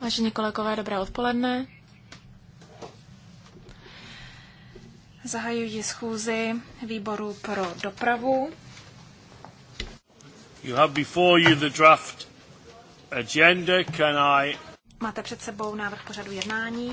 Vážení kolegové, dobré odpoledne. Zahajuji schůzi výboru pro dopravu. You have before you the draft agenda. Can I... Máte před sebou návrh pořadu jednání.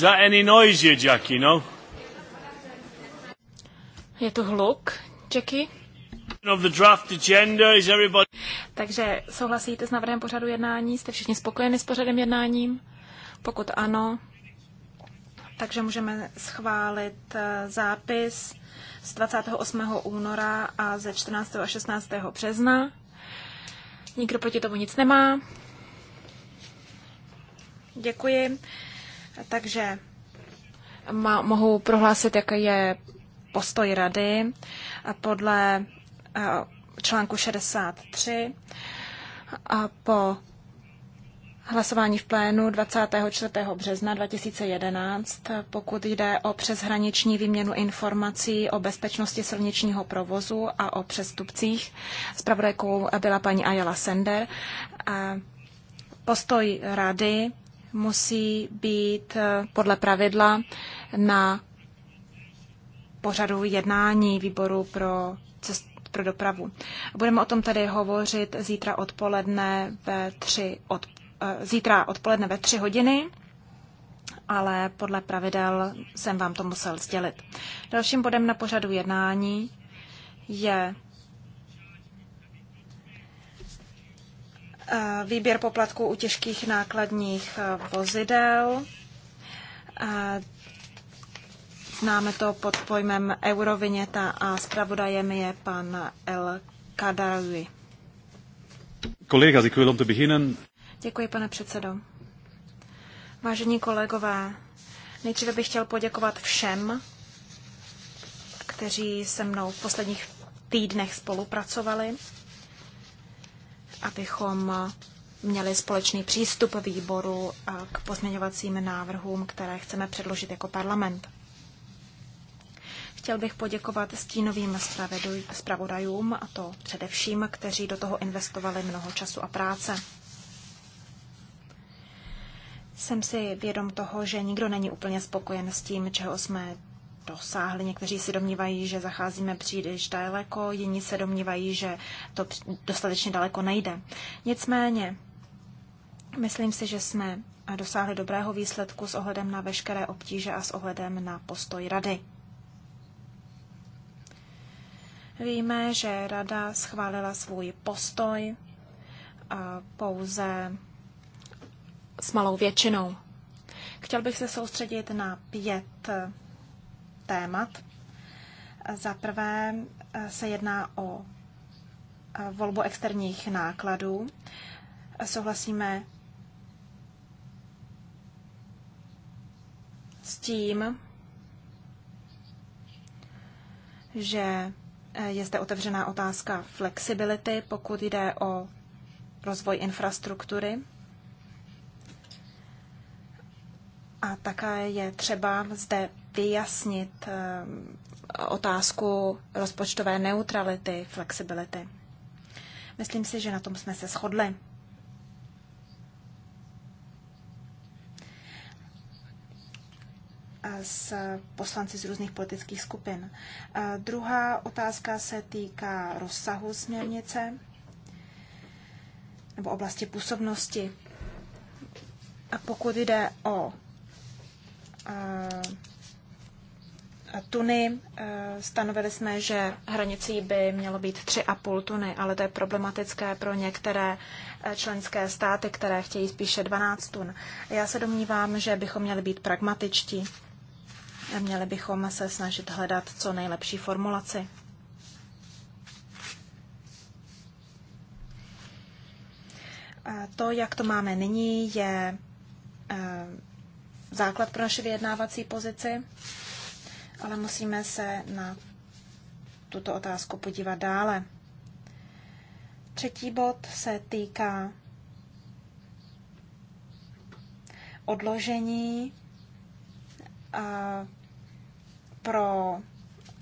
Is that any noise here, Jackie, no? Je to hluk, Jackie? Of the draft agenda, is everybody... Takže souhlasíte s návrhem pořadu jednání? Jste všichni spokojeni s pořadem jednáním? Pokud ano, takže můžeme schválit eh, zápis z 28. února a ze 14. a 16. března. Nikdo proti tomu nic nemá. Děkuji. Takže ma, mohu prohlásit, jaký je postoj rady podle eh, článku 63 a po hlasování v plénu 24. března 2011, pokud jde o přeshraniční výměnu informací o bezpečnosti silničního provozu a o přestupcích. Spravodajkou byla paní Ayala Sender. Postoj rady musí být eh, podle pravidla na pořadu jednání výboru pro, cest, pro dopravu. Budeme o tom tady hovořit zítra odpoledne ve tři od, eh, zítra odpoledne ve tři hodiny, ale podle pravidel jsem vám to musel sdělit. Dalším bodem na pořadu jednání je Eh, výběr poplatků u těžkých nákladních eh, vozidel. Eh, známe to pod pojmem Euroviněta a zpravodajem je pan El Kadawi. Kolega, děkuji vám to beginnen. Děkuji, pane předsedo. Vážení kolegové, nejdříve bych chtěl poděkovat všem, kteří se mnou v posledních týdnech spolupracovali abychom měli společný přístup výboru eh, k pozměňovacím návrhům, které chceme předložit jako parlament. Chtěl bych poděkovat stínovým zpravodajům, a to především, kteří do toho investovali mnoho času a práce. Jsem si vědom toho, že nikdo není úplně spokojen s tím, čeho jsme dosáhli. Někteří se domnívají, že zacházíme příliš daleko, jiní se domnívají, že to dostatečně daleko nejde. Nicméně, myslím si, že jsme dosáhli dobrého výsledku s ohledem na veškeré obtíže a s ohledem na postoj rady. Víme, že rada schválila svůj postoj pouze s malou většinou. Chtěl bych se soustředit na pět témat. Za prvé eh, se jedná o eh, volbu externích nákladů. Souhlasíme s tím, že eh, je zde otevřená otázka flexibility, pokud jde o rozvoj infrastruktury. A také je třeba zde vyjasnit eh, otázku rozpočtové neutrality, flexibility. Myslím si, že na tom jsme se shodli. s poslanci z různých politických skupin. A eh, druhá otázka se týká rozsahu směrnice nebo oblasti působnosti. A pokud jde o eh, tuny. Eh, stanovili jsme, že hranicí by mělo být 3,5 tuny, ale to je problematické pro některé eh, členské státy, které chtějí spíše 12 tun. Já se domnívám, že bychom měli být pragmatičtí. Měli bychom se snažit hledat co nejlepší formulaci. To, jak to máme nyní, je eh, základ pro naše vyjednávací pozici ale musíme se na tuto otázku podívat dále. Třetí bod se týká odložení eh, pro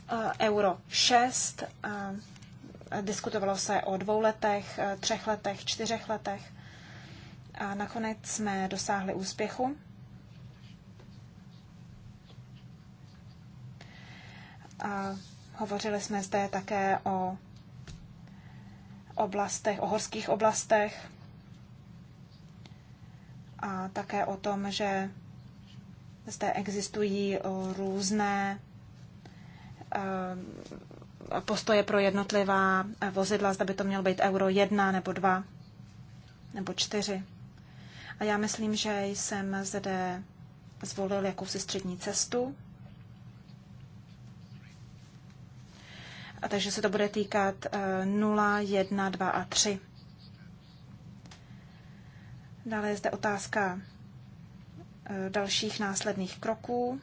eh, euro 6. Eh, diskutovalo se o dvou letech, třech letech, čtyřech letech. A nakonec jsme dosáhli úspěchu. A hovořili jsme zde také o oblastech, o horských oblastech a také o tom, že zde existují různé eh, postoje pro jednotlivá vozidla, zda by to mělo být euro 1 nebo 2 nebo 4. A já myslím, že jsem zde zvolil jakousi střední cestu. A takže se to bude týkat 0, 1, 2 a 3. Dále je zde otázka eh, dalších následných kroků.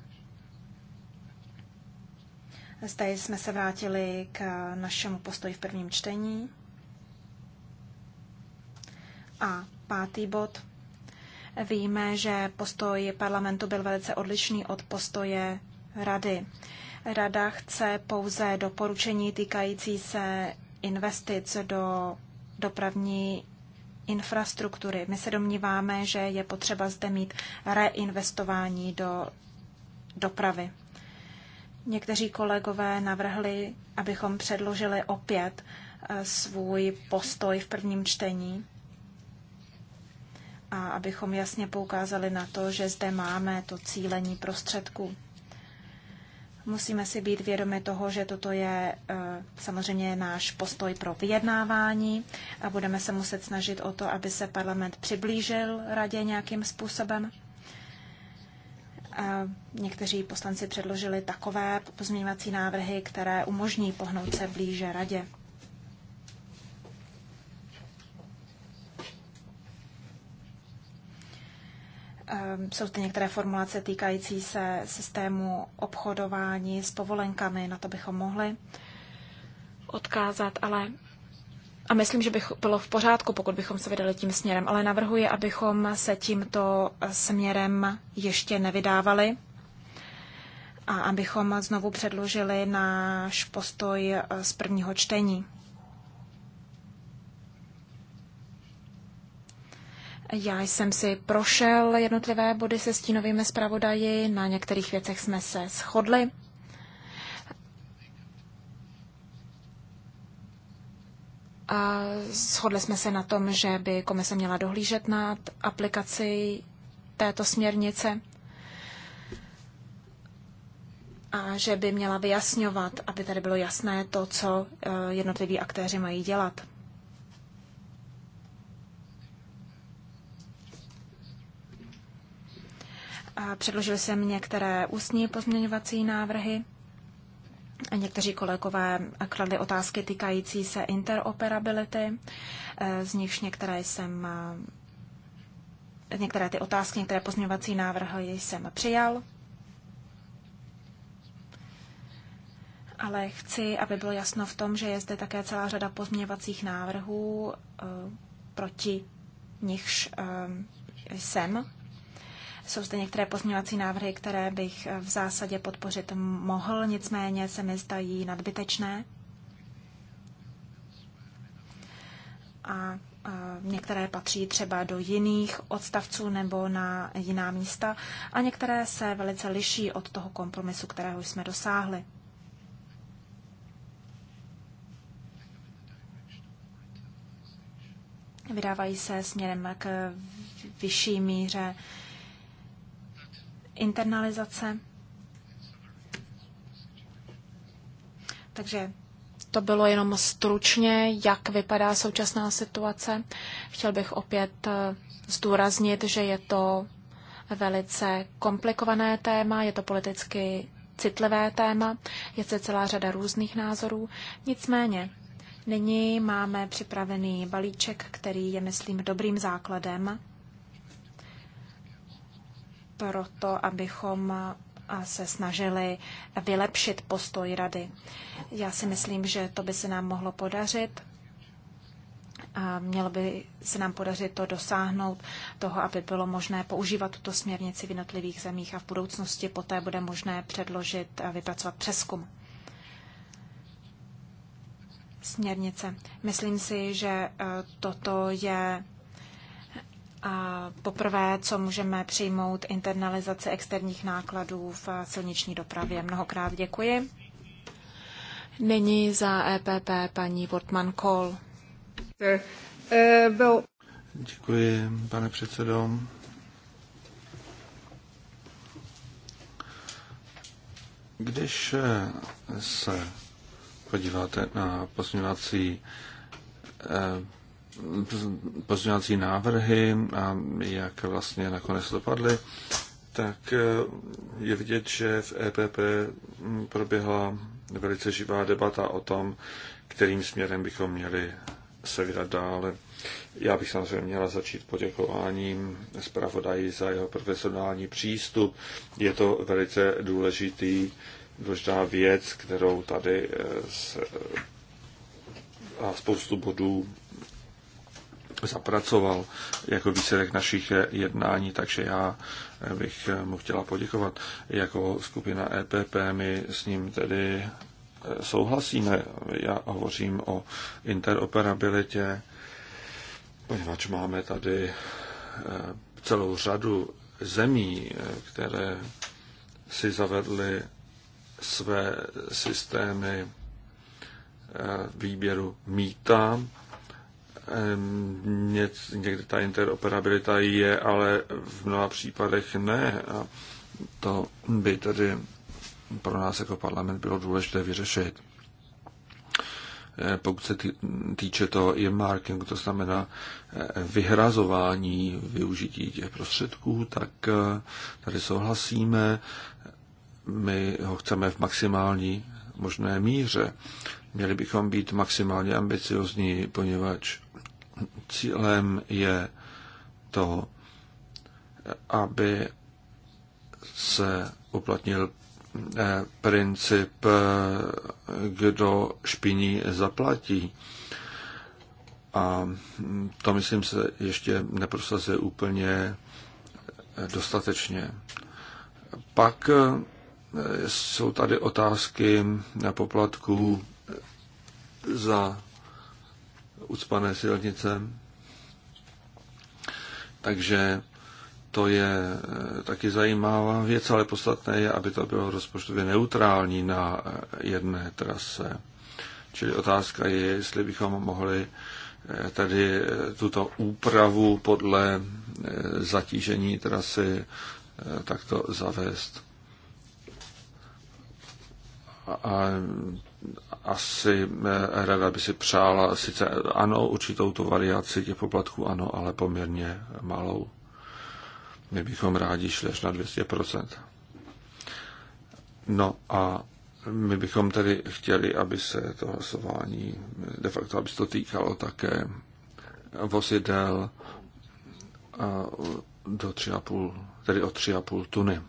Zde jsme se vrátili k našemu postoji v prvním čtení. A pátý bod. Víme, že postoj parlamentu byl velice odlišný od postoje rady. Rada chce pouze doporučení týkající se investic do dopravní infrastruktury. My se domníváme, že je potřeba zde mít reinvestování do dopravy. Někteří kolegové navrhli, abychom předložili opět eh, svůj postoj v prvním čtení a abychom jasně poukázali na to, že zde máme to cílení prostředků. Musíme si být vědomi toho, že toto je eh, samozřejmě náš postoj pro vyjednávání a budeme se muset snažit o to, aby se parlament přiblížil radě nějakým způsobem. A někteří poslanci předložili takové pozměňovací návrhy, které umožní pohnout se blíže radě. Ehm, jsou zde některé formulace týkající se systému obchodování s povolenkami, na to bychom mohli odkázat, ale a myslím, že bych bylo v pořádku, pokud bychom se vydali tím směrem, ale navrhuji, abychom se tímto směrem ještě nevydávali a abychom znovu předložili náš postoj z prvního čtení. Já jsem si prošel jednotlivé body se stínovými zpravodaji, na některých věcech jsme se shodli. A shodli jsme se na tom, že by komise měla dohlížet nad aplikaci této směrnice a že by měla vyjasňovat, aby tady bylo jasné to, co eh, jednotliví aktéři mají dělat. Předložil jsem některé ústní pozměňovací návrhy. Někteří kolegové kladli otázky týkající se interoperability, e, z nichž některé jsem e, některé ty otázky, některé pozměňovací návrhy jsem přijal. Ale chci, aby bylo jasno v tom, že je zde také celá řada pozměňovacích návrhů, e, proti nichž jsem jsou zde některé pozměňovací návrhy, které bych eh, v zásadě podpořit mohl, nicméně se mi zdají nadbytečné. A eh, některé patří třeba do jiných odstavců nebo na jiná místa a některé se velice liší od toho kompromisu, kterého jsme dosáhli. Vydávají se směrem k vyšší míře internalizace. Takže to bylo jenom stručně, jak vypadá současná situace. Chtěl bych opět eh, zdůraznit, že je to velice komplikované téma, je to politicky citlivé téma, je to celá řada různých názorů. Nicméně, nyní máme připravený balíček, který je, myslím, dobrým základem proto, abychom se snažili vylepšit postoj rady. Já si myslím, že to by se nám mohlo podařit. A mělo by se nám podařit to dosáhnout toho, aby bylo možné používat tuto směrnici v jednotlivých zemích a v budoucnosti poté bude možné předložit a vypracovat přeskum směrnice. Myslím si, že e, toto je poprvé, co můžeme přijmout internalizace externích nákladů v silniční dopravě. Mnohokrát děkuji. Nyní za EPP paní Wortmann Kohl. Děkuji, pane předsedo. Když se podíváte na posměvací eh, pozměňovací návrhy a jak vlastně nakonec dopadly, tak eh, je vidět, že v EPP proběhla velice živá debata o tom, kterým směrem bychom měli se vydat dále. Já bych samozřejmě měla začít poděkováním zpravodaji za jeho profesionální přístup. Je to velice důležitý, důležitá věc, kterou tady eh, s, a spoustu bodů zapracoval jako výsledek našich jednání, takže já bych mu chtěla poděkovat. Jako skupina EPP my s ním tedy eh, souhlasíme. Já hovořím o interoperabilitě, poněvadž máme tady eh, celou řadu zemí, eh, které si zavedly své systémy výběru mýta někdy ta interoperabilita je, ale v mnoha případech ne. A to by tedy pro nás jako parlament bylo důležité vyřešit. E, pokud se týče toho earmarkingu, to znamená e, vyhrazování využití těch prostředků, tak e, tady souhlasíme. My ho chceme v maximální možné míře. Měli bychom být maximálně ambiciozní, poněvadž cílem je to, aby se uplatnil eh, princip, eh, kdo špiní zaplatí. A to, myslím, se ještě neprosazuje úplně eh, dostatečně. Pak jsou tady otázky na poplatků za ucpané silnice. Takže to je eh, taky zajímavá věc, ale podstatné je, aby to bylo rozpočtově neutrální na eh, jedné trase. Čili otázka je, jestli bychom mohli eh, tady tuto úpravu podle zatížení trasy takto zavést. A asi eh, rada by si přála sice ano, určitou tu variaci těch poplatků ano, ale poměrně malou. My bychom rádi šli až na 200%. No a my bychom tedy chtěli, aby se to hlasování, de facto, aby se to týkalo také vozidel eh, do 3,5, tedy o 3,5 tuny.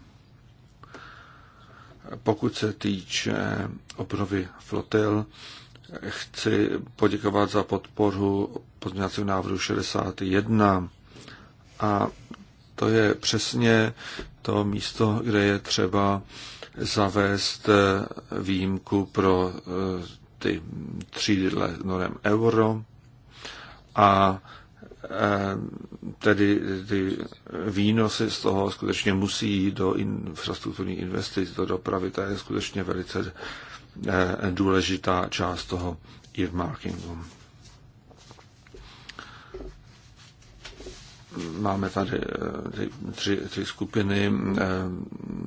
Pokud se týče obnovy flotil, chci poděkovat za podporu pozměňovacího návrhu 61. A to je přesně to místo, kde je třeba zavést výjimku pro eh, ty třídy dle norem euro a eh, tedy ty výnosy z toho skutečně musí jít do infrastrukturní investic, do dopravy. To je skutečně velice eh, důležitá část toho earmarkingu. Máme tady eh, tři, tři skupiny, eh,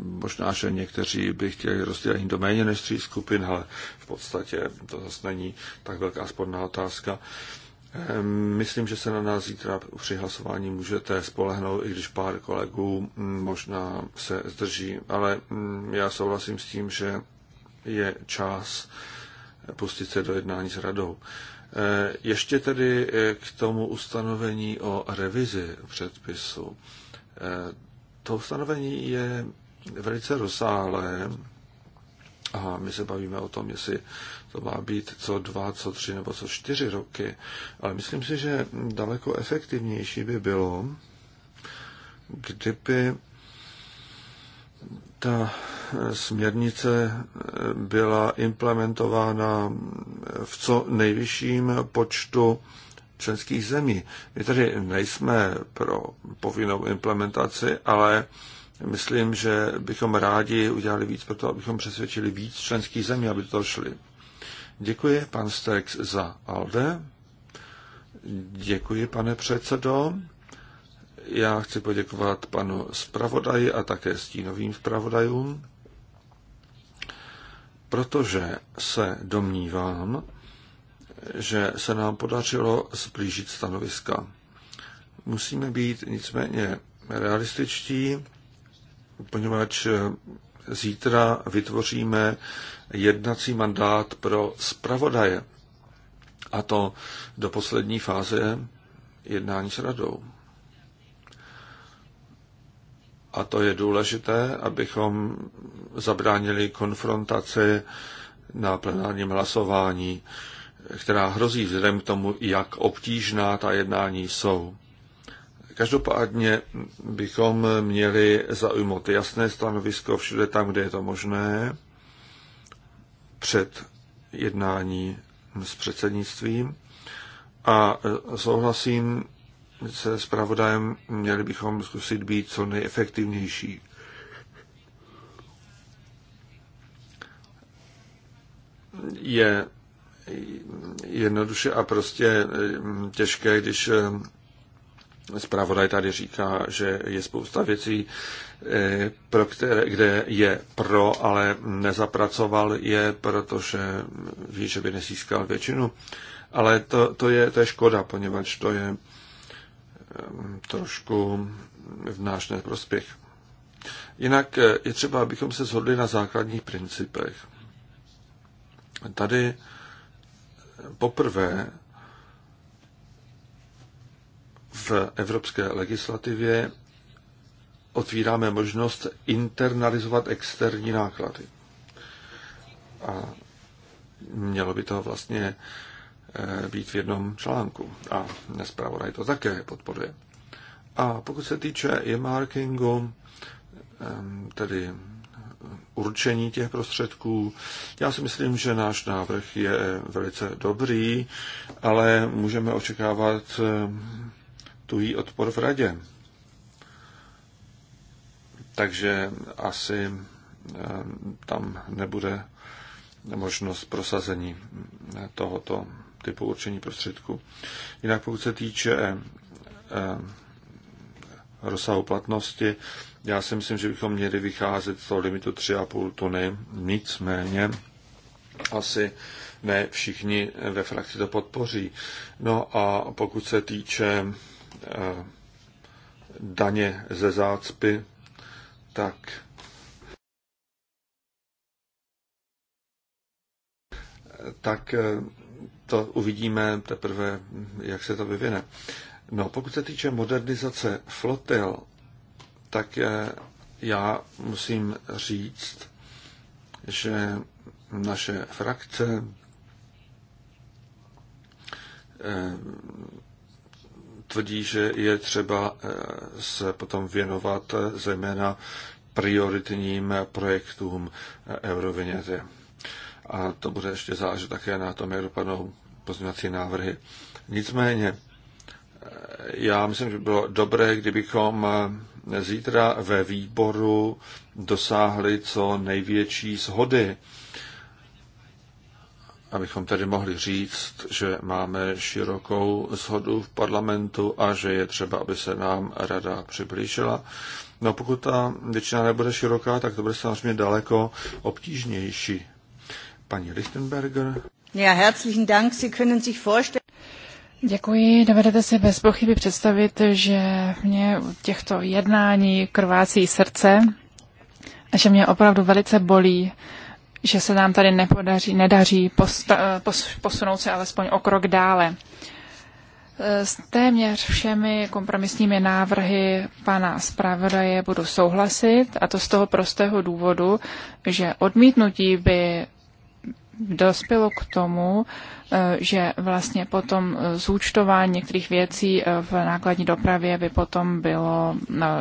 možná, že někteří by chtěli rozdělení do méně než tří skupin, ale v podstatě to zase není tak velká sporná otázka. Ehm, myslím, že se na nás zítra při hlasování můžete spolehnout, i když pár kolegů hm, možná se zdrží, ale hm, já souhlasím s tím, že je čas pustit se do jednání s radou. Ehm, ještě tedy eh, k tomu ustanovení o revizi předpisu. Ehm, to ustanovení je velice rozsáhlé a my se bavíme o tom, jestli to má být co dva, co tři nebo co čtyři roky. Ale myslím si, že daleko efektivnější by bylo, kdyby ta směrnice byla implementována v co nejvyšším počtu členských zemí. My tady nejsme pro povinnou implementaci, ale myslím, že bychom rádi udělali víc pro to, abychom přesvědčili víc členských zemí, aby to šli. Děkuji, pan Stex, za ALDE. Děkuji, pane předsedo. Já chci poděkovat panu zpravodaji a také stínovým zpravodajům, protože se domnívám, že se nám podařilo zblížit stanoviska. Musíme být nicméně realističtí, poněvadž zítra vytvoříme jednací mandát pro zpravodaje. A to do poslední fáze jednání s radou. A to je důležité, abychom zabránili konfrontaci na plenárním hlasování, která hrozí vzhledem k tomu, jak obtížná ta jednání jsou. Každopádně bychom měli zaujmout jasné stanovisko všude tam, kde je to možné před jednání s předsednictvím a e, souhlasím se zpravodajem, měli bychom zkusit být co nejefektivnější. Je jednoduše a prostě e, těžké, když e, Zpravodaj tady říká, že je spousta věcí, eh, pro které, kde je pro, ale nezapracoval je, protože ví, že by nesískal většinu. Ale to, to, je, to je škoda, poněvadž to je ehm, trošku v náš neprospěch. Jinak eh, je třeba, abychom se shodli na základních principech. Tady poprvé v evropské legislativě otvíráme možnost internalizovat externí náklady. A mělo by to vlastně eh, být v jednom článku. A nespravodaj to také podporuje. A pokud se týče e-markingu, eh, tedy určení těch prostředků. Já si myslím, že náš návrh je velice dobrý, ale můžeme očekávat eh, tuhý odpor v radě. Takže asi eh, tam nebude možnost prosazení eh, tohoto typu určení prostředku. Jinak pokud se týče eh, rozsahu platnosti, já si myslím, že bychom měli vycházet z toho limitu 3,5 tuny, nicméně asi ne všichni ve frakci to podpoří. No a pokud se týče Eh, daně ze zácpy, tak tak eh, to uvidíme teprve, jak se to vyvine. No, pokud se týče modernizace flotil, tak eh, já musím říct, že naše frakce tvrdí, že je třeba eh, se potom věnovat eh, zejména prioritním projektům eh, euroviněty. A to bude ještě záležet také na tom, jak dopadnou pozměňovací návrhy. Nicméně, já myslím, že bylo dobré, kdybychom zítra ve výboru dosáhli co největší shody abychom tedy mohli říct, že máme širokou shodu v parlamentu a že je třeba, aby se nám rada přiblížila. No pokud ta většina nebude široká, tak to bude samozřejmě daleko obtížnější. Paní Lichtenberger. Ja, herzlichen Dank. Sie können sich vorstellen. Děkuji. Dovedete si bez pochyby představit, že mě u těchto jednání krvácí srdce a že mě opravdu velice bolí, že se nám tady nepodaří, nedaří posta, eh, pos, posunout se alespoň o krok dále. Eh, s téměř všemi kompromisními návrhy pana zpravodaje budu souhlasit, a to z toho prostého důvodu, že odmítnutí by dospělo k tomu, eh, že vlastně potom zúčtování některých věcí v nákladní dopravě by potom bylo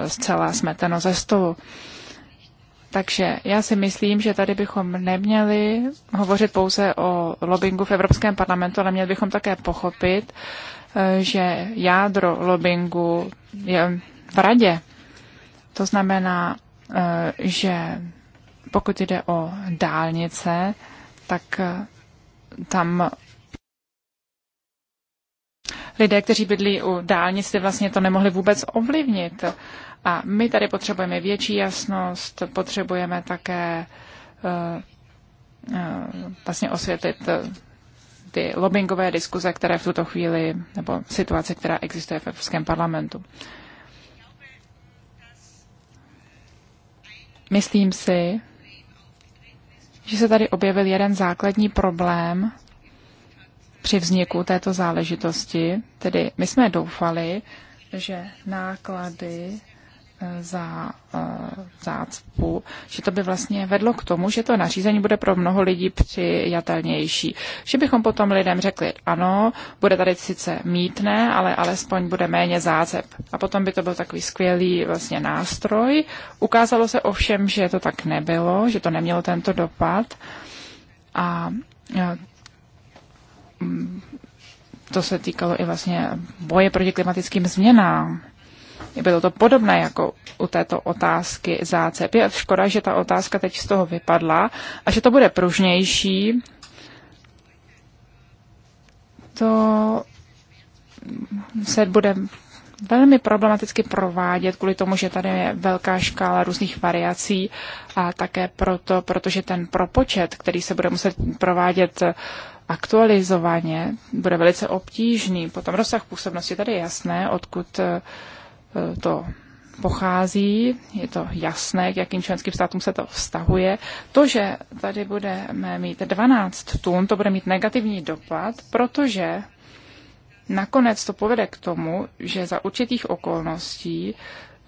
zcela smeteno ze stolu. Takže já si myslím, že tady bychom neměli hovořit pouze o lobbingu v Evropském parlamentu, ale měli bychom také pochopit, eh, že jádro lobbingu je v radě. To znamená, eh, že pokud jde o dálnice, tak eh, tam lidé, kteří bydlí u dálnice, vlastně to nemohli vůbec ovlivnit. A my tady potřebujeme větší jasnost, potřebujeme také uh, uh, vlastně osvětlit eh, ty lobbyingové diskuze, které v tuto chvíli, nebo situace, která existuje v Evropském parlamentu. Myslím si, že se tady objevil jeden základní problém, při vzniku této záležitosti. Tedy my jsme doufali, že náklady e, za e, zácpu, že to by vlastně vedlo k tomu, že to nařízení bude pro mnoho lidí přijatelnější. Že bychom potom lidem řekli, ano, bude tady sice mítné, ale alespoň bude méně zácep. A potom by to byl takový skvělý vlastně nástroj. Ukázalo se ovšem, že to tak nebylo, že to nemělo tento dopad. A e, Mm, to se týkalo i vlastně boje proti klimatickým změnám. Bylo to podobné jako u této otázky zácep. Je škoda, že ta otázka teď z toho vypadla a že to bude pružnější. To se bude velmi problematicky provádět kvůli tomu, že tady je velká škála různých variací a také proto, protože ten propočet, který se bude muset provádět aktualizovaně bude velice obtížný. Potom rozsah působnosti tady je jasné, odkud eh, to pochází, je to jasné, k jakým členským státům se to vztahuje. To, že tady budeme mít 12 tun, to bude mít negativní dopad, protože nakonec to povede k tomu, že za určitých okolností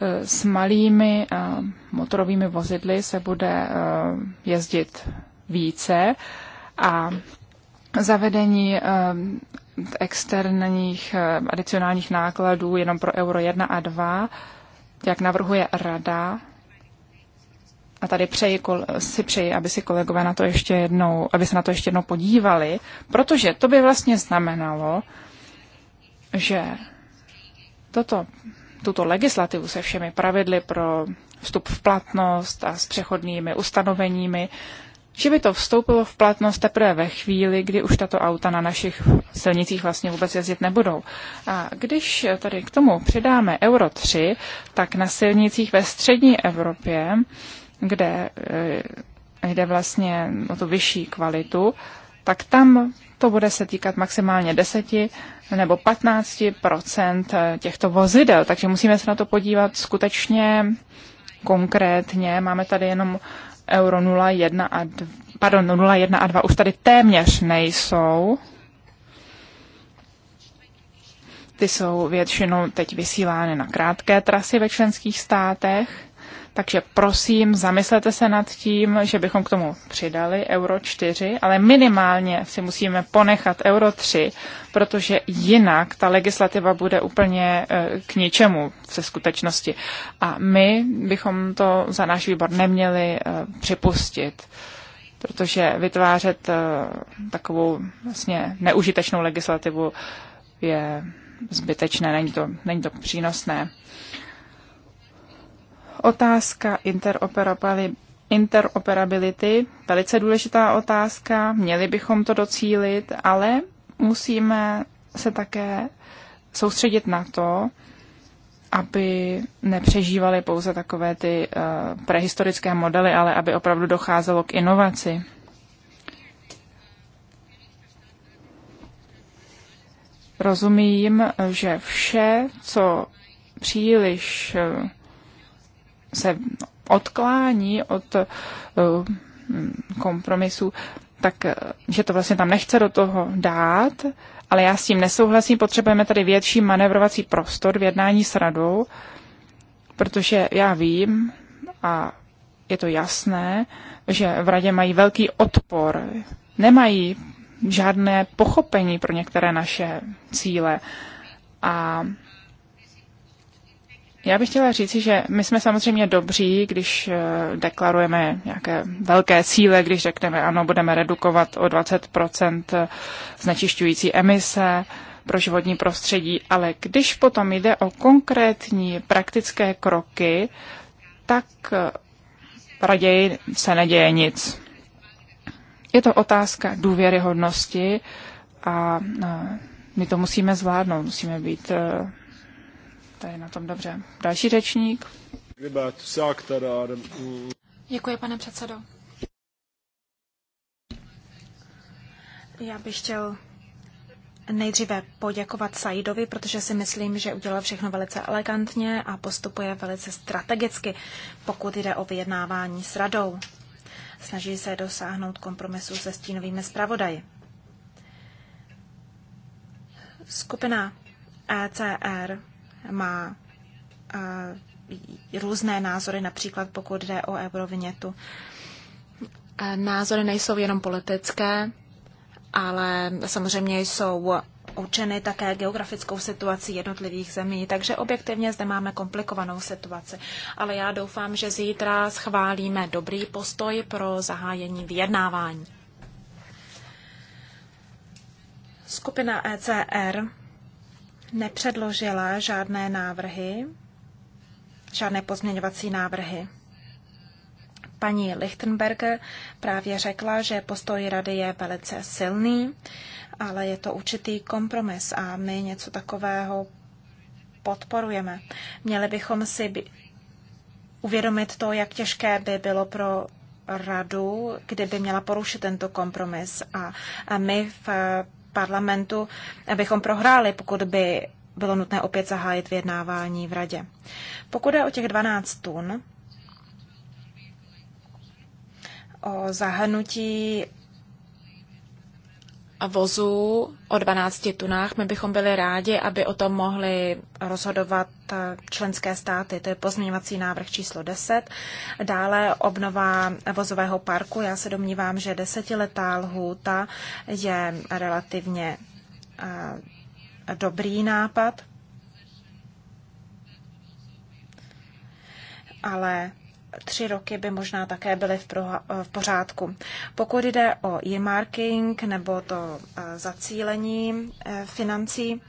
eh, s malými eh, motorovými vozidly se bude jezdit více a zavedení eh, externích eh, adicionálních nákladů jenom pro euro 1 a 2, jak navrhuje rada. A tady přeji, si přeji, aby si kolegové na to ještě jednou, aby se na to ještě jednou podívali, protože to by vlastně znamenalo, že toto, tuto legislativu se všemi pravidly pro vstup v platnost a s přechodnými ustanoveními že by to vstoupilo v platnost teprve ve chvíli, kdy už tato auta na našich silnicích vlastně vůbec jezdit nebudou. A když tady k tomu přidáme Euro 3, tak na silnicích ve střední Evropě, kde eh, jde vlastně o tu vyšší kvalitu, tak tam to bude se týkat maximálně 10 nebo 15 eh, těchto vozidel. Takže musíme se na to podívat skutečně konkrétně. Máme tady jenom euro 0,1 a 2, pardon, 0,1 a 2 už tady téměř nejsou. Ty jsou většinou teď vysílány na krátké trasy ve členských státech. Takže prosím, zamyslete se nad tím, že bychom k tomu přidali euro 4, ale minimálně si musíme ponechat euro 3, protože jinak ta legislativa bude úplně eh, k ničemu se skutečnosti. A my bychom to za náš výbor neměli eh, připustit protože vytvářet eh, takovou vlastně neužitečnou legislativu je zbytečné, není to, není to přínosné. Otázka interoperability, velice důležitá otázka, měli bychom to docílit, ale musíme se také soustředit na to, aby nepřežívaly pouze takové ty eh, prehistorické modely, ale aby opravdu docházelo k inovaci. Rozumím, že vše, co příliš eh, se odklání od eh, kompromisu, tak eh, že to vlastně tam nechce do toho dát, ale já s tím nesouhlasím, potřebujeme tady větší manevrovací prostor v jednání s radou, protože já vím a je to jasné, že v radě mají velký odpor, nemají žádné pochopení pro některé naše cíle a já bych chtěla říci, že my jsme samozřejmě dobří, když eh, deklarujeme nějaké velké cíle, když řekneme, ano, budeme redukovat o 20 eh, znečišťující emise pro životní prostředí, ale když potom jde o konkrétní praktické kroky, tak eh, raději se neděje nic. Je to otázka důvěryhodnosti a my to musíme zvládnout, musíme být to je na tom dobře. Další řečník. Děkuji, pane předsedo. Já bych chtěl nejdříve poděkovat Saidovi, protože si myslím, že udělal všechno velice elegantně a postupuje velice strategicky, pokud jde o vyjednávání s radou. Snaží se dosáhnout kompromisu se stínovými zpravodaji. Skupina ECR má eh, různé názory, například pokud jde o eurovinětu. Eh, názory nejsou jenom politické, ale samozřejmě jsou určeny také geografickou situací jednotlivých zemí, takže objektivně zde máme komplikovanou situaci. Ale já doufám, že zítra schválíme dobrý postoj pro zahájení vyjednávání. Skupina ECR nepředložila žádné návrhy, žádné pozměňovací návrhy. Paní Lichtenberger právě řekla, že postoj rady je velice silný, ale je to určitý kompromis a my něco takového podporujeme. Měli bychom si uvědomit to, jak těžké by bylo pro radu, kdyby měla porušit tento kompromis. A my v parlamentu bychom prohráli, pokud by bylo nutné opět zahájit vyjednávání v radě. Pokud je o těch 12 tun, o zahrnutí vozů o 12 tunách. My bychom byli rádi, aby o tom mohli rozhodovat eh, členské státy. To je pozměňovací návrh číslo 10. Dále obnova vozového parku. Já se domnívám, že desetiletá lhůta je relativně eh, dobrý nápad, ale tři roky by možná také byly v, proha, eh, v pořádku. Pokud jde o e-marking nebo to eh, zacílení eh, financí,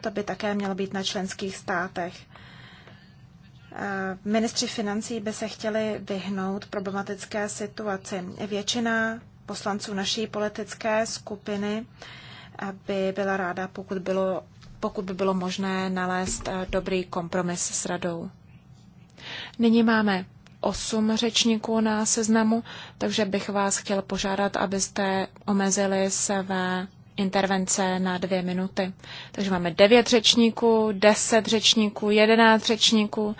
to by také mělo být na členských státech. Ministři financí by se chtěli vyhnout problematické situaci. Většina poslanců naší politické skupiny by byla ráda, pokud, bylo, pokud by bylo možné nalézt dobrý kompromis s radou. Nyní máme osm řečníků na seznamu, takže bych vás chtěl požádat, abyste omezili své intervence na dvě minuty. Takže máme devět řečníků, deset řečníků, jedenáct řečníků,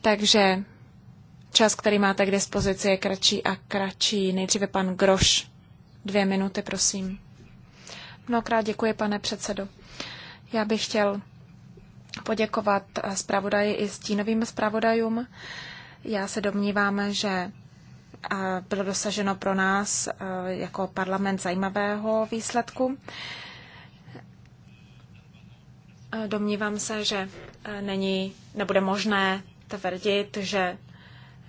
takže čas, který máte k dispozici, je kratší a kratší. Nejdříve pan Groš. Dvě minuty, prosím. Mnohokrát děkuji, pane předsedo. Já bych chtěl poděkovat zpravodaji i stínovým zpravodajům. Já se domnívám, že bylo dosaženo pro nás jako parlament zajímavého výsledku. Domnívám se, že není, nebude možné tvrdit, že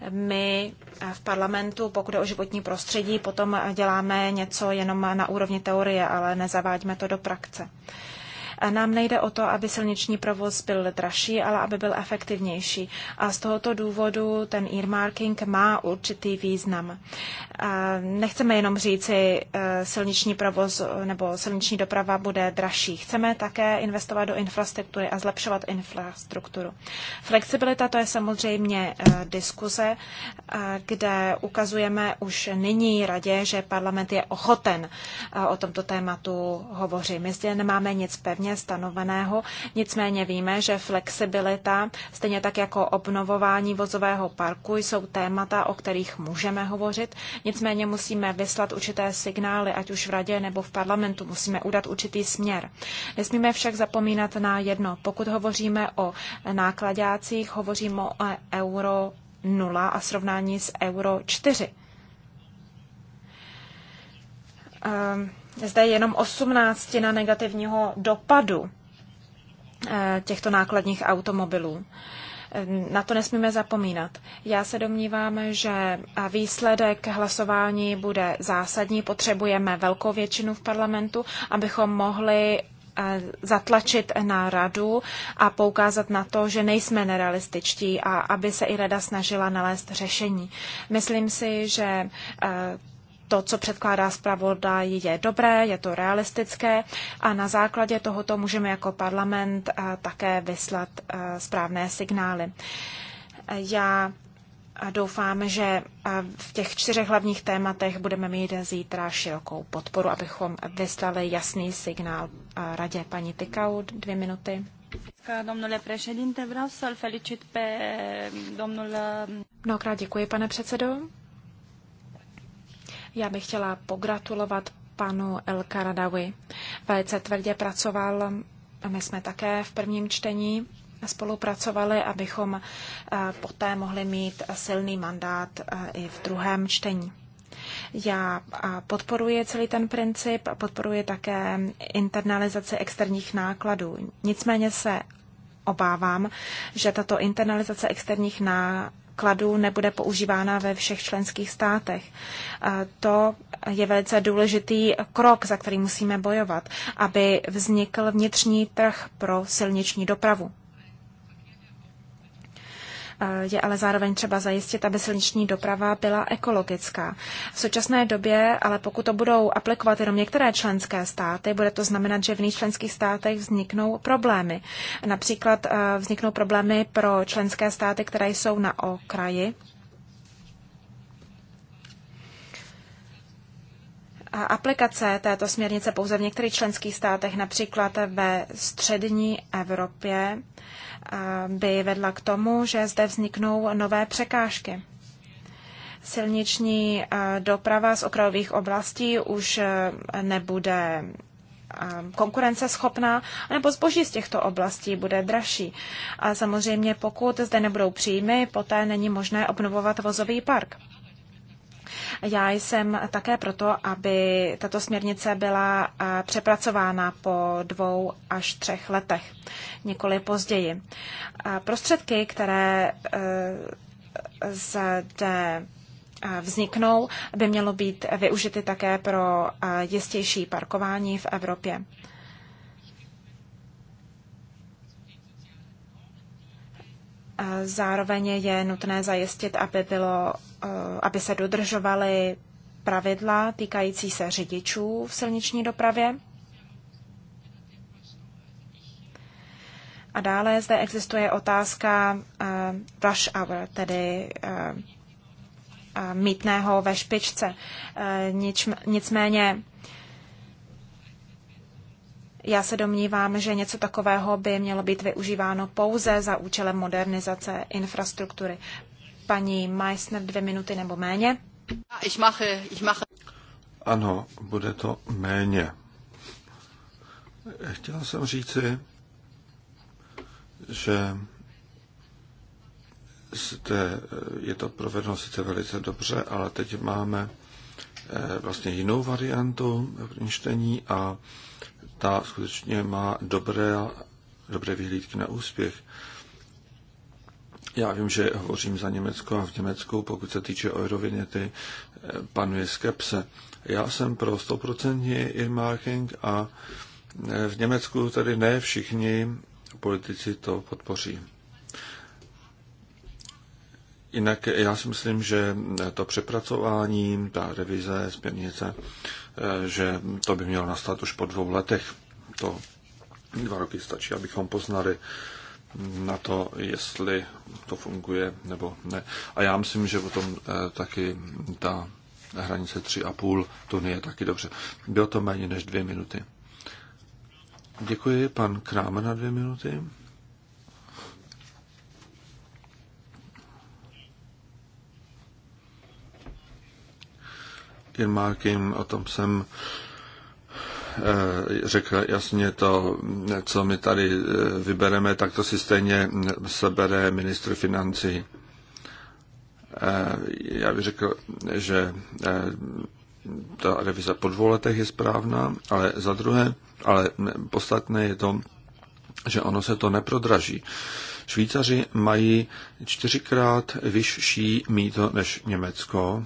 my v parlamentu, pokud je o životní prostředí, potom děláme něco jenom na úrovni teorie, ale nezavádíme to do praxe. Nám nejde o to, aby silniční provoz byl dražší, ale aby byl efektivnější. A z tohoto důvodu ten earmarking má určitý význam. Nechceme jenom říci, eh, silniční provoz eh, nebo silniční doprava bude dražší. Chceme také investovat do infrastruktury a zlepšovat infrastrukturu. Flexibilita to je samozřejmě eh, diskuze, kde ukazujeme už nyní radě, že parlament je ochoten o tomto tématu hovořit. My zde nemáme nic pevně stanoveného. Nicméně víme, že flexibilita, stejně tak jako obnovování vozového parku, jsou témata, o kterých můžeme hovořit. Nicméně musíme vyslat určité signály, ať už v radě nebo v parlamentu. Musíme udat určitý směr. Nesmíme však zapomínat na jedno. Pokud hovoříme o nákladácích, hovoříme o euro 0 a srovnání s euro 4. Um, ehm, zde jenom osmnáctina negativního dopadu eh, těchto nákladních automobilů. Na to nesmíme zapomínat. Já se domnívám, že výsledek hlasování bude zásadní. Potřebujeme velkou většinu v parlamentu, abychom mohli eh, zatlačit na radu a poukázat na to, že nejsme nerealističtí a aby se i rada snažila nalézt řešení. Myslím si, že eh, to, co předkládá zpravodaj, je dobré, je to realistické a na základě tohoto můžeme jako parlament eh, také vyslat eh, správné signály. Eh, já doufám, že v těch čtyřech hlavních tématech budeme mít zítra širokou podporu, abychom vyslali jasný signál radě. Paní Tykau, dvě minuty. Domnule președinte, vreau să-l felicit pe domnul... Mnohokrát děkuji, pane předsedo. Já bych chtěla pogratulovat panu El Karadawi. Velice tvrdě pracoval, my jsme také v prvním čtení spolupracovali, abychom eh, poté mohli mít silný mandát eh, i v druhém čtení. Já eh, podporuji celý ten princip, podporuji také internalizaci externích nákladů. Nicméně se obávám, že tato internalizace externích ná, kladu nebude používána ve všech členských státech. To je velice důležitý krok, za který musíme bojovat, aby vznikl vnitřní trh pro silniční dopravu. Eh, je ale zároveň třeba zajistit, aby silniční doprava byla ekologická. V současné době, ale pokud to budou aplikovat jenom některé členské státy, bude to znamenat, že v jiných členských státech vzniknou problémy. Například eh, vzniknou problémy pro členské státy, které jsou na okraji aplikace této směrnice pouze v některých členských státech, například ve střední Evropě, by vedla k tomu, že zde vzniknou nové překážky. Silniční doprava z okrajových oblastí už nebude konkurenceschopná, nebo zboží z těchto oblastí bude dražší. A samozřejmě pokud zde nebudou příjmy, poté není možné obnovovat vozový park. Já jsem také proto, aby tato směrnice byla přepracována po dvou až třech letech, nikoli později. Prostředky, které e, zde e, vzniknou, by mělo být využity také pro e, jistější parkování v Evropě. Zároveň je nutné zajistit, aby bylo Eh, aby se dodržovaly pravidla týkající se řidičů v silniční dopravě. A dále zde existuje otázka uh, rush hour, tedy uh, uh, mítného ve špičce. Uh, nič, nicméně já se domnívám, že něco takového by mělo být využíváno pouze za účelem modernizace infrastruktury. Paní Meissner dvě minuty nebo méně. Ich mache, ich mache. Ano, bude to méně. Chtěl jsem říci, že zde je to provedeno sice velice dobře, ale teď máme eh, vlastně jinou variantu v čtení a ta skutečně má dobré, dobré vyhlídky na úspěch. Já vím, že hovořím za Německo a v Německu, pokud se týče eurovinety, eh, panuje skepse. Já jsem pro 100% earmarking a eh, v Německu tady ne všichni politici to podpoří. Jinak já si myslím, že to přepracování, ta revize směrnice, eh, že to by mělo nastat už po dvou letech. To dva roky stačí, abychom poznali, na to, jestli to funguje nebo ne. A já myslím, že potom eh, taky ta hranice 3,5 tuny je taky dobře. Bylo to méně než dvě minuty. Děkuji, pan Kráme na dvě minuty. Jen Markin, o tom jsem Eh, řekl jasně to, co my tady eh, vybereme, tak to si stejně sebere ministr financí. Eh, já bych řekl, že ta revize po dvou letech je správná, ale za druhé, ale podstatné je to, že ono se to neprodraží. Švýcaři mají čtyřikrát vyšší míto než Německo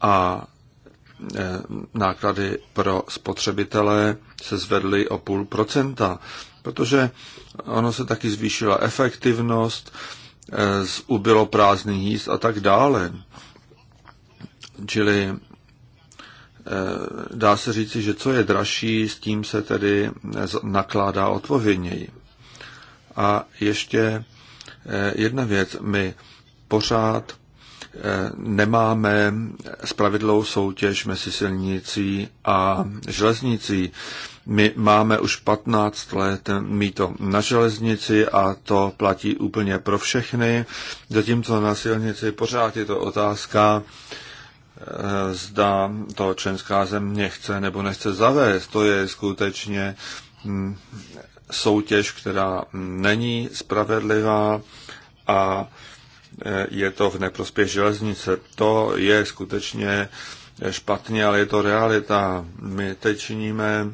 a Eh, náklady pro spotřebitele se zvedly o půl procenta, protože ono se taky zvýšila efektivnost, eh, ubylo prázdných jíst a tak dále. Čili eh, dá se říci, že co je dražší, s tím se tedy nakládá odpovědněji. A ještě jedna věc. My pořád nemáme spravedlou soutěž mezi silnicí a železnicí. My máme už 15 let mýto na železnici a to platí úplně pro všechny, zatímco na silnici pořád je to otázka, eh, zda to členská země chce nebo nechce zavést. To je skutečně hm, soutěž, která není spravedlivá a Eh, je to v neprospěch železnice. To je skutečně špatně, ale je to realita. My teď činíme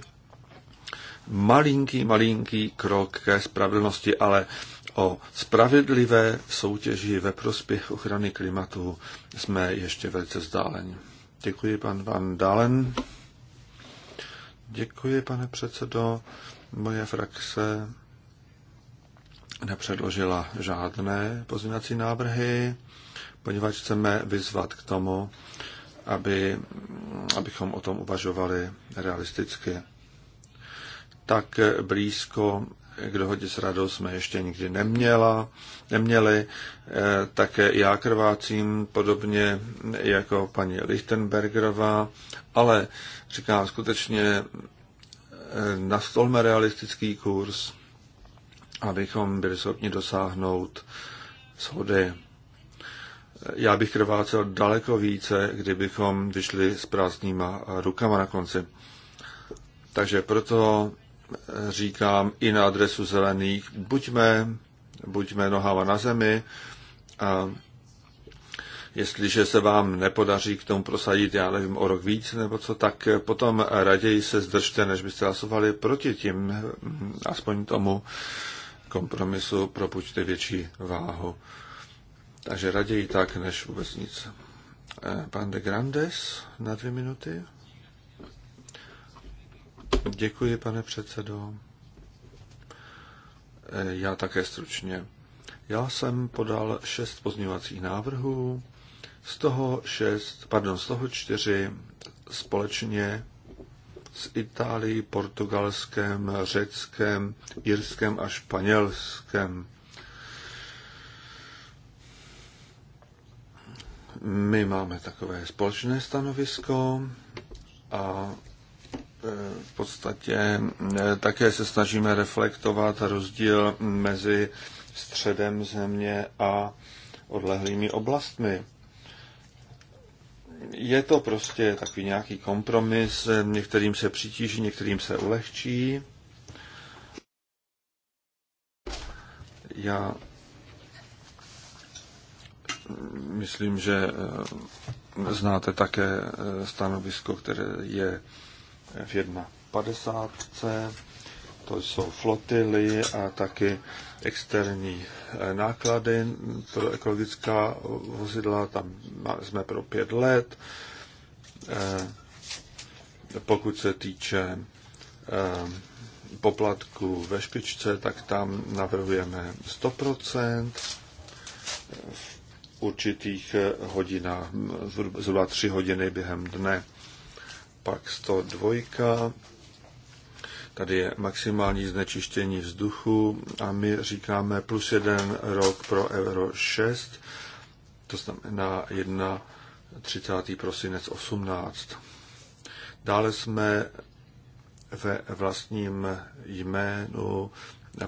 malinký, malinký krok ke spravedlnosti, ale o spravedlivé soutěži ve prospěch ochrany klimatu jsme ještě velice vzdáleni. Děkuji, pan Van Dalen. Děkuji, pane předsedo. Moje frakce nepředložila žádné pozměňovací návrhy, poněvadž chceme vyzvat k tomu, aby, abychom o tom uvažovali realisticky. Tak blízko k dohodě s radou jsme ještě nikdy neměla, neměli. E, také já krvácím podobně jako paní Lichtenbergerová, ale říkám skutečně, e, nastolme realistický kurz, abychom byli schopni dosáhnout shody. Já bych krvácel daleko více, kdybychom vyšli s prázdnýma rukama na konci. Takže proto eh, říkám i na adresu zelených, buďme, buďme nohama na zemi a jestliže se vám nepodaří k tomu prosadit, já nevím, o rok víc nebo co, tak potom raději se zdržte, než byste hlasovali proti tím, hm, aspoň tomu kompromisu propučte větší váhu. Takže raději tak, než vůbec nic. Eh, pan de Grandes na dvě minuty. Děkuji, pane předsedo. Eh, já také stručně. Já jsem podal šest pozměňovacích návrhů, z toho šest, pardon, z toho čtyři společně s Itálií, Portugalskem, Řeckem, Irskem a Španělskem. My máme takové společné stanovisko a e, v podstatě e, také se snažíme reflektovat rozdíl mezi středem země a odlehlými oblastmi je to prostě takový nějaký kompromis, některým se přitíží, některým se ulehčí. Já myslím, že eh, znáte také eh, stanovisko, které je v 1.50 to jsou flotily a taky externí eh, náklady pro ekologická vozidla, tam jsme pro pět let. Eh, pokud se týče eh, poplatku ve špičce, tak tam navrhujeme 100% v určitých hodinách, zhruba tři hodiny během dne. Pak 102 Tady je maximální znečištění vzduchu a my říkáme plus jeden rok pro euro 6, to znamená 1. 30. prosinec 18. Dále jsme ve vlastním jménu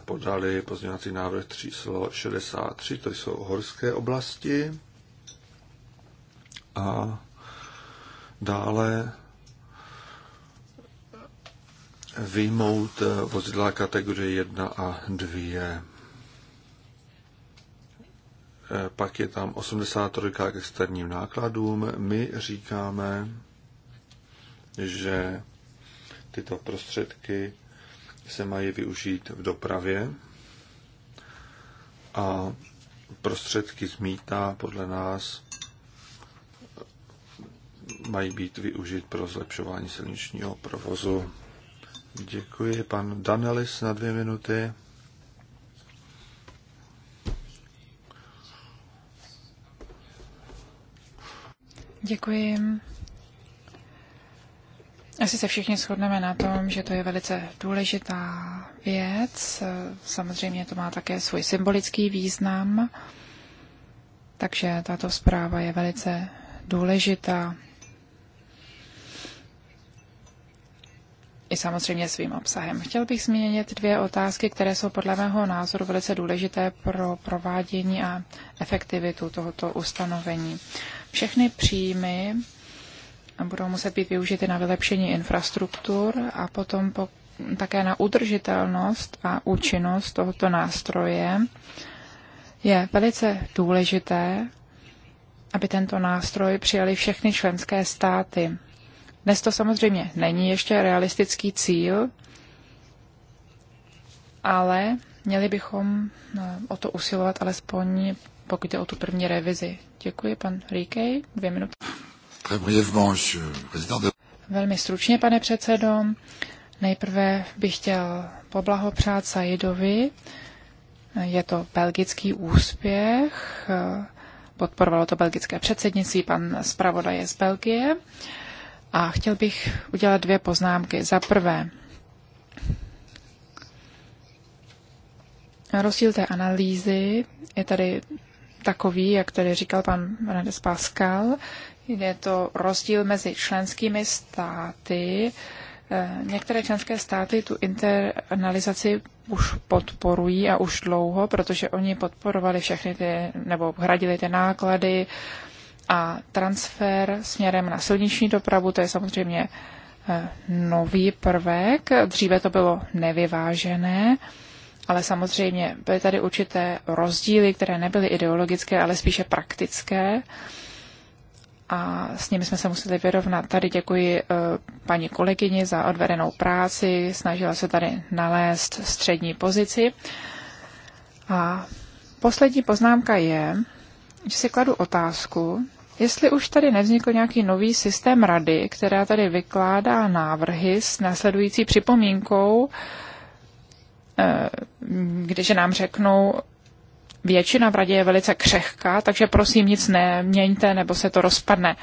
podali pozměňovací návrh číslo 63, to jsou horské oblasti. A dále vyjmout eh, vozidla kategorie 1 a 2. Eh, pak je tam 83 k externím nákladům. My říkáme, že tyto prostředky se mají využít v dopravě a prostředky z mýta podle nás eh, mají být využit pro zlepšování silničního provozu. Děkuji. Pan Danelis na dvě minuty. Děkuji. Asi se všichni shodneme na tom, že to je velice důležitá věc. Samozřejmě to má také svůj symbolický význam, takže tato zpráva je velice důležitá. i samozřejmě svým obsahem. Chtěl bych zmínit dvě otázky, které jsou podle mého názoru velice důležité pro provádění a efektivitu tohoto ustanovení. Všechny příjmy budou muset být využity na vylepšení infrastruktur a potom po, také na udržitelnost a účinnost tohoto nástroje. Je velice důležité, aby tento nástroj přijali všechny členské státy. Dnes to samozřejmě není ještě realistický cíl, ale měli bychom eh, o to usilovat alespoň pokud je o tu první revizi. Děkuji, pan Ríkej, dvě minuty. Velmi stručně, pane předsedo. Nejprve bych chtěl poblahopřát Saidovi. Je to belgický úspěch. Podporovalo to belgické předsednictví, pan zpravodaj je z Belgie. A chtěl bych udělat dvě poznámky. Za prvé, rozdíl té analýzy je tady takový, jak tady říkal pan Renes Pascal, je to rozdíl mezi členskými státy. Eh, některé členské státy tu internalizaci už podporují a už dlouho, protože oni podporovali všechny ty, nebo hradili ty náklady a transfer směrem na silniční dopravu, to je samozřejmě eh, nový prvek. Dříve to bylo nevyvážené, ale samozřejmě byly tady určité rozdíly, které nebyly ideologické, ale spíše praktické. A s nimi jsme se museli vyrovnat. Tady děkuji eh, paní kolegyni za odvedenou práci, snažila se tady nalézt střední pozici. A poslední poznámka je, že si kladu otázku, jestli už tady nevznikl nějaký nový systém rady, která tady vykládá návrhy s následující připomínkou, eh, když nám řeknou, většina v radě je velice křehká, takže prosím nic neměňte, nebo se to rozpadne.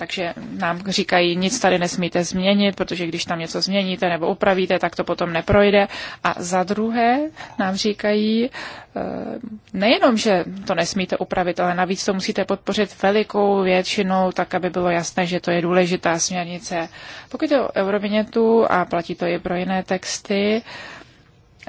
Takže nám říkají, nic tady nesmíte změnit, protože když tam něco změníte nebo upravíte, tak to potom neprojde. A za druhé nám říkají, eh, nejenom, že to nesmíte upravit, ale navíc to musíte podpořit velikou většinou, tak aby bylo jasné, že to je důležitá směrnice. Pokud je o eurovinětu a platí to i pro jiné texty,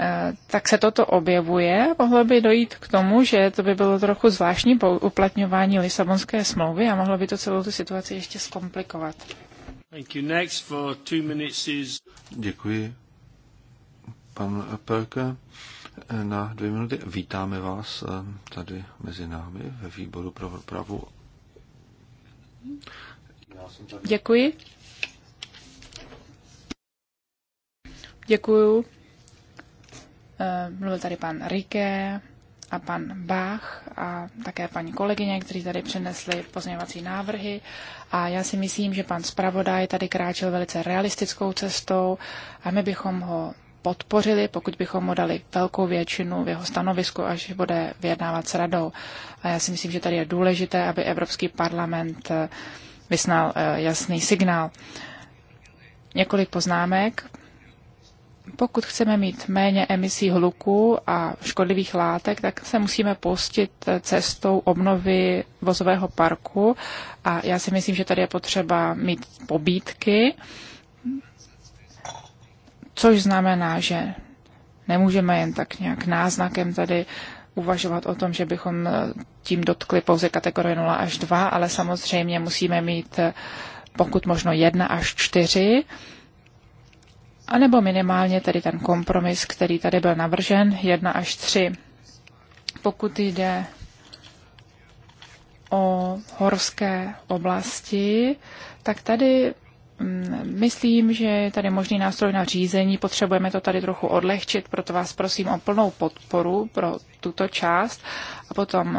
Eh, tak se toto objevuje. Mohlo by dojít k tomu, že to by bylo trochu zvláštní po uplatňování Lisabonské smlouvy a mohlo by to celou tu situaci ještě zkomplikovat. Is... Děkuji. Pan Perka, eh, na dvě minuty. Vítáme vás eh, tady mezi námi ve výboru pro pravu. Děkuji. Děkuji. Děkuju Eh, mluvil tady pan Rike a pan Bach a také paní kolegyně, kteří tady přinesli pozměňovací návrhy. A já si myslím, že pan zpravodaj tady kráčel velice realistickou cestou a my bychom ho podpořili, pokud bychom mu dali velkou většinu v jeho stanovisku, až bude vyjednávat s radou. A já si myslím, že tady je důležité, aby Evropský parlament eh, vysnal eh, jasný signál. Několik poznámek pokud chceme mít méně emisí hluku a škodlivých látek, tak se musíme pustit cestou obnovy vozového parku. A já si myslím, že tady je potřeba mít pobídky, což znamená, že nemůžeme jen tak nějak náznakem tady uvažovat o tom, že bychom tím dotkli pouze kategorie 0 až 2, ale samozřejmě musíme mít pokud možno 1 až 4 anebo minimálně tedy ten kompromis, který tady byl navržen, 1 až 3. Pokud jde o horské oblasti, tak tady myslím, že je tady možný nástroj na řízení, potřebujeme to tady trochu odlehčit, proto vás prosím o plnou podporu pro tuto část a potom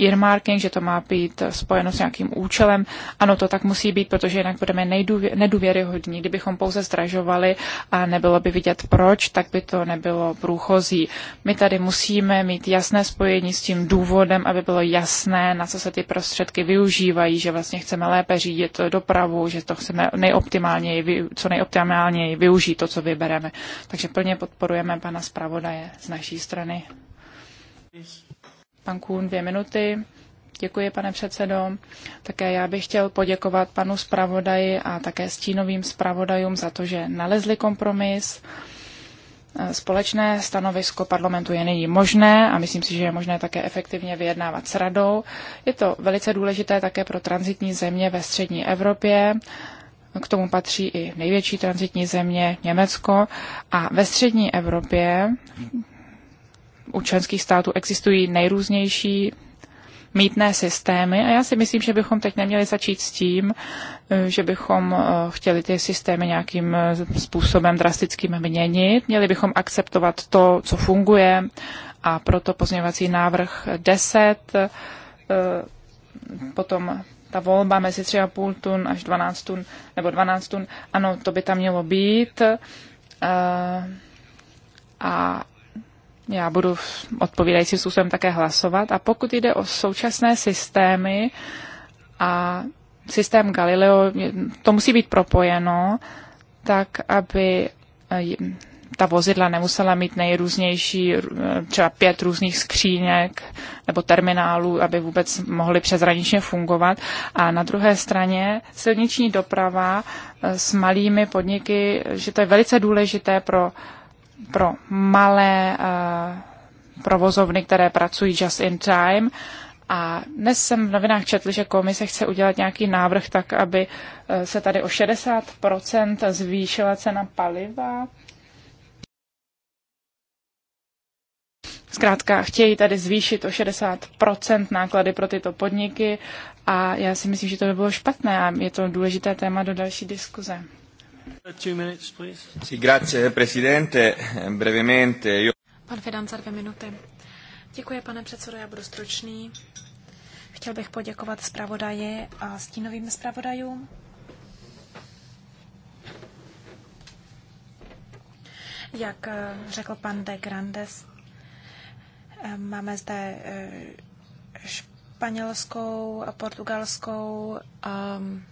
eh, earmarking, že to má být spojeno s nějakým účelem. Ano, to tak musí být, protože jinak budeme nejdůvě, nedůvěryhodní. Kdybychom pouze zdražovali a nebylo by vidět proč, tak by to nebylo průchozí. My tady musíme mít jasné spojení s tím důvodem, aby bylo jasné, na co se ty prostředky využívají, že vlastně chceme lépe řídit dopravu, že to chceme nejoptimálněji, co nejoptimálněji využít to, co vybereme. Takže plně podporujeme pana zpravodaje z naší strany. Pan Kuhn, dvě minuty. Děkuji, pane předsedo. Také já bych chtěl poděkovat panu zpravodaji a také stínovým zpravodajům za to, že nalezli kompromis. Společné stanovisko parlamentu je nyní možné a myslím si, že je možné také efektivně vyjednávat s radou. Je to velice důležité také pro transitní země ve střední Evropě k tomu patří i největší transitní země Německo a ve střední Evropě u členských států existují nejrůznější mítné systémy a já si myslím, že bychom teď neměli začít s tím, eh, že bychom eh, chtěli ty systémy nějakým eh, způsobem drastickým měnit. Měli bychom akceptovat to, co funguje a proto pozměňovací návrh 10, potom ta volba mezi 3,5 tun až 12 tun, nebo 12 tun, ano, to by tam mělo být. Eh, a já budu odpovídajícím způsobem také hlasovat. A pokud jde o současné systémy a systém Galileo, to musí být propojeno, tak aby eh, ta vozidla nemusela mít nejrůznější, eh, třeba pět různých skříněk nebo terminálů, aby vůbec mohly přezraničně fungovat. A na druhé straně silniční doprava eh, s malými podniky, že to je velice důležité pro, pro malé eh, provozovny, které pracují just in time. A dnes jsem v novinách četl, že komise chce udělat nějaký návrh tak, aby se tady o 60% zvýšila cena paliva Zkrátka chtějí tady zvýšit o 60% náklady pro tyto podniky a já si myslím, že to by bylo špatné a je to důležité téma do další diskuze. Pan Fidanca, dvě minuty. Děkuji, pane předsedo, já budu stručný. Chtěl bych poděkovat zpravodaji a stínovým zpravodajům. Jak eh, řekl pan de Grandes, Máme zde eh, španělskou, portugalskou, ehm,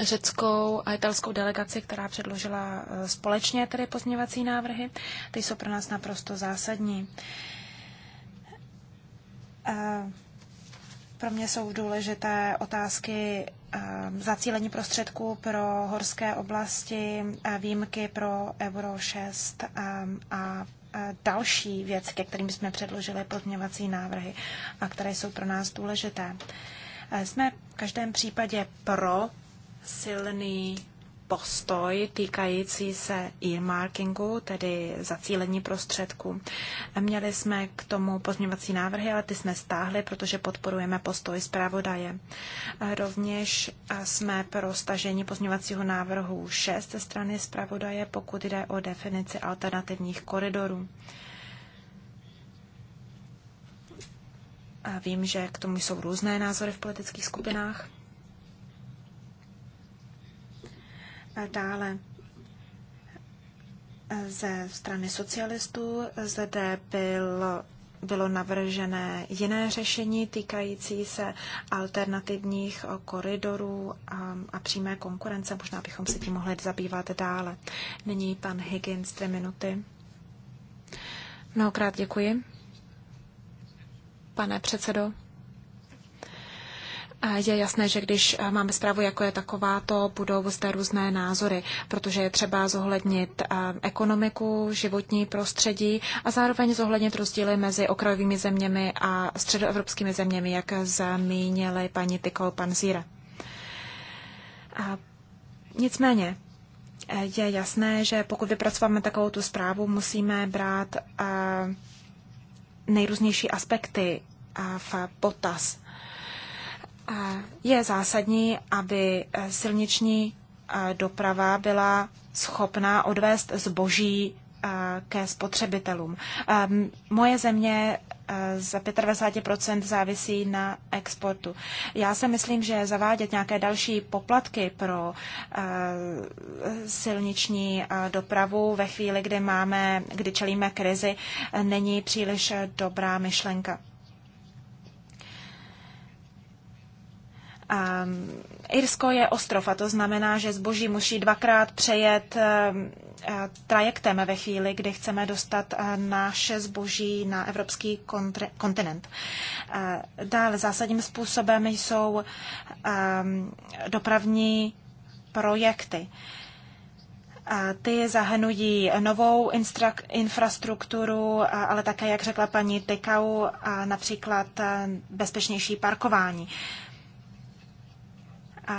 řeckou a italskou delegaci, která předložila eh, společně tedy pozměvací návrhy. Ty jsou pro nás naprosto zásadní. Ehm, pro mě jsou důležité otázky ehm, zacílení prostředků pro horské oblasti, výjimky pro Euro 6 a Eh, další věc, ke kterým jsme předložili pozměňovací návrhy a které jsou pro nás důležité. Eh, jsme v každém případě pro silný postoj týkající se earmarkingu, tedy zacílení prostředků. Měli jsme k tomu pozměňovací návrhy, ale ty jsme stáhli, protože podporujeme postoj zpravodaje. Rovněž jsme pro stažení pozměňovacího návrhu 6 ze strany zpravodaje, pokud jde o definici alternativních koridorů. A vím, že k tomu jsou různé názory v politických skupinách. Dále ze strany socialistů zde byl, bylo navržené jiné řešení týkající se alternativních koridorů a, a přímé konkurence. Možná bychom se tím mohli zabývat dále. Nyní pan Higgins, dvě minuty. Mnohokrát děkuji. Pane předsedo, je jasné, že když eh, máme zprávu jako je taková, to budou zde různé názory, protože je třeba zohlednit eh, ekonomiku, životní prostředí a zároveň zohlednit rozdíly mezi okrajovými zeměmi a středoevropskými zeměmi, jak zmínili paní Tykol Panzíra. nicméně, eh, je jasné, že pokud vypracováme takovou tu zprávu, musíme brát nejrůznější aspekty v potaz je zásadní, aby eh, silniční eh, doprava byla schopná odvést zboží eh, ke spotřebitelům. Ehm, moje země za 25% závisí na exportu. Já si myslím, že zavádět nějaké další poplatky pro silniční dopravu ve chvíli, kdy máme, kdy čelíme krizi, není příliš dobrá myšlenka. Um, Irsko je ostrov a to znamená, že zboží musí dvakrát přejet um, trajektem ve chvíli, kdy chceme dostat uh, naše zboží na evropský kontinent. Uh, dále zásadním způsobem jsou um, dopravní projekty. A ty zahrnují novou infrastrukturu, ale také, jak řekla paní Tykau, například bezpečnější parkování. A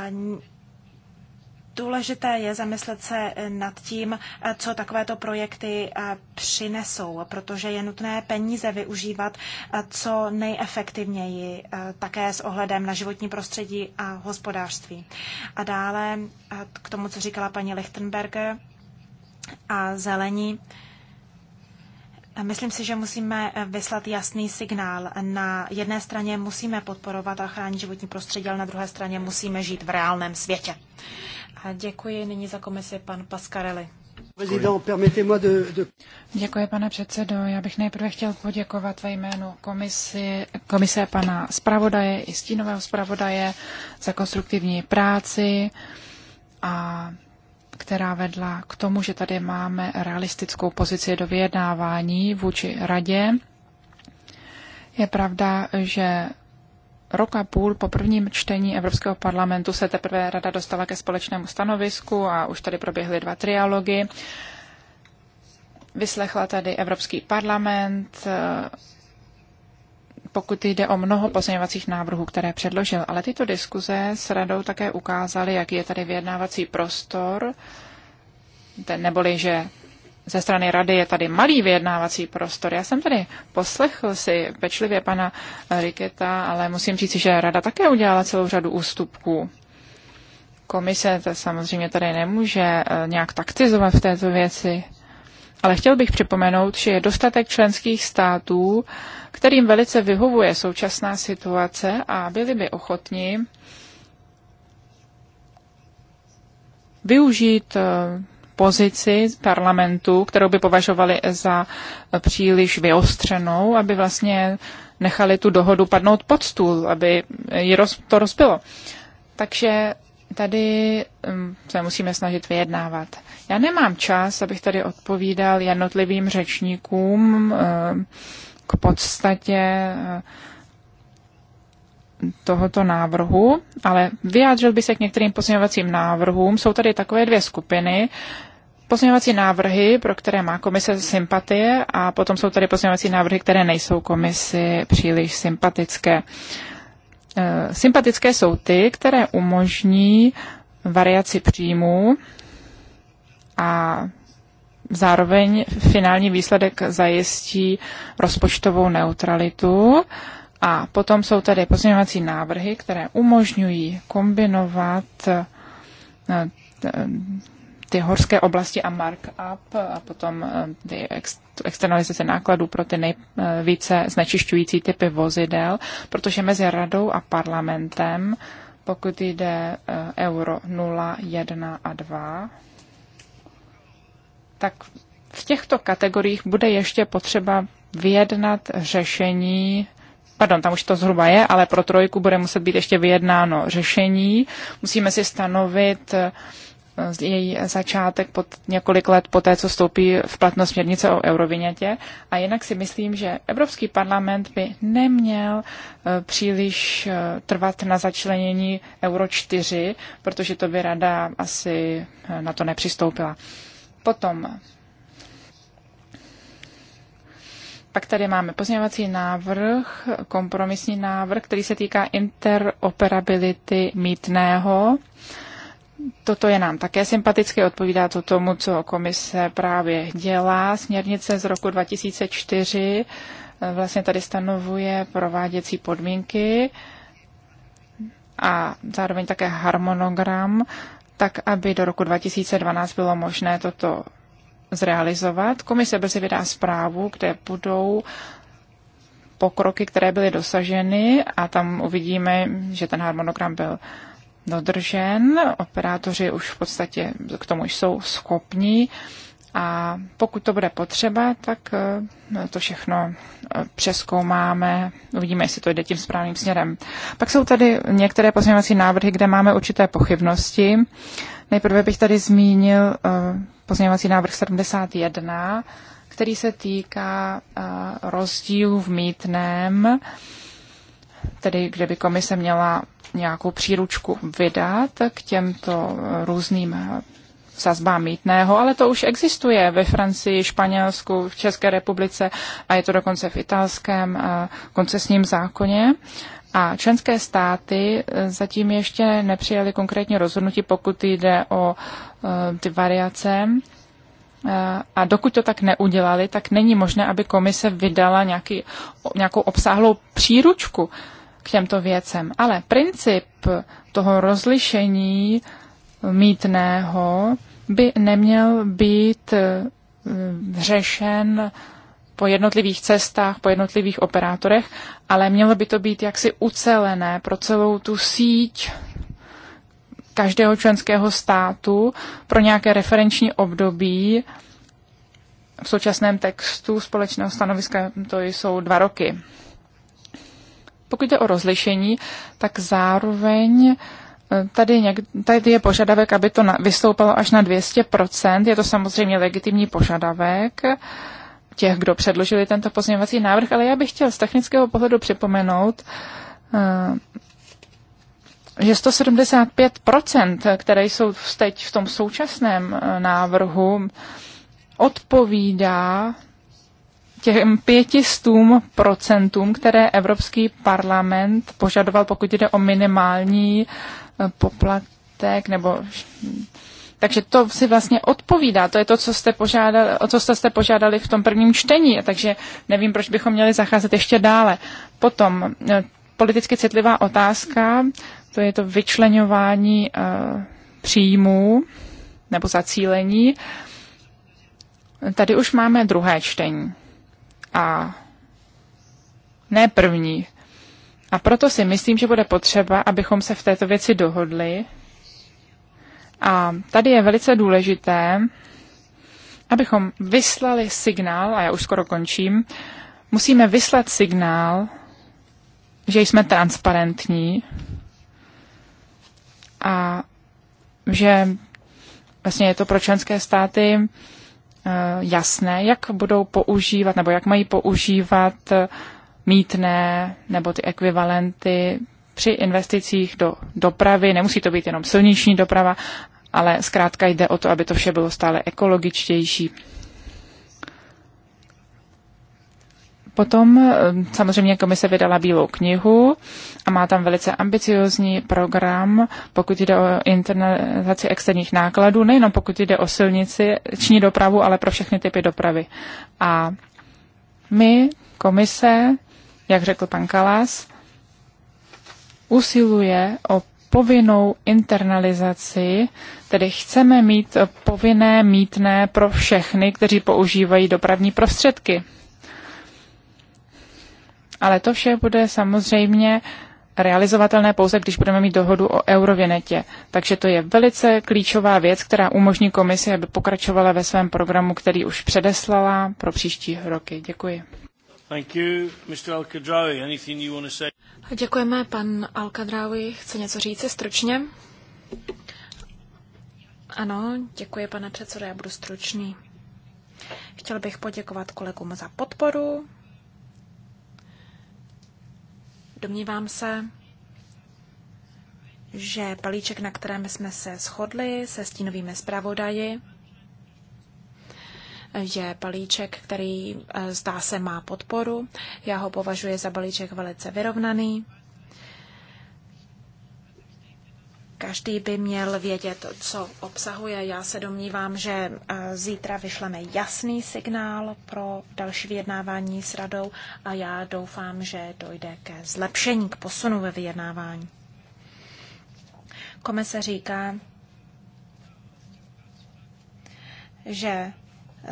důležité je zamyslet se eh, nad tím, eh, co takovéto projekty eh, přinesou, protože je nutné peníze využívat co nejefektivněji, také s ohledem na životní prostředí a hospodářství. A dále k tomu, co říkala paní Lichtenberger a zelení, Myslím si, že musíme eh, vyslat jasný signál. Na jedné straně musíme podporovat a chránit životní prostředí, ale na druhé straně musíme žít v reálném světě. A děkuji nyní za komisi pan Pascarelli. Děkuji. Děkuji, pane předsedo. Já bych nejprve chtěl poděkovat ve jménu komisi, komise pana zpravodaje i stínového zpravodaje za konstruktivní práci a která vedla k tomu, že tady máme realistickou pozici do vyjednávání vůči radě. Je pravda, že rok a půl po prvním čtení Evropského parlamentu se teprve rada dostala ke společnému stanovisku a už tady proběhly dva trialogy. Vyslechla tady Evropský parlament, pokud jde o mnoho pozměňovacích návrhů, které předložil, ale tyto diskuze s radou také ukázaly, jaký je tady vyjednávací prostor, ten, neboli že ze strany rady je tady malý vyjednávací prostor. Já jsem tady poslechl si pečlivě pana Riketa, ale musím říct, že rada také udělala celou řadu ústupků. Komise to samozřejmě tady nemůže eh, nějak taktizovat v této věci. Ale chtěl bych připomenout, že je dostatek členských států, kterým velice vyhovuje současná situace a byli by ochotni využít eh, pozici parlamentu, kterou by považovali za eh, příliš vyostřenou, aby vlastně nechali tu dohodu padnout pod stůl, aby ji to rozbilo. Takže tady mm, se musíme snažit vyjednávat. Já nemám čas, abych tady odpovídal jednotlivým řečníkům eh, k podstatě eh, tohoto návrhu, ale vyjádřil by se k některým pozměňovacím návrhům. Jsou tady takové dvě skupiny. Pozměňovací návrhy, pro které má komise sympatie a potom jsou tady pozměňovací návrhy, které nejsou komisi příliš sympatické. Eh, sympatické jsou ty, které umožní variaci příjmů a zároveň finální výsledek zajistí rozpočtovou neutralitu. A potom jsou tady pozměňovací návrhy, které umožňují kombinovat eh, eh, ty horské oblasti a markup a potom eh, ty ex, externalizace nákladů pro ty nejvíce znečišťující typy vozidel, protože mezi radou a parlamentem, pokud jde euro 0, 1 a 2, tak v těchto kategoriích bude ještě potřeba vyjednat řešení, pardon, tam už to zhruba je, ale pro trojku bude muset být ještě vyjednáno řešení. Musíme si stanovit eh, její začátek pod několik let po té, co stoupí v platnost směrnice o eurovinětě. A jinak si myslím, že Evropský parlament by neměl eh, příliš eh, trvat na začlenění Euro 4, protože to by rada asi na to nepřistoupila. Potom pak tady máme pozměňovací návrh, kompromisní návrh, který se týká interoperability mítného. Toto je nám také sympatické, odpovídá to tomu, co komise právě dělá. Směrnice z roku 2004 eh, vlastně tady stanovuje prováděcí podmínky a zároveň také harmonogram tak aby do roku 2012 bylo možné toto zrealizovat. Komise brzy vydá zprávu, kde budou pokroky, které byly dosaženy a tam uvidíme, že ten harmonogram byl dodržen. Operátoři už v podstatě k tomu jsou schopní. A pokud to bude potřeba, tak eh, to všechno eh, přeskoumáme, uvidíme, jestli to jde tím správným směrem. Pak jsou tady některé pozměňovací návrhy, kde máme určité pochybnosti. Nejprve bych tady zmínil eh, pozměňovací návrh 71, který se týká rozdílů v mítném, tedy kde by komise měla nějakou příručku vydat k těmto různým sazba mítného, ale to už existuje ve Francii, Španělsku, v České republice a je to dokonce v italském eh, koncesním zákoně. A členské státy eh, zatím ještě nepřijaly konkrétně rozhodnutí, pokud jde o eh, ty variace. A dokud to tak neudělali, tak není možné, aby komise vydala nějaký, nějakou obsáhlou příručku k těmto věcem. Ale princip toho rozlišení mítného by neměl být eh, řešen po jednotlivých cestách, po jednotlivých operátorech, ale mělo by to být jaksi ucelené pro celou tu síť každého členského státu pro nějaké referenční období. V současném textu společného stanoviska to jsou dva roky. Pokud jde o rozlišení, tak zároveň Tady, něk, tady je požadavek, aby to na, vystoupalo až na 200%. Je to samozřejmě legitimní požadavek těch, kdo předložili tento pozměňovací návrh, ale já bych chtěl z technického pohledu připomenout, eh, že 175%, které jsou teď v tom současném eh, návrhu, odpovídá těm pětistům procentům, které Evropský parlament požadoval, pokud jde o minimální poplatek nebo takže to si vlastně odpovídá. To je to, co jste požádali, o co jste, jste požádali v tom prvním čtení. Takže nevím, proč bychom měli zacházet ještě dále. Potom eh, politicky citlivá otázka, to je to vyčlenování uh, eh, příjmů nebo zacílení. Tady už máme druhé čtení a ne první. A proto si myslím, že bude potřeba, abychom se v této věci dohodli. A tady je velice důležité, abychom vyslali signál, a já už skoro končím, musíme vyslat signál, že jsme transparentní a že vlastně je to pro členské státy eh, jasné, jak budou používat nebo jak mají používat mítné nebo ty ekvivalenty při investicích do dopravy. Nemusí to být jenom silniční doprava, ale zkrátka jde o to, aby to vše bylo stále ekologičtější. Potom eh, samozřejmě komise vydala bílou knihu a má tam velice ambiciozní program, pokud jde o internalizaci externích nákladů, nejenom pokud jde o silnici, ční dopravu, ale pro všechny typy dopravy. A my, komise, jak řekl pan Kalas, usiluje o povinnou internalizaci, tedy chceme mít povinné mítné pro všechny, kteří používají dopravní prostředky. Ale to vše bude samozřejmě realizovatelné pouze, když budeme mít dohodu o eurovinetě. Takže to je velice klíčová věc, která umožní komisi, aby pokračovala ve svém programu, který už předeslala pro příští roky. Děkuji. Thank you, Mr. al Anything you want to say? Děkujeme, pan al -Kadrawi. Chce něco říct stručně? Ano, děkuji, pane předsedo, já budu stručný. Chtěl bych poděkovat kolegům za podporu. Domnívám se, že palíček, na kterém jsme se shodli se stínovými zpravodaji, je balíček, který eh, zdá se má podporu. Já ho považuji za balíček velice vyrovnaný. Každý by měl vědět, co obsahuje. Já se domnívám, že eh, zítra vyšleme jasný signál pro další vyjednávání s radou a já doufám, že dojde ke zlepšení, k posunu ve vyjednávání. Komise říká, že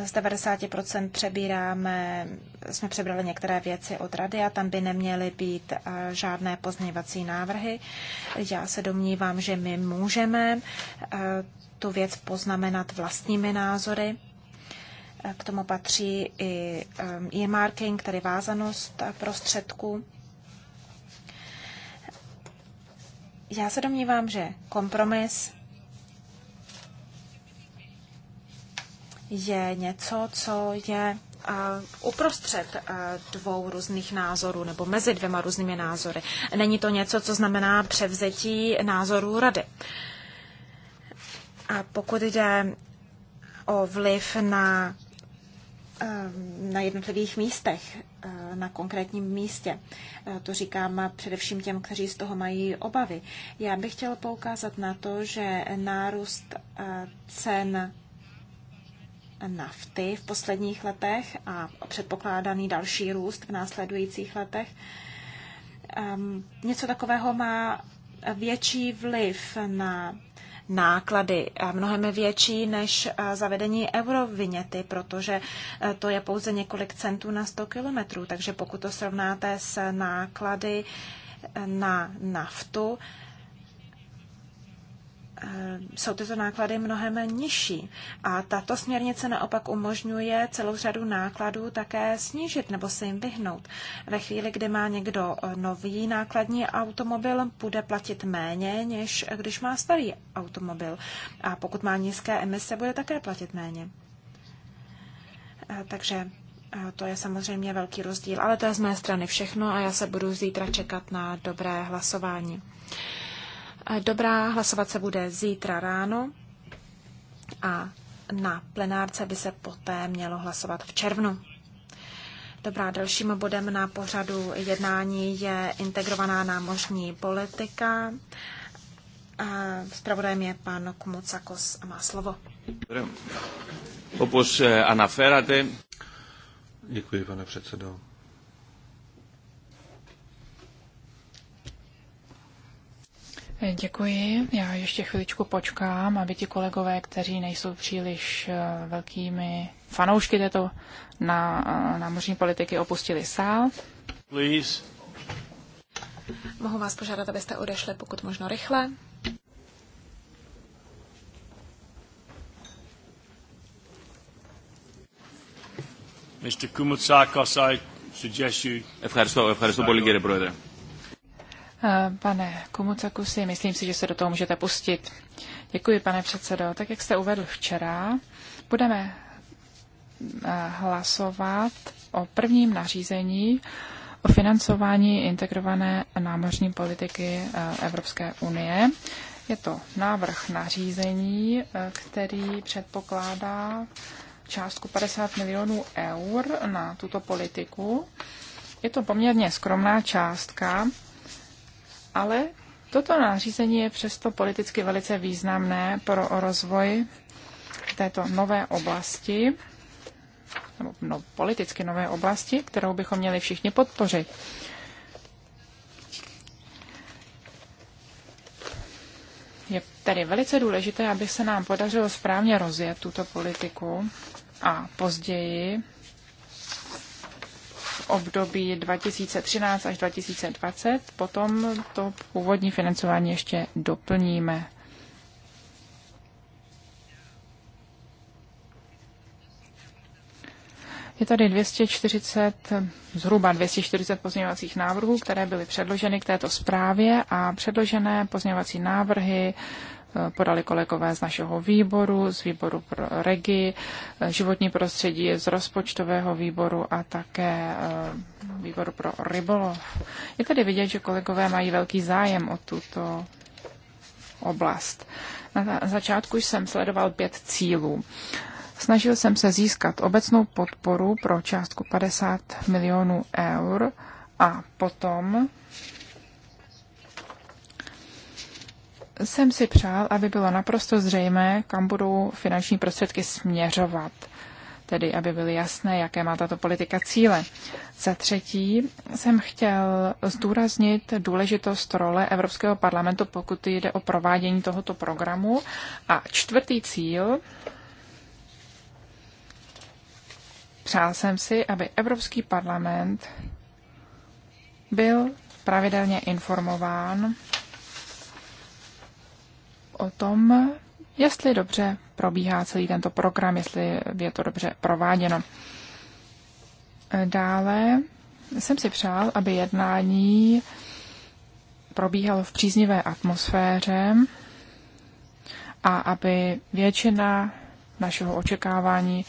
z 90% přebíráme, jsme přebrali některé věci od rady a tam by neměly být eh, žádné pozměňovací návrhy. Já se domnívám, že my můžeme eh, tu věc poznamenat vlastními názory. Eh, k tomu patří i e-marking, tedy vázanost prostředků. Já se domnívám, že kompromis je něco, co je eh, uprostřed eh, dvou různých názorů nebo mezi dvěma různými názory. Není to něco, co znamená převzetí názorů rady. A pokud jde o vliv na, eh, na jednotlivých místech, na konkrétním místě. To říkám především těm, kteří z toho mají obavy. Já bych chtěl poukázat na to, že nárůst cen nafty v posledních letech a předpokládaný další růst v následujících letech. Ehm, něco takového má větší vliv na náklady mnohem větší než eh, zavedení eurovinety, protože eh, to je pouze několik centů na 100 kilometrů. Takže pokud to srovnáte s náklady eh, na naftu, Eh, jsou tyto náklady mnohem nižší. A tato směrnice naopak umožňuje celou řadu nákladů také snížit nebo se jim vyhnout. Ve chvíli, kdy má někdo eh, nový nákladní automobil, bude platit méně, než když má starý automobil. A pokud má nízké emise, bude také platit méně. Eh, takže to je samozřejmě velký rozdíl, ale to je z mé strany všechno a já se budu zítra čekat na dobré hlasování. Dobrá, hlasovat se bude zítra ráno a na plenárce by se poté mělo hlasovat v červnu. Dobrá, dalším bodem na pořadu jednání je integrovaná námořní politika. Zpravodajem je pan Kumucakos a má slovo. Opus eh, Anaférate. Děkuji, pane předsedo. Děkuji. Já ještě chviličku počkám, aby ti kolegové, kteří nejsou příliš eh, velkými fanoušky této na, eh, námořní politiky, opustili sál. Please. Mohu vás požádat, abyste odešli pokud možno rychle. Mr. Kumutsakos, I suggest you... Ευχαριστώ, ευχαριστώ πολύ κύριε Πρόεδρε. Eh, pane Komucakusi, myslím si, že se do toho můžete pustit. Děkuji, pane předsedo. Tak, jak jste uvedl včera, budeme eh, hlasovat o prvním nařízení o financování integrované námořní politiky eh, Evropské unie. Je to návrh nařízení, který předpokládá částku 50 milionů eur na tuto politiku. Je to poměrně skromná částka, ale toto nařízení je přesto politicky velice významné pro rozvoj této nové oblasti, nebo no, politicky nové oblasti, kterou bychom měli všichni podpořit. Je tedy velice důležité, aby se nám podařilo správně rozjet tuto politiku a později období 2013 až 2020. Potom to původní financování ještě doplníme. Je tady 240, zhruba 240 pozměňovacích návrhů, které byly předloženy k této zprávě a předložené pozměňovací návrhy podali kolegové z našeho výboru, z výboru pro regi, životní prostředí z rozpočtového výboru a také eh, výboru pro rybolov. Je tedy vidět, že kolegové mají velký zájem o tuto oblast. Na začátku jsem sledoval pět cílů. Snažil jsem se získat obecnou podporu pro částku 50 milionů eur a potom jsem si přál, aby bylo naprosto zřejmé, kam budou finanční prostředky směřovat tedy aby byly jasné, jaké má tato politika cíle. Za třetí jsem chtěl zdůraznit důležitost role Evropského parlamentu, pokud jde o provádění tohoto programu. A čtvrtý cíl, přál jsem si, aby Evropský parlament byl pravidelně informován o tom, jestli dobře probíhá celý tento program, jestli je to dobře prováděno. Dále jsem si přál, aby jednání probíhalo v příznivé atmosféře a aby většina našeho očekávání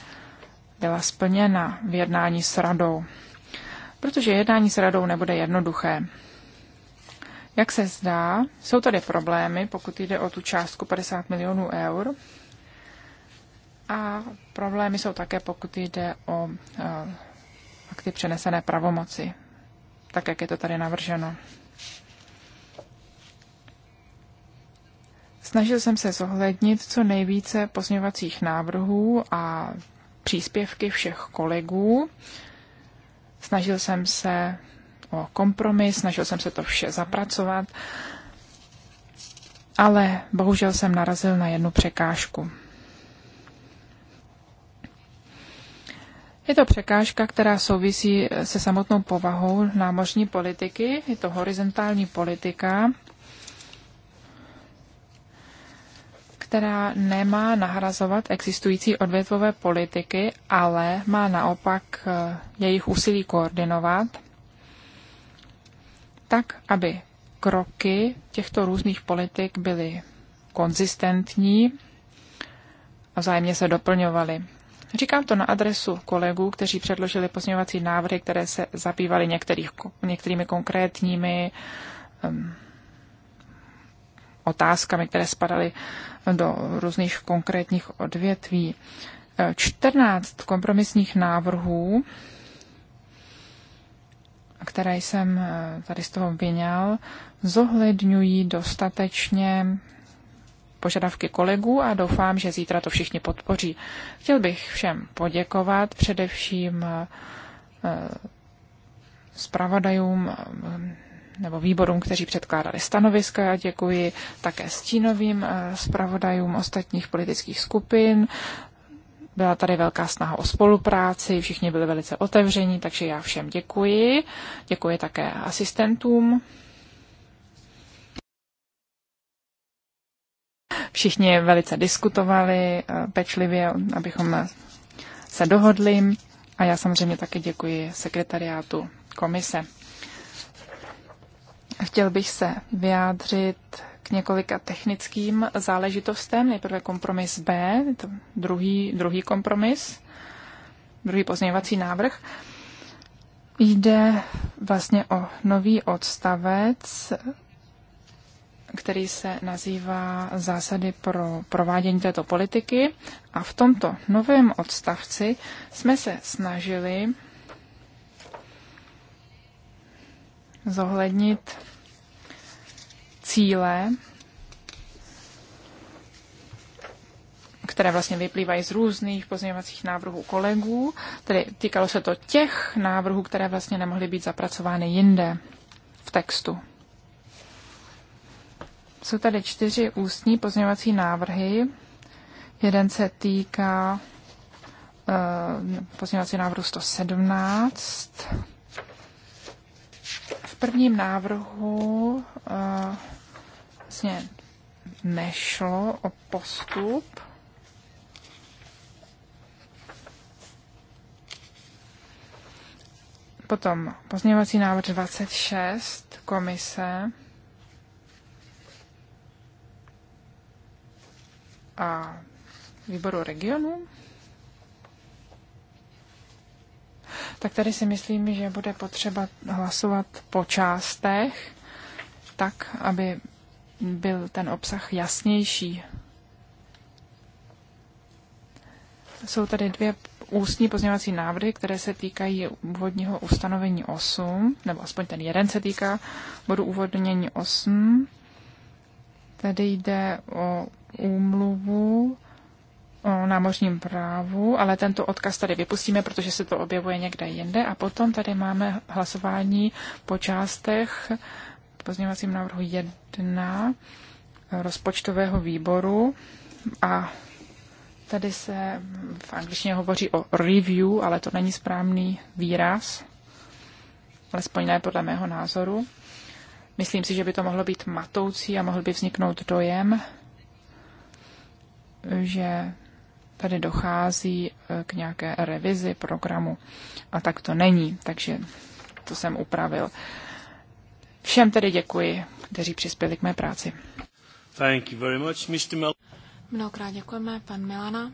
byla splněna v jednání s radou. Protože jednání s radou nebude jednoduché. Jak se zdá, jsou tady problémy, pokud jde o tu částku 50 milionů eur. A problémy jsou také, pokud jde o eh, akty přenesené pravomoci, tak jak je to tady navrženo. Snažil jsem se zohlednit co nejvíce pozměňovacích návrhů a příspěvky všech kolegů. Snažil jsem se o kompromis, snažil jsem se to vše zapracovat, ale bohužel jsem narazil na jednu překážku. Je to překážka, která souvisí se samotnou povahou námořní politiky, je to horizontální politika, která nemá nahrazovat existující odvětvové politiky, ale má naopak eh, jejich úsilí koordinovat tak, aby kroky těchto různých politik byly konzistentní a vzájemně se doplňovaly. Říkám to na adresu kolegů, kteří předložili pozměňovací návrhy, které se zabývaly některých, některými konkrétními um, otázkami, které spadaly do různých konkrétních odvětví. 14 kompromisních návrhů které jsem eh, tady z toho vyňal, zohledňují dostatečně požadavky kolegů a doufám, že zítra to všichni podpoří. Chtěl bych všem poděkovat, především eh, eh, zpravodajům nebo výborům, kteří předkládali stanoviska. Já děkuji také stínovým zpravodajům ostatních politických skupin. Byla tady velká snaha o spolupráci, všichni byli velice otevření, takže já všem děkuji. Děkuji také asistentům. Všichni velice diskutovali eh, pečlivě, abychom se dohodli. A já samozřejmě také děkuji sekretariátu komise. Chtěl bych se vyjádřit k několika technickým záležitostem. Nejprve kompromis B, to druhý, druhý kompromis, druhý pozměňovací návrh. Jde vlastně o nový odstavec, který se nazývá Zásady pro provádění této politiky. A v tomto novém odstavci jsme se snažili zohlednit cíle, které vlastně vyplývají z různých pozměňovacích návrhů kolegů, tedy týkalo se to těch návrhů, které vlastně nemohly být zapracovány jinde v textu. Jsou tady čtyři ústní pozměňovací návrhy. Jeden se týká uh, pozměňovací návrhu 117. V prvním návrhu uh, vlastně nešlo o postup. Potom pozměňovací návrh 26 komise a výboru regionu. Tak tady si myslím, že bude potřeba hlasovat po částech, tak, aby byl ten obsah jasnější. Jsou tady dvě ústní pozměňovací návrhy, které se týkají úvodního ustanovení 8, nebo aspoň ten jeden se týká bodu úvodnění 8. Tady jde o úmluvu o námořním právu, ale tento odkaz tady vypustíme, protože se to objevuje někde jinde. A potom tady máme hlasování po částech pozměňovacím návrhu 1 rozpočtového výboru a tady se v angličtině hovoří o review, ale to není správný výraz, alespoň ne podle mého názoru. Myslím si, že by to mohlo být matoucí a mohl by vzniknout dojem, že tady dochází eh, k nějaké revizi programu a tak to není, takže to jsem upravil. Všem tedy děkuji, kteří přispěli k mé práci. Thank you very much, Mr. Mel- Mnohokrát děkujeme, pan Milana.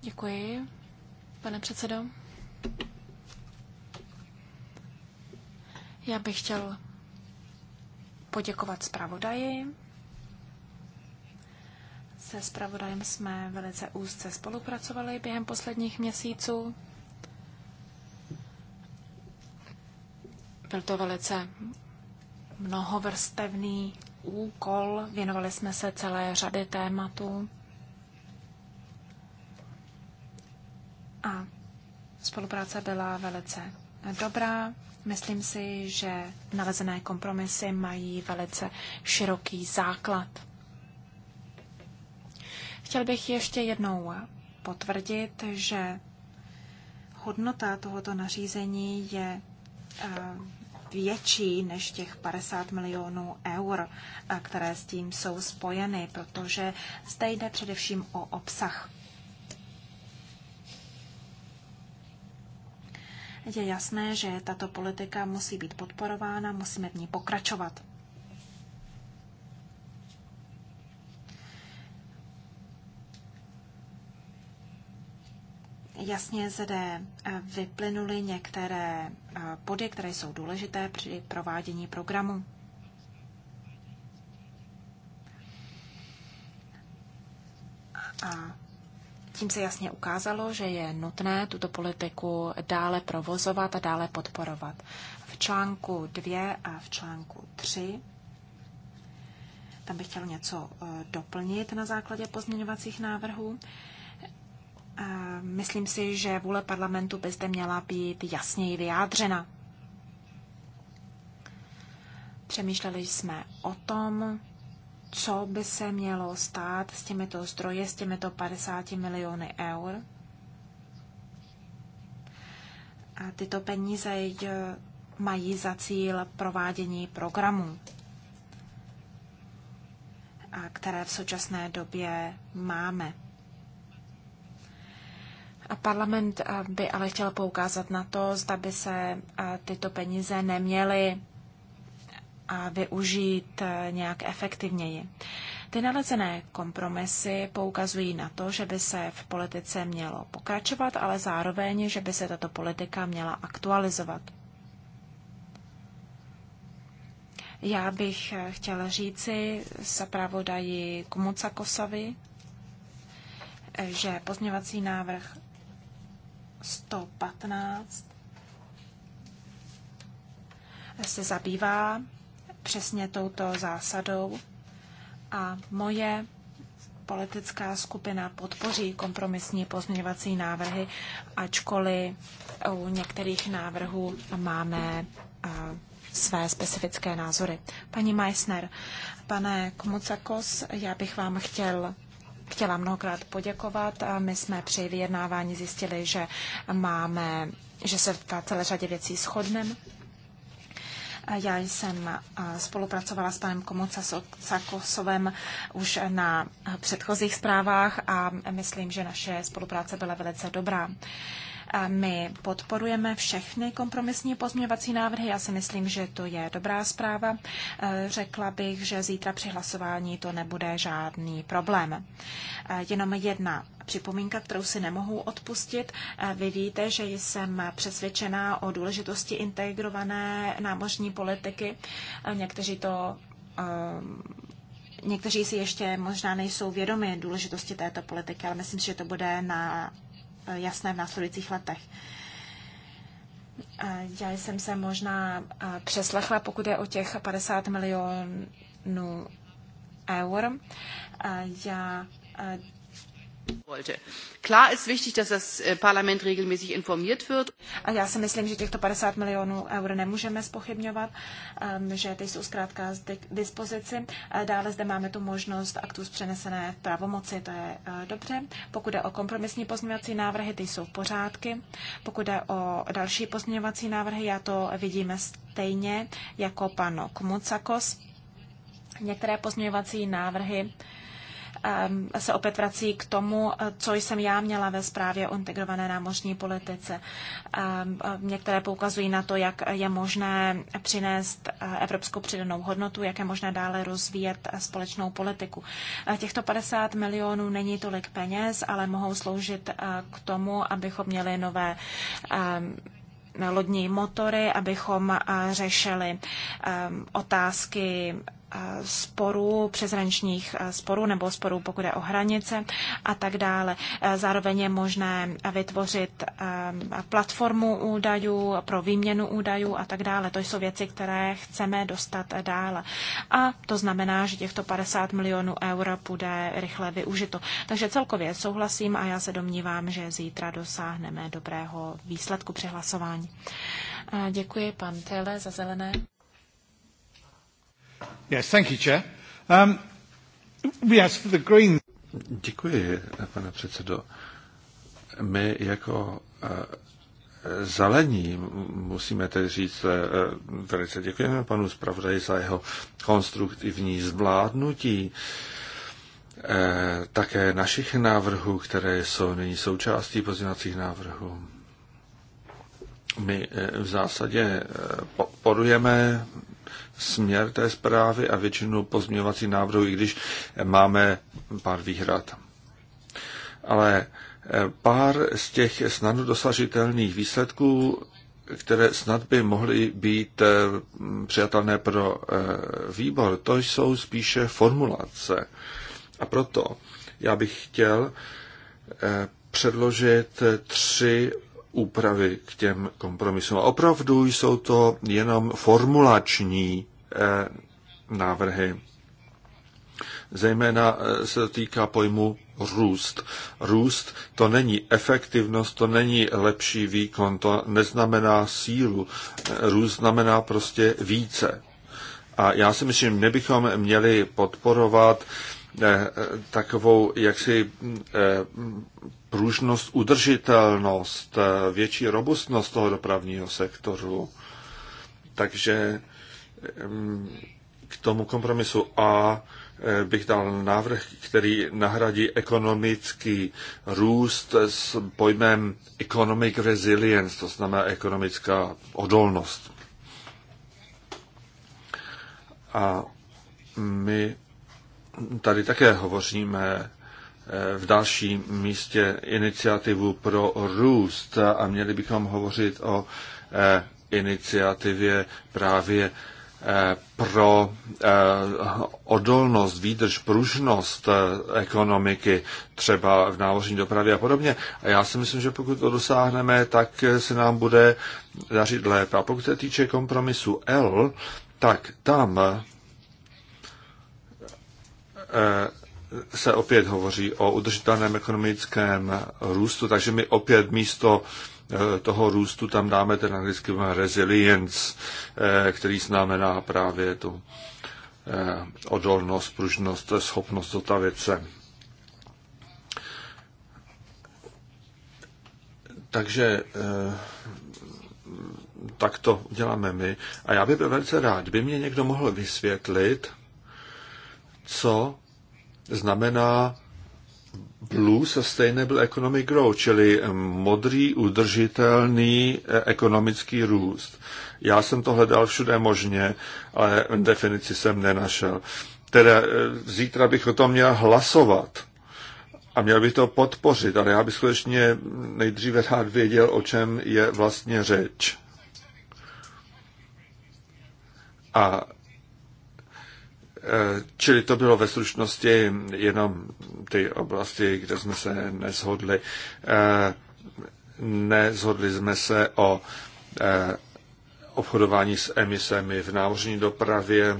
Děkuji, pane předsedo. Já bych chtěl poděkovat zpravodaji. Se zpravodajem jsme velice úzce spolupracovali během posledních měsíců. Byl to velice mnohovrstevný úkol, věnovali jsme se celé řady tématů. A spolupráce byla velice dobrá. Myslím si, že nalezené kompromisy mají velice široký základ. Chtěl bych ještě jednou potvrdit, že hodnota tohoto nařízení je eh, větší než těch 50 milionů eur, které s tím jsou spojeny, protože zde jde především o obsah. Je jasné, že tato politika musí být podporována, musíme v ní pokračovat. Jasně zde eh, vyplynuly některé eh, body, které jsou důležité při provádění programu. A tím se jasně ukázalo, že je nutné tuto politiku dále provozovat a dále podporovat. V článku 2 a v článku 3 tam bych chtěl něco eh, doplnit na základě pozměňovacích návrhů. Myslím si, že vůle parlamentu by zde měla být jasněji vyjádřena. Přemýšleli jsme o tom, co by se mělo stát s těmito zdroje, s těmito 50 miliony eur. A tyto peníze mají za cíl provádění programů, které v současné době máme. Parlament eh, by ale chtěl poukázat na to, zda by se eh, tyto peníze neměly eh, využít nějak efektivněji. Ty nalezené kompromisy poukazují na to, že by se v politice mělo pokračovat, ale zároveň, že by se tato politika měla aktualizovat. Já bych chtěla říci zpravodaji Kosovi, že pozměvací návrh 115 se zabývá přesně touto zásadou a moje politická skupina podpoří kompromisní pozměňovací návrhy, ačkoliv u některých návrhů máme své specifické názory. Paní Meissner, pane Komucakos, já bych vám chtěl chtěla mnohokrát poděkovat. My jsme při vyjednávání zjistili, že máme, že se v celé řadě věcí shodneme. Já jsem spolupracovala s panem Sakosovem už na předchozích zprávách a myslím, že naše spolupráce byla velice dobrá. My podporujeme všechny kompromisní pozměňovací návrhy. Já si myslím, že to je dobrá zpráva. E, řekla bych, že zítra při hlasování to nebude žádný problém. E, jenom jedna připomínka, kterou si nemohu odpustit. E, vy víte, že jsem přesvědčená o důležitosti integrované námořní politiky. Někteří to Někteří si ještě možná nejsou vědomi důležitosti této politiky, ale myslím, že to bude na Eh, jasné v následujících letech. Já jsem se možná eh, přeslechla, pokud je o těch 50 milionů eur. Eh, já Äh, A já si myslím, že těchto 50 milionů eur nemůžeme spochybňovat, ehm, že ty jsou zkrátka k dispozici. Dále zde máme tu možnost aktu z přenesené pravomoci, to je eh, dobře. Pokud jde o kompromisní pozměňovací návrhy, ty jsou v pořádky. Pokud jde o další pozměňovací návrhy, já to vidíme stejně jako pan Kmucakos. Některé pozměňovací návrhy Ehm, se opět vrací k tomu, eh, co jsem já měla ve zprávě o integrované námořní politice. Ehm, eh, některé poukazují na to, jak je možné přinést eh, evropskou přidanou hodnotu, jak je možné dále rozvíjet společnou politiku. Těchto 50 milionů není tolik peněz, ale mohou sloužit k tomu, abychom měli nové ehm, lodní motory, abychom řešili otázky Eh, sporů, přeshraničních eh, sporů nebo sporů, pokud je o hranice a tak dále. Eh, zároveň je možné vytvořit platformu údajů pro výměnu údajů a tak dále. To jsou věci, které chceme dostat dále. A to znamená, že těchto 50 milionů eur bude rychle využito. Takže celkově souhlasím a já se domnívám, že zítra dosáhneme dobrého výsledku při Děkuji pan Tele za zelené. Yes, thank you, Chair. Um, yes, for the green... Děkuji, pane předsedo. My jako eh, zelení, musíme tedy říct, eh, velice děkujeme panu zpravodaji za jeho konstruktivní zvládnutí eh, také našich návrhů, které jsou nyní součástí pozinacích návrhů. My v zásadě podporujeme směr té zprávy a většinu pozměňovací návrhů, i když máme pár výhrad. Ale eh, pár z těch snadno dosažitelných výsledků, které snad by mohly být eh, přijatelné pro eh, výbor, to jsou spíše formulace. A proto já bych chtěl předložit tři úpravy k těm kompromisům. A opravdu jsou to jenom formulační Eh, návrhy. Zejména eh, se týká pojmu růst. Růst to není efektivnost, to není lepší výkon, to neznamená sílu. Eh, růst znamená prostě více. A já si myslím, nebychom měli podporovat takovou jaksi pružnost, udržitelnost, větší robustnost toho dopravního sektoru. Takže k tomu kompromisu A eh, bych dal návrh, který nahradí ekonomický růst s pojmem economic resilience, to znamená ekonomická odolnost. A my tady také hovoříme eh, v dalším místě iniciativu pro růst a měli bychom hovořit o eh, iniciativě právě Eh, pro eh, odolnost, výdrž, pružnost eh, ekonomiky, třeba v náložní dopravě a podobně. A já si myslím, že pokud to dosáhneme, tak se nám bude dařit lépe. A pokud se týče kompromisu L, tak tam se opět hovoří o udržitelném ekonomickém růstu, takže my opět místo Eh, toho růstu tam dáme ten anglický resilience, eh, který znamená právě tu eh, odolnost, pružnost, schopnost zotavit se. Takže tak to děláme my. A já bych byl velice rád, by mě někdo mohl vysvětlit, co znamená Blue Sustainable Economic Growth, čili modrý udržitelný eh, ekonomický růst. Já jsem to hledal všude možně, ale definici jsem nenašel. Teda eh, zítra bych o tom měl hlasovat a měl bych to podpořit, ale já bych skutečně nejdříve rád věděl, o čem je vlastně řeč. A Čili to bylo ve stručnosti jenom ty oblasti, kde jsme se neshodli. Nezhodli jsme se o eh, obchodování s emisemi v námořní dopravě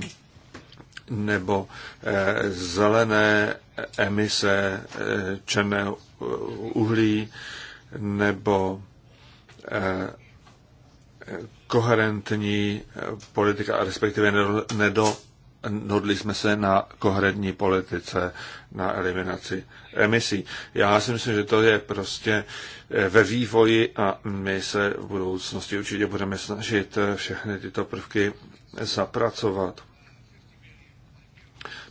nebo eh, zelené emise eh, černého uhlí nebo koherentní politika, respektive nedo, nudli jsme se na koherentní politice, na eliminaci emisí. Já si myslím, že to je prostě ve vývoji a my se v budoucnosti určitě budeme snažit všechny tyto prvky zapracovat.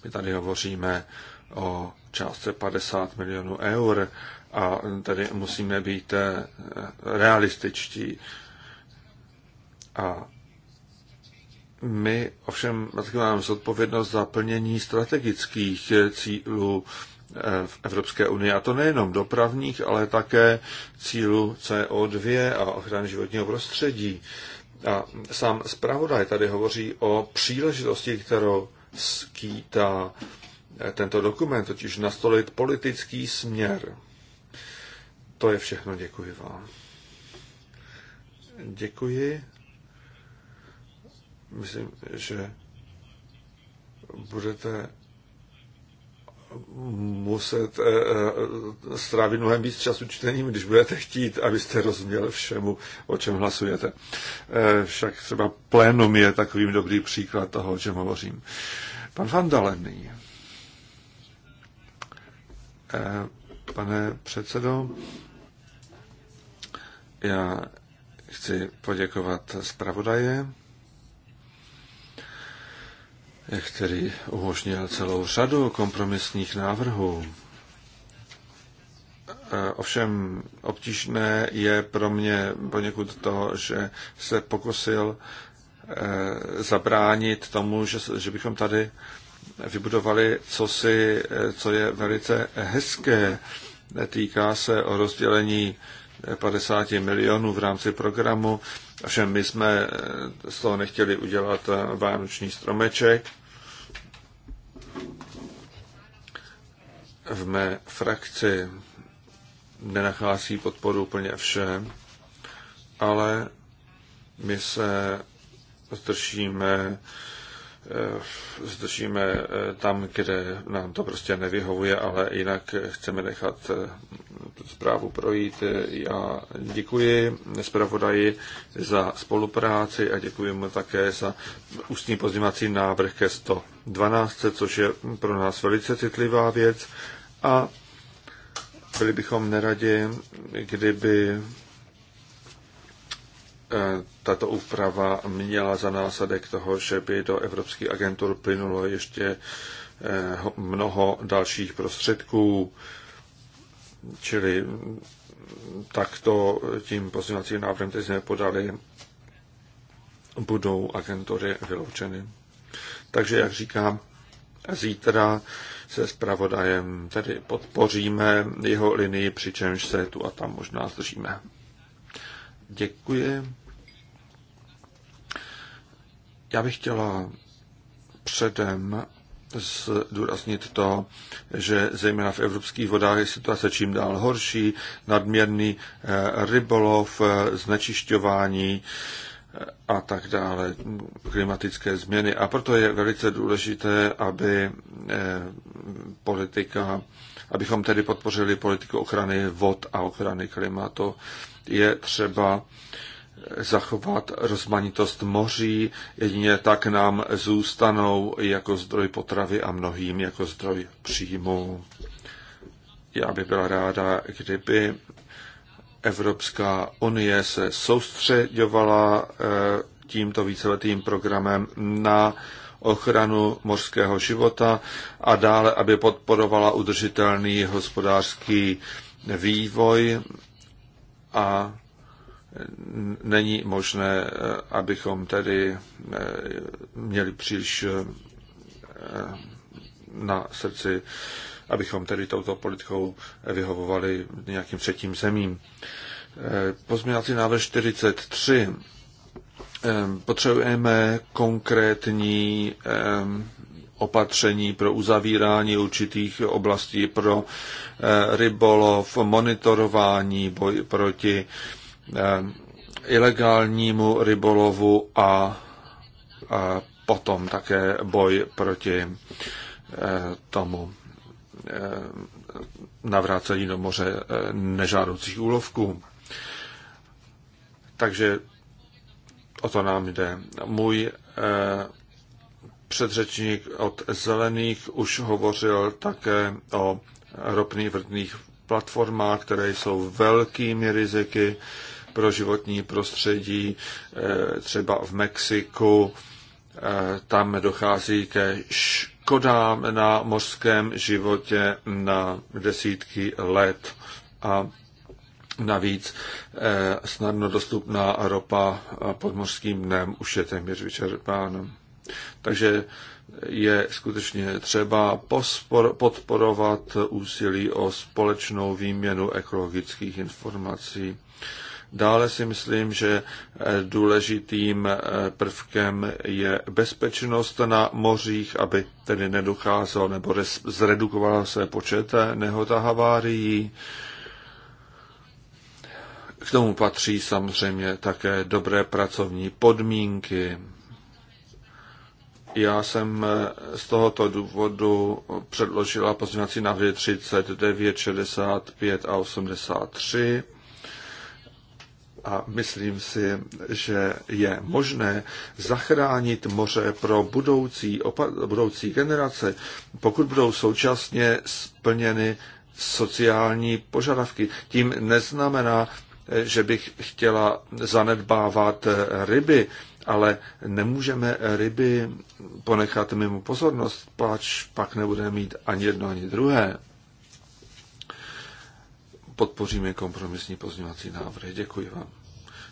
My tady hovoříme o částce 50 milionů eur a tady musíme být realističtí. A my ovšem máme zodpovědnost za plnění strategických cílů eh, v Evropské unii, a to nejenom dopravních, ale také cílu CO2 a ochrany životního prostředí. A sám zpravodaj tady hovoří o příležitosti, kterou skýtá eh, tento dokument, totiž nastolit politický směr. To je všechno, děkuji vám. Děkuji myslím, že budete muset eh, eh, strávit mnohem víc času čtením, když budete chtít, abyste rozuměl všemu, o čem hlasujete. Eh, však třeba plénum je takovým dobrý příklad toho, o čem hovořím. Pan Van Dalen Pane předsedo, já chci poděkovat zpravodaje který umožnil celou řadu kompromisních návrhů. E, ovšem obtížné je pro mě poněkud to, že se pokusil e, zabránit tomu, že, že bychom tady vybudovali cosi, e, co je velice hezké. Týká se o rozdělení 50 milionů v rámci programu. Ovšem my jsme z toho nechtěli udělat vánoční stromeček, v mé frakci nenachází podporu úplně vše, ale my se zdržíme, eh, zdržíme eh, tam, kde nám to prostě nevyhovuje, ale jinak chceme nechat eh, zprávu projít. Já děkuji zpravodaji za spolupráci a děkuji mu také za ústní pozdímací návrh ke 112, což je pro nás velice citlivá věc a byli bychom neradi, kdyby eh, tato úprava měla za následek toho, že by do Evropské agentur plynulo ještě eh, mnoho dalších prostředků, čili mm, takto tím pozměňovacím návrhem, který jsme podali, budou agentury vyloučeny. Takže, jak říkám, zítra se zpravodajem, tedy podpoříme jeho linii, přičemž se tu a tam možná zdržíme. Děkuji. Já bych chtěla předem zdůraznit to, že zejména v evropských vodách je situace čím dál horší, nadměrný eh, rybolov, eh, znečišťování, a tak dále, klimatické změny. A proto je velice důležité, aby eh, politika, abychom tedy podpořili politiku ochrany vod a ochrany klimatu. Je třeba eh, zachovat rozmanitost moří, jedině tak nám zůstanou jako zdroj potravy a mnohým jako zdroj příjmu. Já bych byla ráda, kdyby Evropská unie se soustředovala eh, tímto víceletým programem na ochranu mořského života a dále, aby podporovala udržitelný hospodářský vývoj a není možné, eh, abychom tedy eh, měli příliš na srdci abychom tedy touto politikou vyhovovali nějakým třetím zemím. Pozměňovací návrh 43. Potřebujeme konkrétní opatření pro uzavírání určitých oblastí pro eh, rybolov, monitorování, boj proti ilegálnímu rybolovu a, a potom také boj proti eh, tomu Eh, navrácení do moře eh, nežádoucích úlovků. Takže o to nám jde. Můj eh, předřečník od Zelených už hovořil také o ropných vrtných platformách, které jsou velkými riziky pro životní prostředí, třeba v Mexiku, tam dochází ke š- škodám na mořském životě na desítky let. A navíc eh, snadno dostupná ropa pod mořským dnem už je téměř vyčerpána. Takže je skutečně třeba pospor podporovat úsilí o společnou výměnu ekologických informací. Dále si myslím, že eh, důležitým eh, prvkem je bezpečnost na mořích, aby tedy nedocházelo nebo zredukovalo se počet eh, nehod a havárií. K tomu patří samozřejmě také dobré pracovní podmínky. Já jsem z tohoto důvodu předložila pozměňovací návrhy 39, 65 a 83 a myslím si, že je možné zachránit moře pro budoucí, opa- budoucí generace, pokud budou současně splněny sociální požadavky. Tím neznamená, že bych chtěla zanedbávat ryby, ale nemůžeme ryby ponechat mimo pozornost, pač pak nebudeme mít ani jedno, ani druhé podpoříme kompromisní pozměňovací návrhy. Děkuji vám.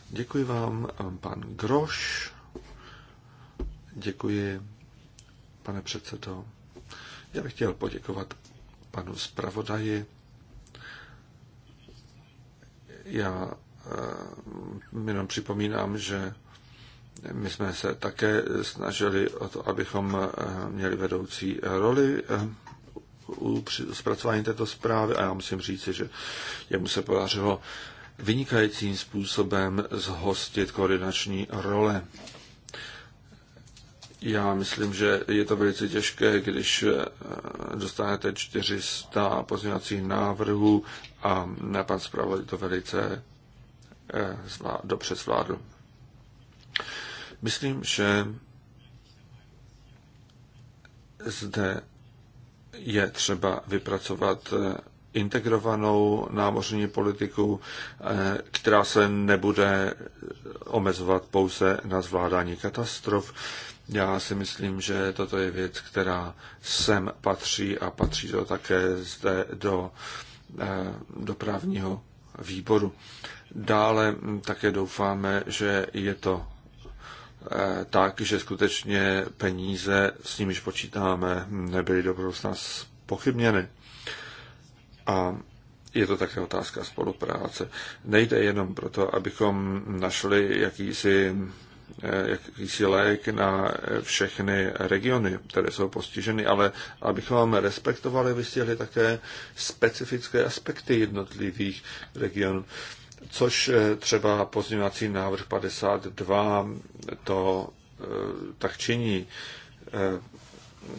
Děkuji vám, pan Groš. Děkuji, pane předsedo. Já bych chtěl poděkovat panu zpravodaji. Já eh, jenom připomínám, že my jsme se také snažili o to, abychom eh, měli vedoucí roli eh, u zpracování této zprávy a já musím říci, že jemu se podařilo vynikajícím způsobem zhostit koordinační role. Já myslím, že je to velice těžké, když eh, dostanete 400 pozměňovacích návrhů a pan zpravodaj to velice eh, dobře zvládl. Myslím, že zde je třeba vypracovat eh, integrovanou námořní politiku, eh, která se nebude eh, omezovat pouze na zvládání katastrof. Já si myslím, že toto je věc, která sem patří a patří to také zde do dopravního výboru. Dále také doufáme, že je to Eh, tak, že skutečně peníze, s nimiž počítáme, nebyly do budoucna pochybněny. A je to také otázka spolupráce. Nejde jenom proto, abychom našli jakýsi, eh, jakýsi lék na všechny regiony, které jsou postiženy, ale abychom respektovali, vystihli také specifické aspekty jednotlivých regionů což eh, třeba pozměňovací návrh 52 to eh, tak činí. Eh,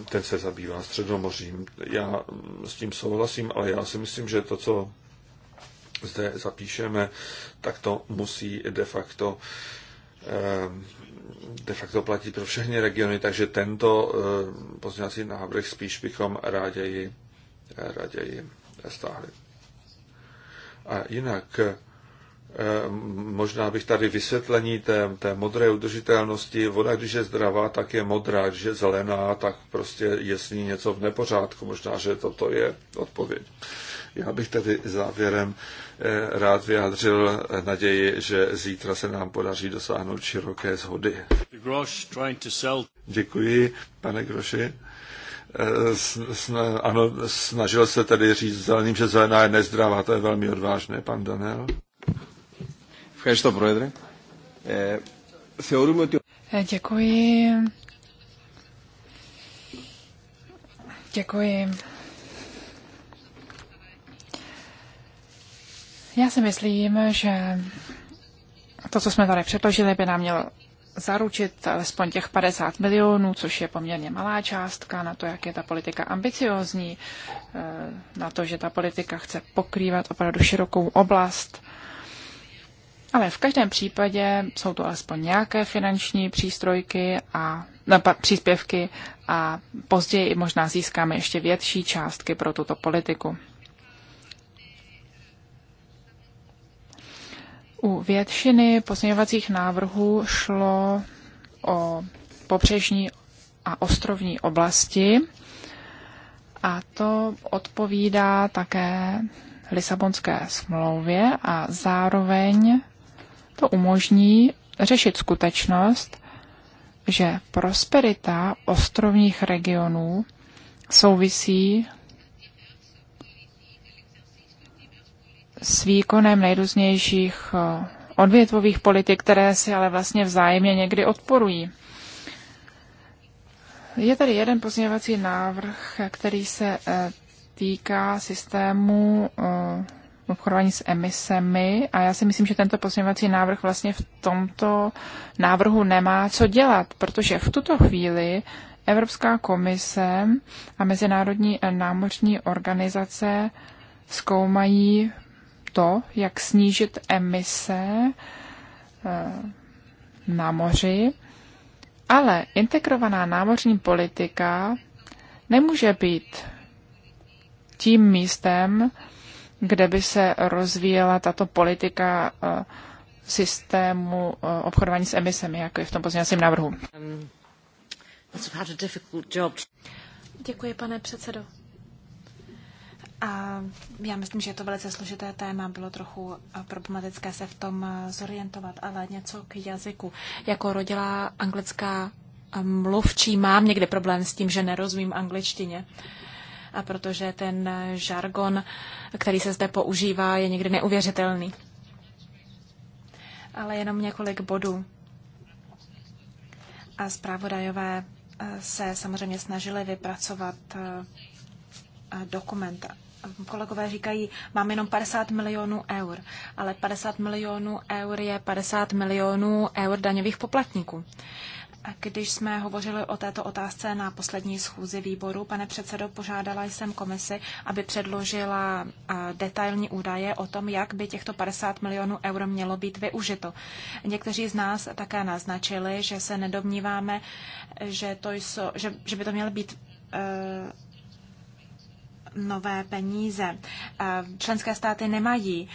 ten se zabývá středomořím. Já s tím souhlasím, ale já si myslím, že to, co zde zapíšeme, tak to musí de facto de facto platí pro všechny regiony, takže tento pozměňovací návrh spíš bychom raději, raději stáhli. A jinak Eh, možná bych tady vysvětlení té, té modré udržitelnosti. Voda, když je zdravá, tak je modrá, když je zelená, tak prostě je s ní něco v nepořádku. Možná, že toto je odpověď. Já bych tedy závěrem eh, rád vyjádřil naději, že zítra se nám podaří dosáhnout široké shody. Děkuji, pane Groši. Eh, ano, snažil se tedy říct zeleným, že zelená je nezdravá, to je velmi odvážné, pan Daniel. Děkuji. Děkuji. Já si myslím, že to, co jsme tady předložili, by nám mělo zaručit alespoň těch 50 milionů, což je poměrně malá částka na to, jak je ta politika ambiciozní, eh, na to, že ta politika chce pokrývat opravdu širokou oblast ale v každém případě jsou to aspoň nějaké finanční přístrojky a no, příspěvky a později možná získáme ještě větší částky pro tuto politiku. U většiny pozměňovacích návrhů šlo o pobřežní a ostrovní oblasti a to odpovídá také Lisabonské smlouvě a zároveň to umožní řešit skutečnost, že prosperita ostrovních regionů souvisí s výkonem nejrůznějších eh, odvětvových politik, které si ale vlastně vzájemně někdy odporují. Je tady jeden pozměňovací návrh, který se eh, týká systému eh, obchodování s emisemi a já si myslím, že tento pozměňovací návrh vlastně v tomto návrhu nemá co dělat, protože v tuto chvíli Evropská komise a Mezinárodní námořní organizace zkoumají to, jak snížit emise eh, na moři, ale integrovaná námořní politika nemůže být tím místem, kde by se rozvíjela tato politika eh, systému eh, obchodování s emisemi, jako je v tom pozměňovacím návrhu. Um, Děkuji, pane předsedo. A já myslím, že je to velice složité téma, bylo trochu eh, problematické se v tom zorientovat, ale něco k jazyku. Jako rodilá anglická mluvčí mám někdy problém s tím, že nerozumím angličtině. Uh, a protože ten žargon, který se zde používá, je někdy neuvěřitelný. Ale jenom několik bodů. A zprávodajové eh, se samozřejmě snažili vypracovat eh, dokument. Kolegové říkají, mám jenom 50 milionů eur, ale 50 milionů eur je 50 milionů eur daňových poplatníků. Když jsme hovořili o této otázce na poslední schůzi výboru, pane předsedo, požádala jsem komisi, aby předložila detailní údaje o tom, jak by těchto 50 milionů euro mělo být využito. Někteří z nás také naznačili, že se nedomníváme, že, to jsou, že, že by to mělo být uh, nové peníze. E, členské státy nemají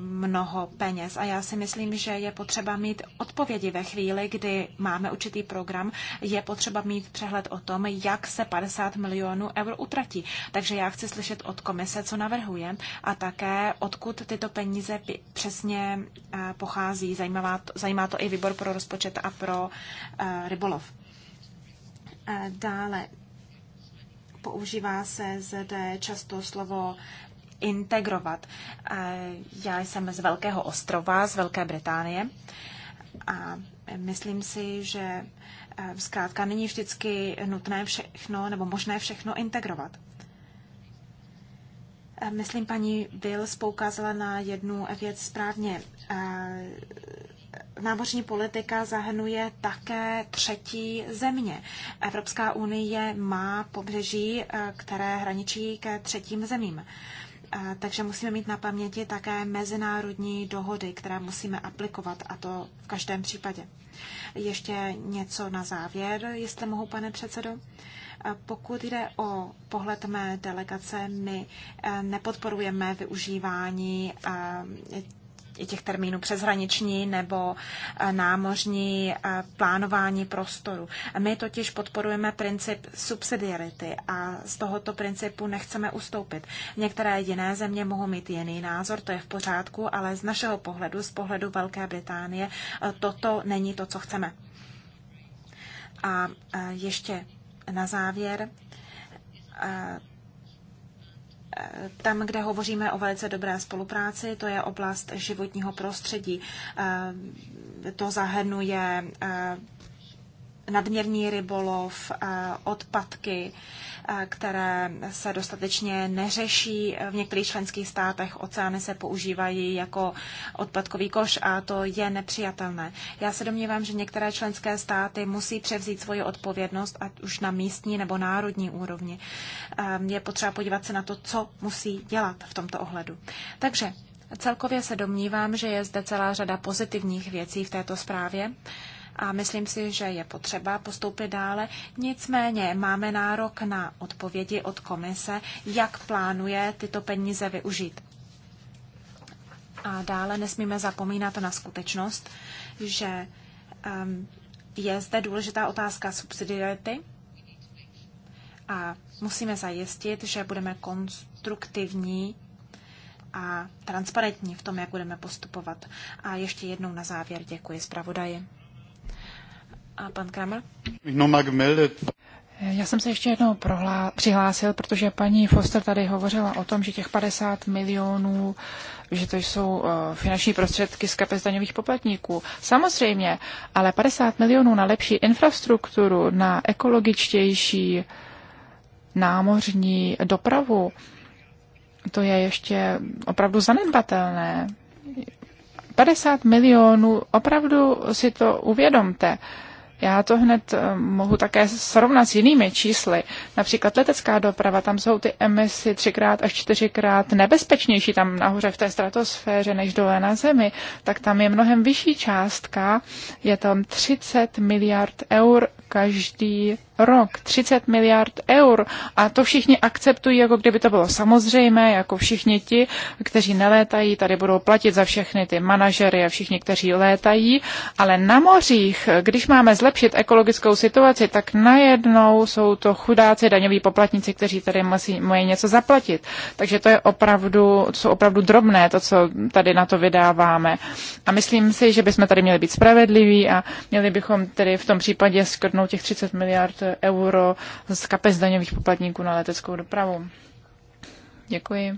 mnoho peněz. A já si myslím, že je potřeba mít odpovědi ve chvíli, kdy máme určitý program, je potřeba mít přehled o tom, jak se 50 milionů eur utratí. Takže já chci slyšet od komise, co navrhuje a také odkud tyto peníze přesně pochází. Zajímá to, zajímá to i výbor pro rozpočet a pro rybolov. Dále používá se zde často slovo integrovat. Já jsem z Velkého ostrova, z Velké Británie a myslím si, že e, zkrátka není vždycky nutné všechno nebo možné všechno integrovat. E, myslím, paní Bills poukázala na jednu věc správně. E, námořní politika zahrnuje také třetí země. Evropská unie má pobřeží, které hraničí ke třetím zemím. Takže musíme mít na paměti také mezinárodní dohody, které musíme aplikovat, a to v každém případě. Ještě něco na závěr, jestli mohu, pane předsedo. Pokud jde o pohled mé delegace, my e, nepodporujeme využívání e, i těch termínů přeshraniční nebo eh, námořní eh, plánování prostoru. My totiž podporujeme princip subsidiarity a z tohoto principu nechceme ustoupit. Některé jiné země mohou mít jiný názor, to je v pořádku, ale z našeho pohledu, z pohledu Velké Británie, eh, toto není to, co chceme. A ještě na závěr tam, kde hovoříme o velice dobré spolupráci, to je oblast životního prostředí. Eh, to zahrnuje eh, nadměrný rybolov, eh, odpadky, Eh, které se dostatečně neřeší. V některých členských státech oceány se používají jako odpadkový koš a to je nepřijatelné. Já se domnívám, že některé členské státy musí převzít svoji odpovědnost, ať už na místní nebo národní úrovni. Ehm, je potřeba podívat se na to, co musí dělat v tomto ohledu. Takže celkově se domnívám, že je zde celá řada pozitivních věcí v této zprávě a myslím si, že je potřeba postoupit dále. Nicméně máme nárok na odpovědi od komise, jak plánuje tyto peníze využít. A dále nesmíme zapomínat na skutečnost, že um, je zde důležitá otázka subsidiarity a musíme zajistit, že budeme konstruktivní a transparentní v tom, jak budeme postupovat. A ještě jednou na závěr děkuji zpravodaji. A pan Kramer? Já jsem se ještě jednou prohlá- přihlásil, protože paní Foster tady hovořila o tom, že těch 50 milionů, že to jsou eh, finanční prostředky z kapes daňových poplatníků. Samozřejmě, ale 50 milionů na lepší infrastrukturu, na ekologičtější námořní dopravu, to je ještě opravdu zanedbatelné. 50 milionů, opravdu si to uvědomte. Uh, já to hned eh, mohu také srovnat s jinými čísly. Například letecká doprava, tam jsou ty emisy třikrát až čtyřikrát nebezpečnější tam nahoře v té stratosféře než dole na Zemi, tak tam je mnohem vyšší částka, je tam 30 miliard eur každý rok 30 miliard eur a to všichni akceptují, jako kdyby to bylo samozřejmé, jako všichni ti, kteří nelétají, tady budou platit za všechny ty manažery a všichni, kteří létají, ale na mořích, když máme zlepšit ekologickou situaci, tak najednou jsou to chudáci daňoví poplatníci, kteří tady musí, mají něco zaplatit. Takže to je opravdu, to jsou opravdu drobné, to, co tady na to vydáváme. A myslím si, že bychom tady měli být spravedliví a měli bychom tedy v tom případě skrnout těch 30 miliard eh, euro z kapes daňových poplatníků na leteckou dopravu. Děkuji.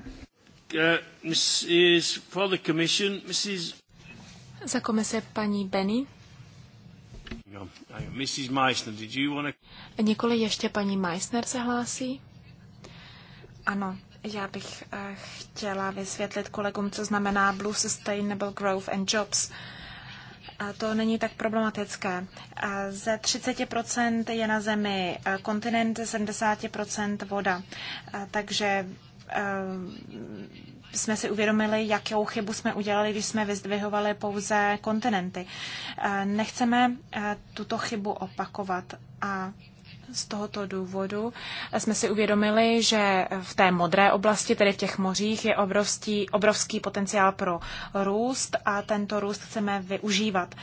Uh, Mrs. For the commission, Mrs. Za komise paní Benny. Mrs. Meissner, did you wanna... Nikoli ještě paní Meissner se hlásí. Ano, já bych eh, chtěla vysvětlit kolegům, co znamená Blue Sustainable Growth and Jobs. Uh, to není tak problematické. Ze 30% je na zemi e, kontinent, 70% voda. Takže e, jsme si uvědomili, jakou chybu jsme udělali, když jsme vyzdvihovali pouze kontinenty. E, nechceme tuto chybu opakovat a z tohoto důvodu jsme si uvědomili, že v té modré oblasti, tedy v těch mořích, je obrovský, obrovský potenciál pro růst a tento růst chceme využívat.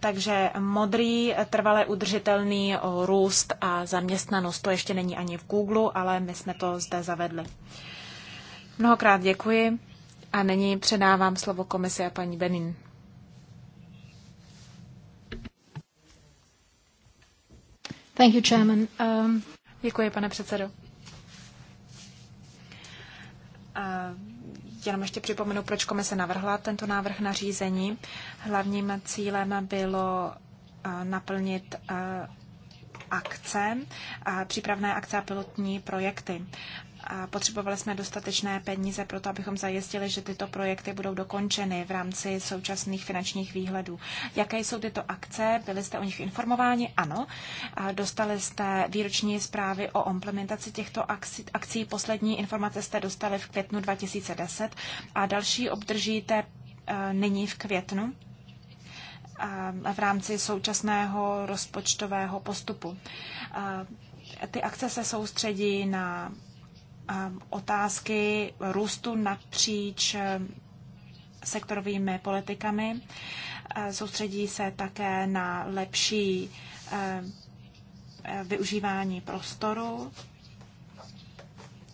Takže modrý, trvale udržitelný růst a zaměstnanost, to ještě není ani v Google, ale my jsme to zde zavedli. Mnohokrát děkuji a nyní předávám slovo komisi a paní Benin. Thank you, Chairman. Um... Děkuji, pane předsedo. Jenom ještě připomenu, proč komise navrhla tento návrh na řízení. Hlavním cílem bylo naplnit akce, přípravné akce a pilotní projekty a potřebovali jsme dostatečné peníze pro to, abychom zajistili, že tyto projekty budou dokončeny v rámci současných finančních výhledů. Jaké jsou tyto akce? Byli jste o nich informováni? Ano. Dostali jste výroční zprávy o implementaci těchto akcí. Poslední informace jste dostali v květnu 2010 a další obdržíte e, nyní v květnu e, v rámci současného rozpočtového postupu. E, ty akce se soustředí na Ehm, otázky růstu napříč ehm, sektorovými politikami. Ehm, soustředí se také na lepší eh, využívání prostoru.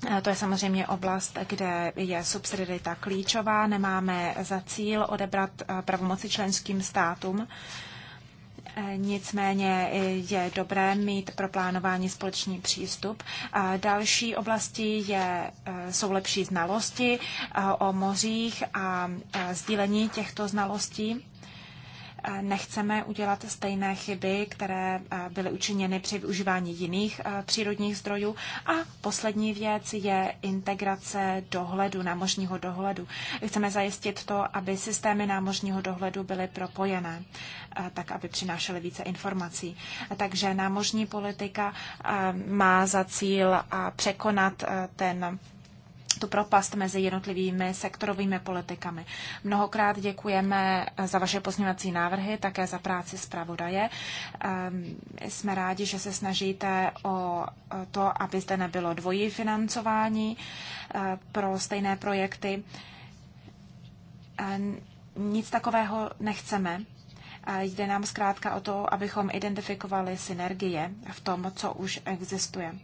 Eh, to je samozřejmě oblast, kde je subsidiarita klíčová. Nemáme za cíl odebrat eh, pravomoci členským státům Nicméně je dobré mít pro plánování společný přístup. A další oblasti je, e, jsou lepší znalosti e, o mořích a e, sdílení těchto znalostí. Eh, nechceme udělat stejné chyby, které eh, byly učiněny při využívání jiných eh, přírodních zdrojů. A poslední věc je integrace dohledu, námořního dohledu. Chceme zajistit to, aby systémy námořního dohledu byly propojené, tak aby přinášely více informací. Takže námořní politika má za cíl překonat ten tu propast mezi jednotlivými sektorovými politikami. Mnohokrát děkujeme za vaše pozměňovací návrhy, také za práci zpravodaje. Ehm, jsme rádi, že se snažíte o to, aby zde nebylo dvojí financování eh, pro stejné projekty. Ehm, nic takového nechceme. Eh, jde nám zkrátka o to, abychom identifikovali synergie v tom, co už existuje.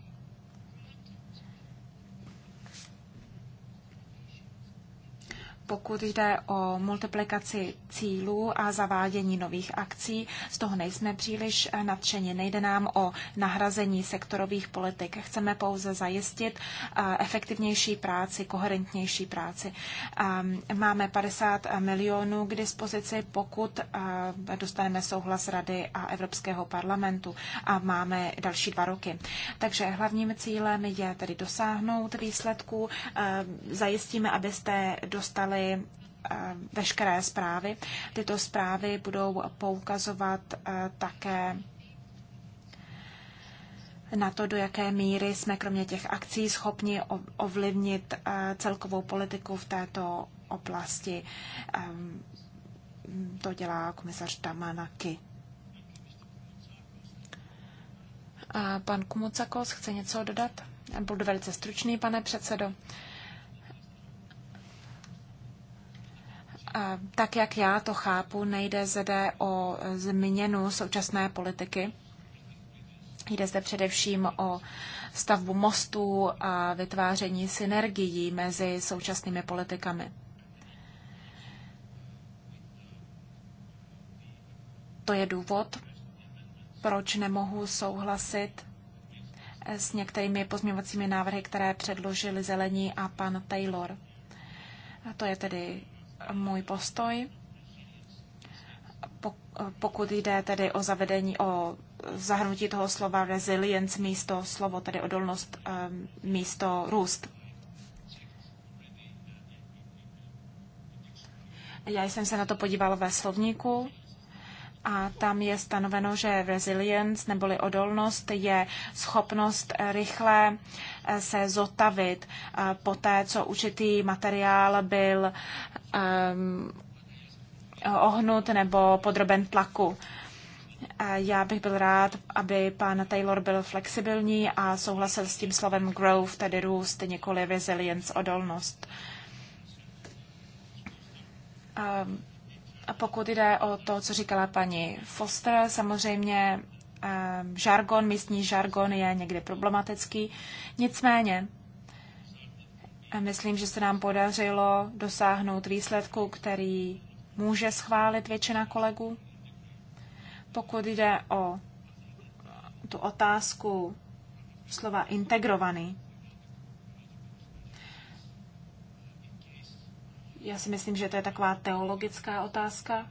pokud jde o multiplikaci cílů a zavádění nových akcí, z toho nejsme příliš eh, nadšeni. Nejde nám o nahrazení sektorových politik. Chceme pouze zajistit eh, efektivnější práci, koherentnější práci. Ehm, máme 50 eh, milionů k dispozici, pokud dostaneme souhlas Rady a Evropského parlamentu a máme další dva roky. Takže hlavním cílem je tedy dosáhnout výsledků. Ehm, zajistíme, abyste dostali dostali eh, veškeré zprávy. Tyto zprávy budou poukazovat eh, také na to, do jaké míry jsme kromě těch akcí schopni ovlivnit eh, celkovou politiku v této oblasti. Ehm, to dělá komisař Tamanaki. A pan Kumucakos chce něco dodat? Budu velice stručný, pane předsedo. Tak jak já to chápu, nejde zde o změnu současné politiky. Jde zde především o stavbu mostů a vytváření synergií mezi současnými politikami. To je důvod, proč nemohu souhlasit s některými pozměňovacími návrhy, které předložili Zelení a pan Taylor. A to je tedy můj postoj. Pokud jde tedy o zavedení, o zahrnutí toho slova resilience místo slovo, tedy odolnost ehm, místo růst. Já jsem se na to podíval ve slovníku a tam je stanoveno, že resilience neboli odolnost je schopnost rychle se zotavit eh, po té, co určitý materiál byl um, ohnut nebo podroben tlaku. Eh, já bych byl rád, aby pan Taylor byl flexibilní a souhlasil s tím slovem growth, tedy růst, nikoli resilience, odolnost. Ehm, a pokud jde o to, co říkala paní Foster, samozřejmě žargon, místní žargon je někdy problematický. Nicméně, myslím, že se nám podařilo dosáhnout výsledku, který může schválit většina kolegů. Pokud jde o tu otázku slova integrovaný, já si myslím, že to je taková teologická otázka.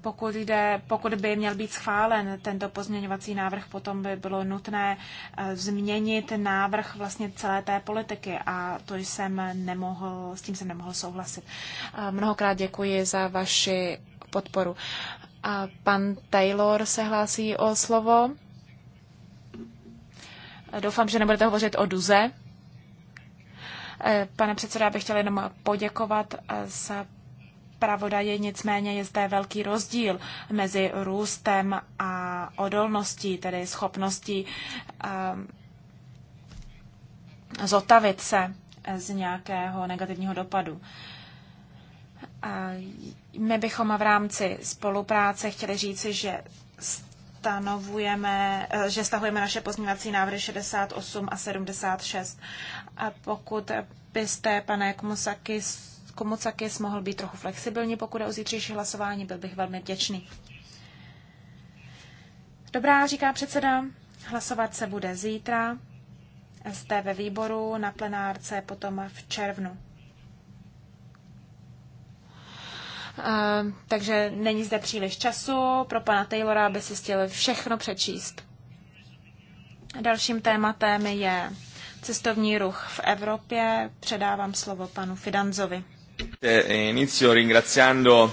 Pokud, jde, pokud by měl být schválen tento pozměňovací návrh, potom by bylo nutné e, změnit návrh vlastně celé té politiky a to jsem nemohl, s tím jsem nemohl souhlasit. E, mnohokrát děkuji za vaši podporu. A pan Taylor se hlásí o slovo. Doufám, že nebudete hovořit o duze. E, pane předsedo, já bych chtěl jenom poděkovat za zpravodaji, nicméně je zde velký rozdíl mezi růstem a odolností, tedy schopností um, zotavit se z nějakého negativního dopadu. Eh, my bychom v rámci spolupráce chtěli říci, že stanovujeme, eh, že stahujeme naše pozměňovací návrhy 68 a 76. A pokud byste, pane Kmusakis, Komocakis mohl být trochu flexibilní, pokud je o zítřejší hlasování, byl bych velmi vděčný. Dobrá, říká předseda, hlasovat se bude zítra, Jste ve výboru, na plenárce, potom v červnu. Uh, takže není zde příliš času pro pana Taylora, aby si stěl všechno přečíst. Dalším tématem je cestovní ruch v Evropě. Předávám slovo panu Fidanzovi. Eh, inizio ringraziando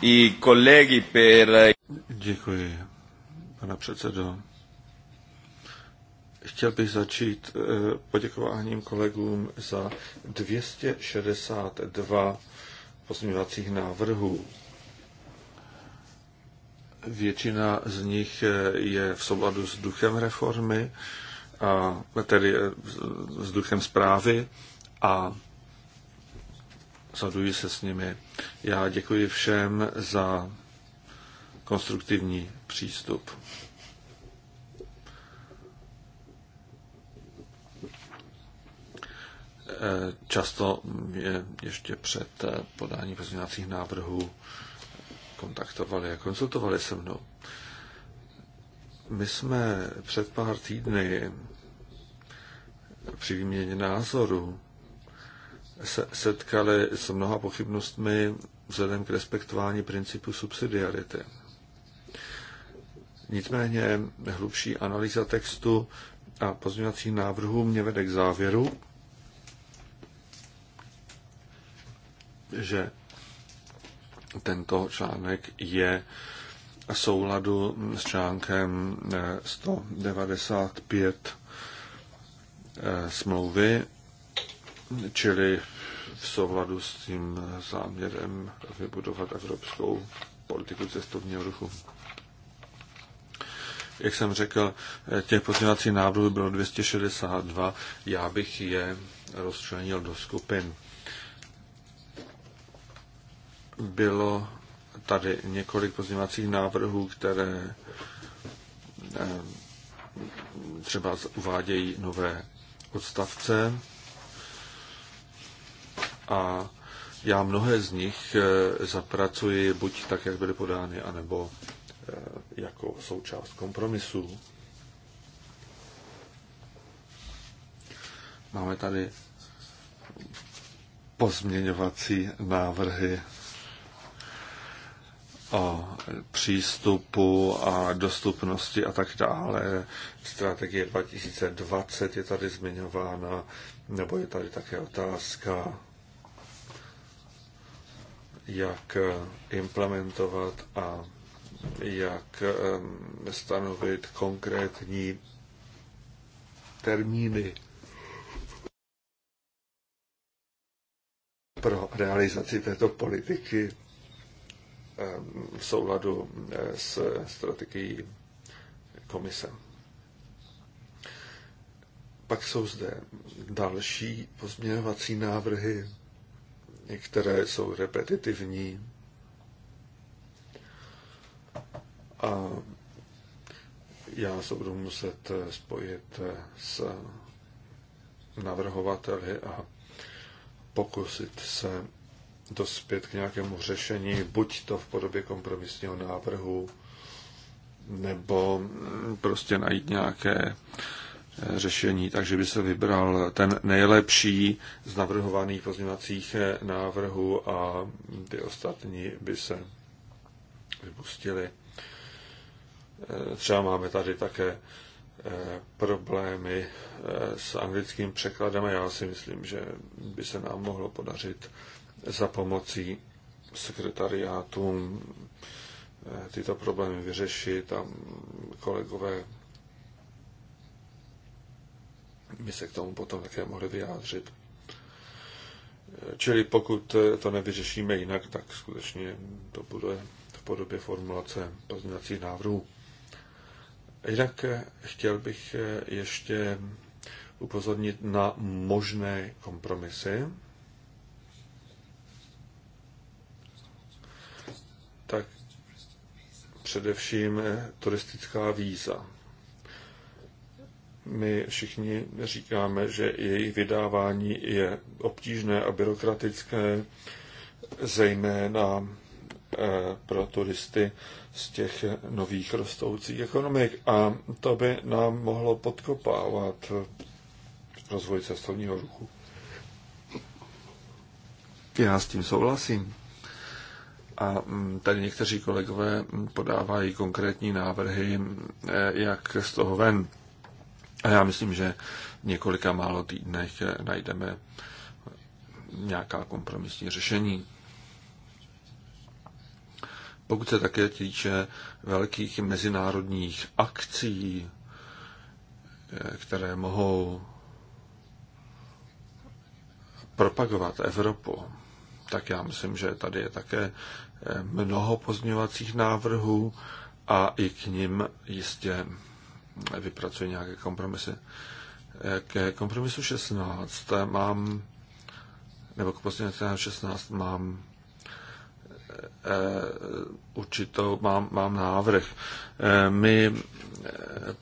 i colleghi per... Eh, Děkuji, pana předsedo. Chtěl bych začít eh, poděkováním kolegům za 262 pozměňovacích návrhů. Většina z nich je v souladu s duchem reformy, a, tedy s duchem zprávy a shoduji se s nimi. Já děkuji všem za konstruktivní přístup. Často je ještě před podání pozměňovacích návrhů kontaktovali a konzultovali se mnou. My jsme před pár týdny při výměně názoru se setkali s mnoha pochybnostmi vzhledem k respektování principu subsidiarity. Nicméně hlubší analýza textu a pozměňovacích návrhů mě vede k závěru, že tento článek je souladu s článkem 195 eh, eh, smlouvy čili v souladu s tím záměrem vybudovat evropskou politiku cestovního ruchu. Jak jsem řekl, těch pozměňovacích návrhů bylo 262, já bych je rozčlenil do skupin. Bylo tady několik pozměňovacích návrhů, které eh, třeba uvádějí nové odstavce a já mnohé z nich eh, zapracuji buď tak, jak byly podány, anebo eh, jako součást kompromisů. Máme tady pozměňovací návrhy o přístupu a dostupnosti a tak dále. Strategie 2020 je tady zmiňována, nebo je tady také otázka jak eh, implementovat a jak eh, stanovit konkrétní termíny pro realizaci této politiky eh, v souladu s strategií komise. Pak jsou zde další pozměňovací návrhy, některé jsou repetitivní. A já se budu muset spojit s navrhovateli a pokusit se dospět k nějakému řešení, buď to v podobě kompromisního návrhu, nebo prostě najít nějaké řešení, takže by se vybral ten nejlepší z navrhovaných pozměňovacích návrhů a ty ostatní by se vypustili. Třeba máme tady také eh, problémy eh, s anglickým překladem a já si myslím, že by se nám mohlo podařit za pomocí sekretariátům eh, tyto problémy vyřešit a kolegové by se k tomu potom také mohli vyjádřit. Čili pokud to nevyřešíme jinak, tak skutečně to bude v podobě formulace pozměňovacích návrhů. Jinak chtěl bych ještě upozornit na možné kompromisy. Tak především turistická víza my všichni říkáme, že jejich vydávání je obtížné a byrokratické, zejména eh, pro turisty z těch nových rostoucích ekonomik. A to by nám mohlo podkopávat rozvoj cestovního ruchu. Já s tím souhlasím. A mm, tady někteří kolegové podávají konkrétní návrhy, eh, jak z toho ven. A já myslím, že v několika málo týdnech eh, najdeme nějaká kompromisní řešení. Pokud se také týče velkých mezinárodních akcí, eh, které mohou propagovat Evropu, tak já myslím, že tady je také eh, mnoho pozměňovacích návrhů a i k nim jistě vypracuje nějaké kompromisy. Ke kompromisu 16 mám, nebo k poslednímu 16 mám eh, určitou, mám, mám návrh. Eh, my eh,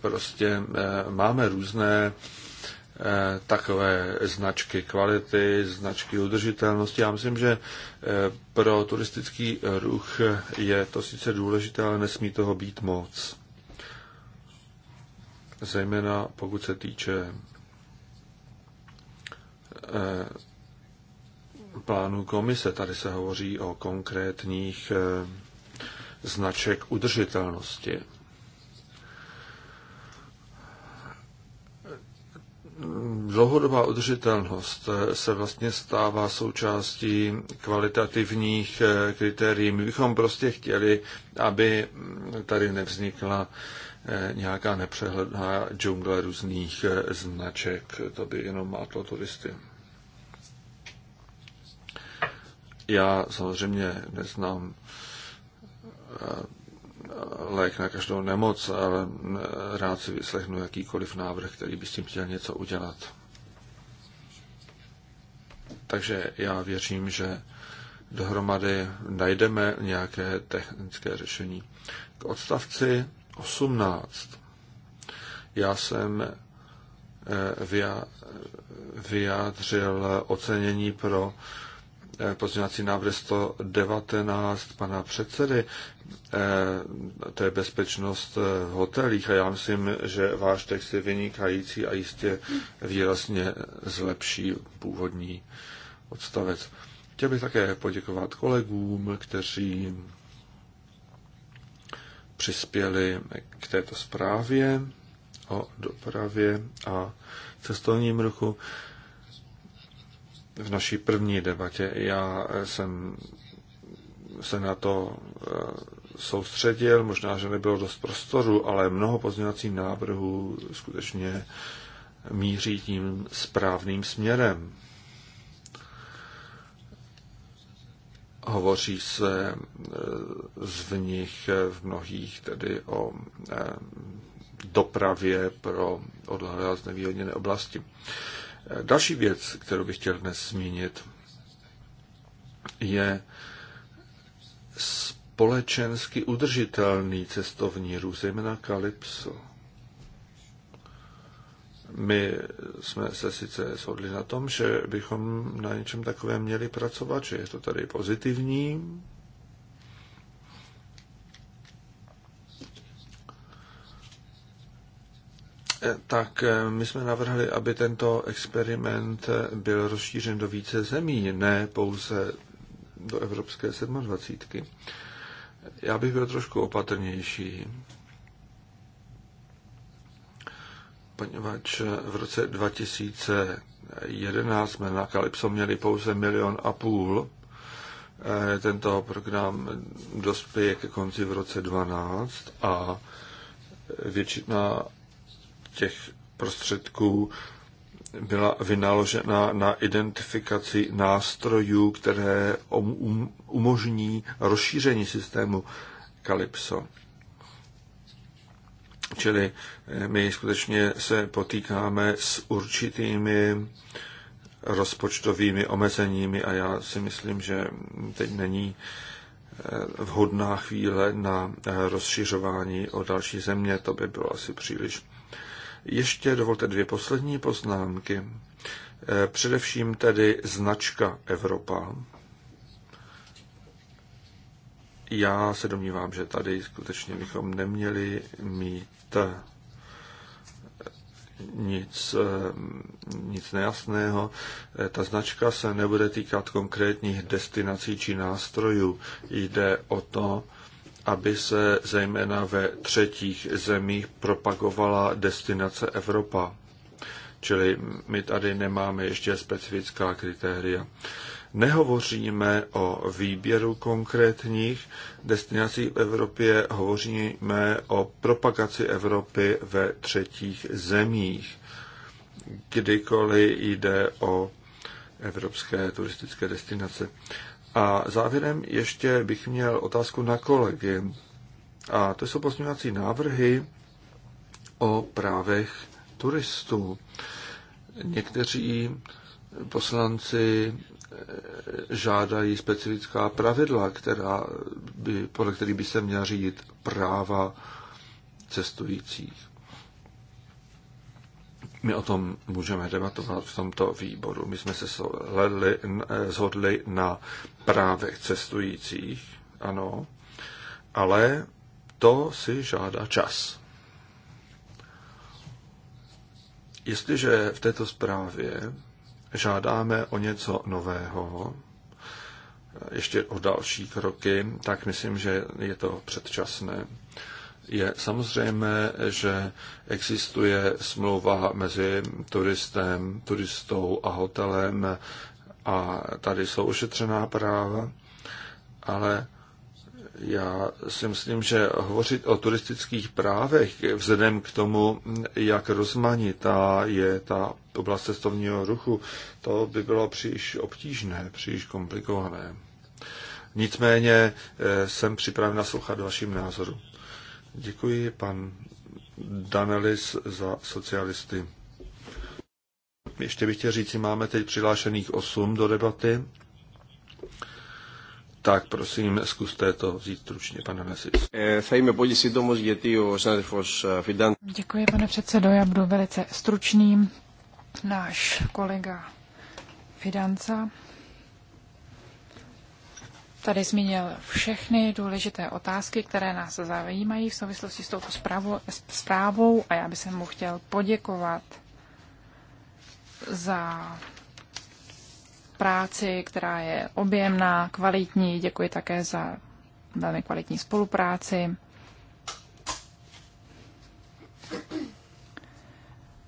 prostě máme různé takové značky kvality, značky udržitelnosti. Já myslím, že pro turistický ruch je to sice důležité, ale nesmí toho být moc zejména pokud se týče eh, plánu komise. Tady se hovoří o konkrétních eh, značek udržitelnosti. Dlouhodobá udržitelnost eh, se vlastně stává součástí kvalitativních kritérií. My bychom prostě chtěli, aby tady nevznikla Eh, nějaká nepřehledná džungle různých eh, značek. To by jenom mátlo turisty. Já samozřejmě neznám eh, lék na každou nemoc, ale rád si vyslechnu jakýkoliv návrh, který by s tím chtěl něco udělat. Takže já věřím, že dohromady najdeme nějaké technické řešení. K odstavci 18. Já jsem eh, vyjádřil ocenění pro eh, pozměňovací návrh 119 pana předsedy, eh, to je bezpečnost v hotelích a já myslím, že váš text je vynikající a jistě výrazně zlepší původní odstavec. Chtěl bych také poděkovat kolegům, kteří přispěli k této zprávě o dopravě a cestovním ruchu. V naší první debatě já jsem se na to eh, soustředil, možná, že nebylo dost prostoru, ale mnoho pozměňovacích návrhů skutečně míří tím správným směrem. Hovoří se e, z nich e, v mnohých tedy o e, dopravě pro odlehlé a znevýhodněné oblasti. Další věc, kterou bych chtěl dnes zmínit, je společensky udržitelný cestovní růz, zejména Kalypso. My jsme se sice shodli na tom, že bychom na něčem takovém měli pracovat, že je to tady pozitivní. E, tak e, my jsme navrhli, aby tento experiment byl rozšířen do více zemí, ne pouze do Evropské 27. Já bych byl trošku opatrnější poněvadž v roce 2011 jsme na Kalypso měli pouze milion a půl. Eh, tento program dospěje ke konci v roce 12 a většina těch prostředků byla vynaložena na identifikaci nástrojů, které um-, um-, umožní rozšíření systému Calypso. Čili eh, my skutečně se potýkáme s určitými rozpočtovými omezeními a já si myslím, že teď není eh, vhodná chvíle na eh, rozšiřování o další země, to by bylo asi příliš. Ještě dovolte dvě poslední poznámky. Především tedy značka Evropa. Já se domnívám, že tady skutečně bychom neměli mít nic, eh, nic nejasného. Eh, ta značka se nebude týkat konkrétních destinací či nástrojů. Jde o to, aby se zejména ve třetích zemích propagovala destinace Evropa. Čili my tady nemáme ještě specifická kritéria. Nehovoříme o výběru konkrétních destinací v Evropě, hovoříme o propagaci Evropy ve třetích zemích, kdykoliv jde o evropské turistické destinace. A závěrem ještě bych měl otázku na kolegy. A to jsou pozměňovací návrhy o právech turistů. Někteří poslanci žádají specifická pravidla, která by, podle kterých by se měla řídit práva cestujících. My o tom můžeme debatovat v tomto výboru. My jsme se shodli, shodli na právech cestujících, ano, ale to si žádá čas. Jestliže v této zprávě žádáme o něco nového, ještě o další kroky, tak myslím, že je to předčasné. Je samozřejmé, že existuje smlouva mezi turistem, turistou a hotelem a tady jsou ošetřená práva, ale já si myslím, že hovořit o turistických právech vzhledem k tomu, jak rozmanitá je ta oblast cestovního ruchu, to by bylo příliš obtížné, příliš komplikované. Nicméně eh, jsem připraven naslouchat vašim názoru. Děkuji pan Danelis za socialisty. Ještě bych chtěl říct, máme teď přihlášených osm do debaty tak prosím, zkuste to vzít stručně, pane Nesis. Eh, eh, Děkuji, pane předsedo, já budu velice stručný. Náš kolega Fidanca tady zmínil všechny důležité otázky, které nás zajímají v souvislosti s touto zprávou, a já bych mu chtěl poděkovat za práci, která je objemná, kvalitní. Děkuji také za velmi kvalitní spolupráci.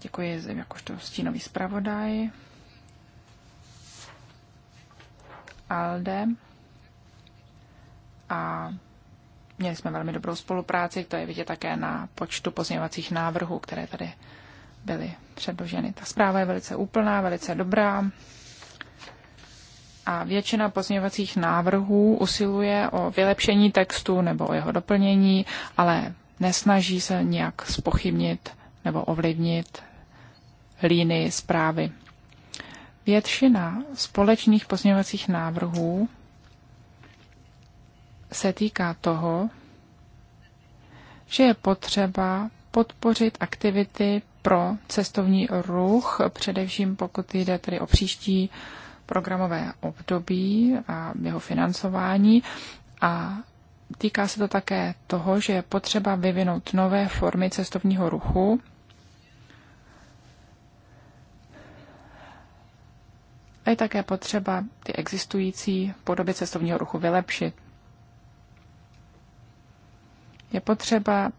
Děkuji jakožto stínový zpravodaj. Alde. A měli jsme velmi dobrou spolupráci, to je vidět také na počtu pozměňovacích návrhů, které tady byly předloženy. Ta zpráva je velice úplná, velice dobrá a většina pozměňovacích návrhů usiluje o vylepšení textu nebo o jeho doplnění, ale nesnaží se nějak spochybnit nebo ovlivnit línii zprávy. Většina společných pozměňovacích návrhů se týká toho, že je potřeba podpořit aktivity pro cestovní ruch, především pokud jde tedy o příští programové období a jeho financování a týká se to také toho, že je potřeba vyvinout nové formy cestovního ruchu, a je také potřeba ty existující podoby cestovního ruchu vylepšit. Je potřeba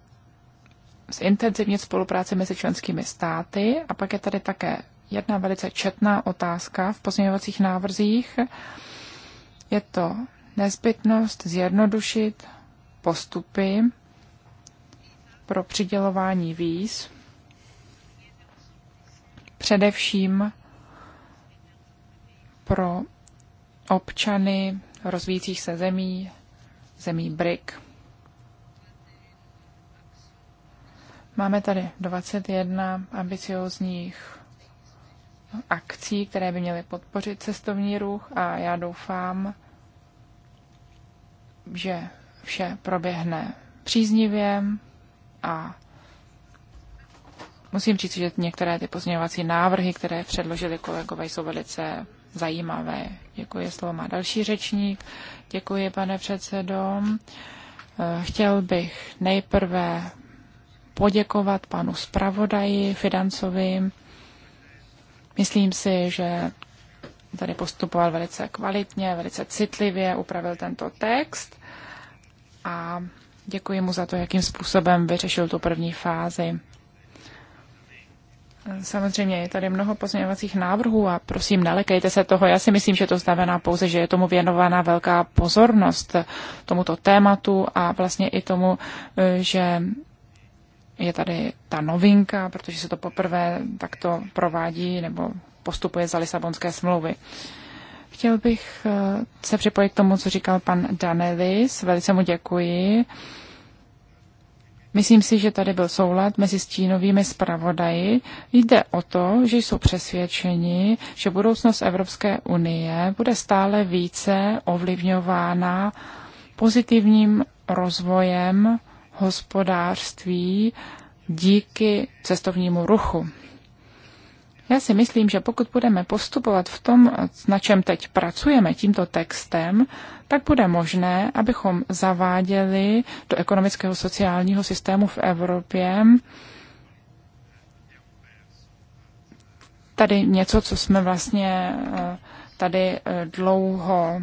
zintenzivnit spolupráci mezi členskými státy a pak je tady také jedna velice četná otázka v pozměňovacích návrzích. Je to nezbytnost zjednodušit postupy pro přidělování víz, především pro občany rozvíjících se zemí, zemí BRIC. Máme tady 21 ambiciozních akcí, které by měly podpořit cestovní ruch a já doufám, že vše proběhne příznivě a musím říct, že některé ty pozměňovací návrhy, které předložili kolegové, jsou velice zajímavé. Děkuji, slovo má další řečník. Děkuji, pane předsedo. Chtěl bych nejprve poděkovat panu zpravodaji Fidancovi Myslím si, že tady postupoval velice kvalitně, velice citlivě, upravil tento text a děkuji mu za to, jakým způsobem vyřešil tu první fázi. Samozřejmě je tady mnoho pozměňovacích návrhů a prosím, nelekejte se toho. Já si myslím, že to znamená pouze, že je tomu věnovaná velká pozornost tomuto tématu a vlastně i tomu, že je tady ta novinka, protože se to poprvé takto provádí nebo postupuje za Lisabonské smlouvy. Chtěl bych eh, se připojit k tomu, co říkal pan Danelis. Velice mu děkuji. Myslím si, že tady byl soulad mezi stínovými zpravodaji. Jde o to, že jsou přesvědčeni, že budoucnost Evropské unie bude stále více ovlivňována pozitivním rozvojem hospodářství díky cestovnímu ruchu. Já si myslím, že pokud budeme postupovat v tom, na čem teď pracujeme tímto textem, tak bude možné, abychom zaváděli do ekonomického sociálního systému v Evropě tady něco, co jsme vlastně eh, tady eh, dlouho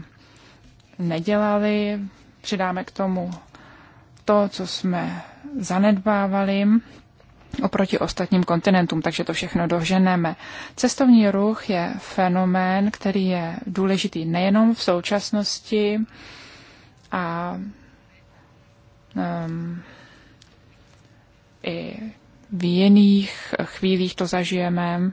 nedělali. Přidáme k tomu to, co jsme zanedbávali oproti ostatním kontinentům, takže to všechno doženeme. Cestovní ruch je fenomén, který je důležitý nejenom v současnosti a um, i v jiných chvílích to zažijeme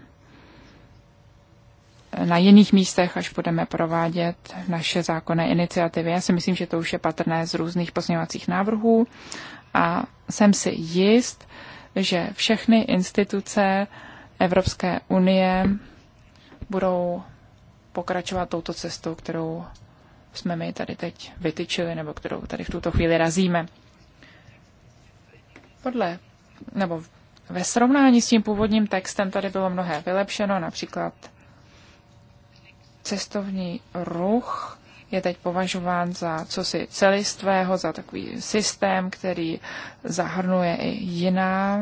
na jiných místech, až budeme provádět naše zákonné iniciativy. Já si myslím, že to už je patrné z různých pozměňovacích návrhů a jsem si jist, že všechny instituce Evropské unie budou pokračovat touto cestou, kterou jsme my tady teď vytyčili, nebo kterou tady v tuto chvíli razíme. Podle, nebo ve srovnání s tím původním textem tady bylo mnohé vylepšeno, například cestovní ruch je teď považován za cosi celistvého, za takový systém, který zahrnuje i jiná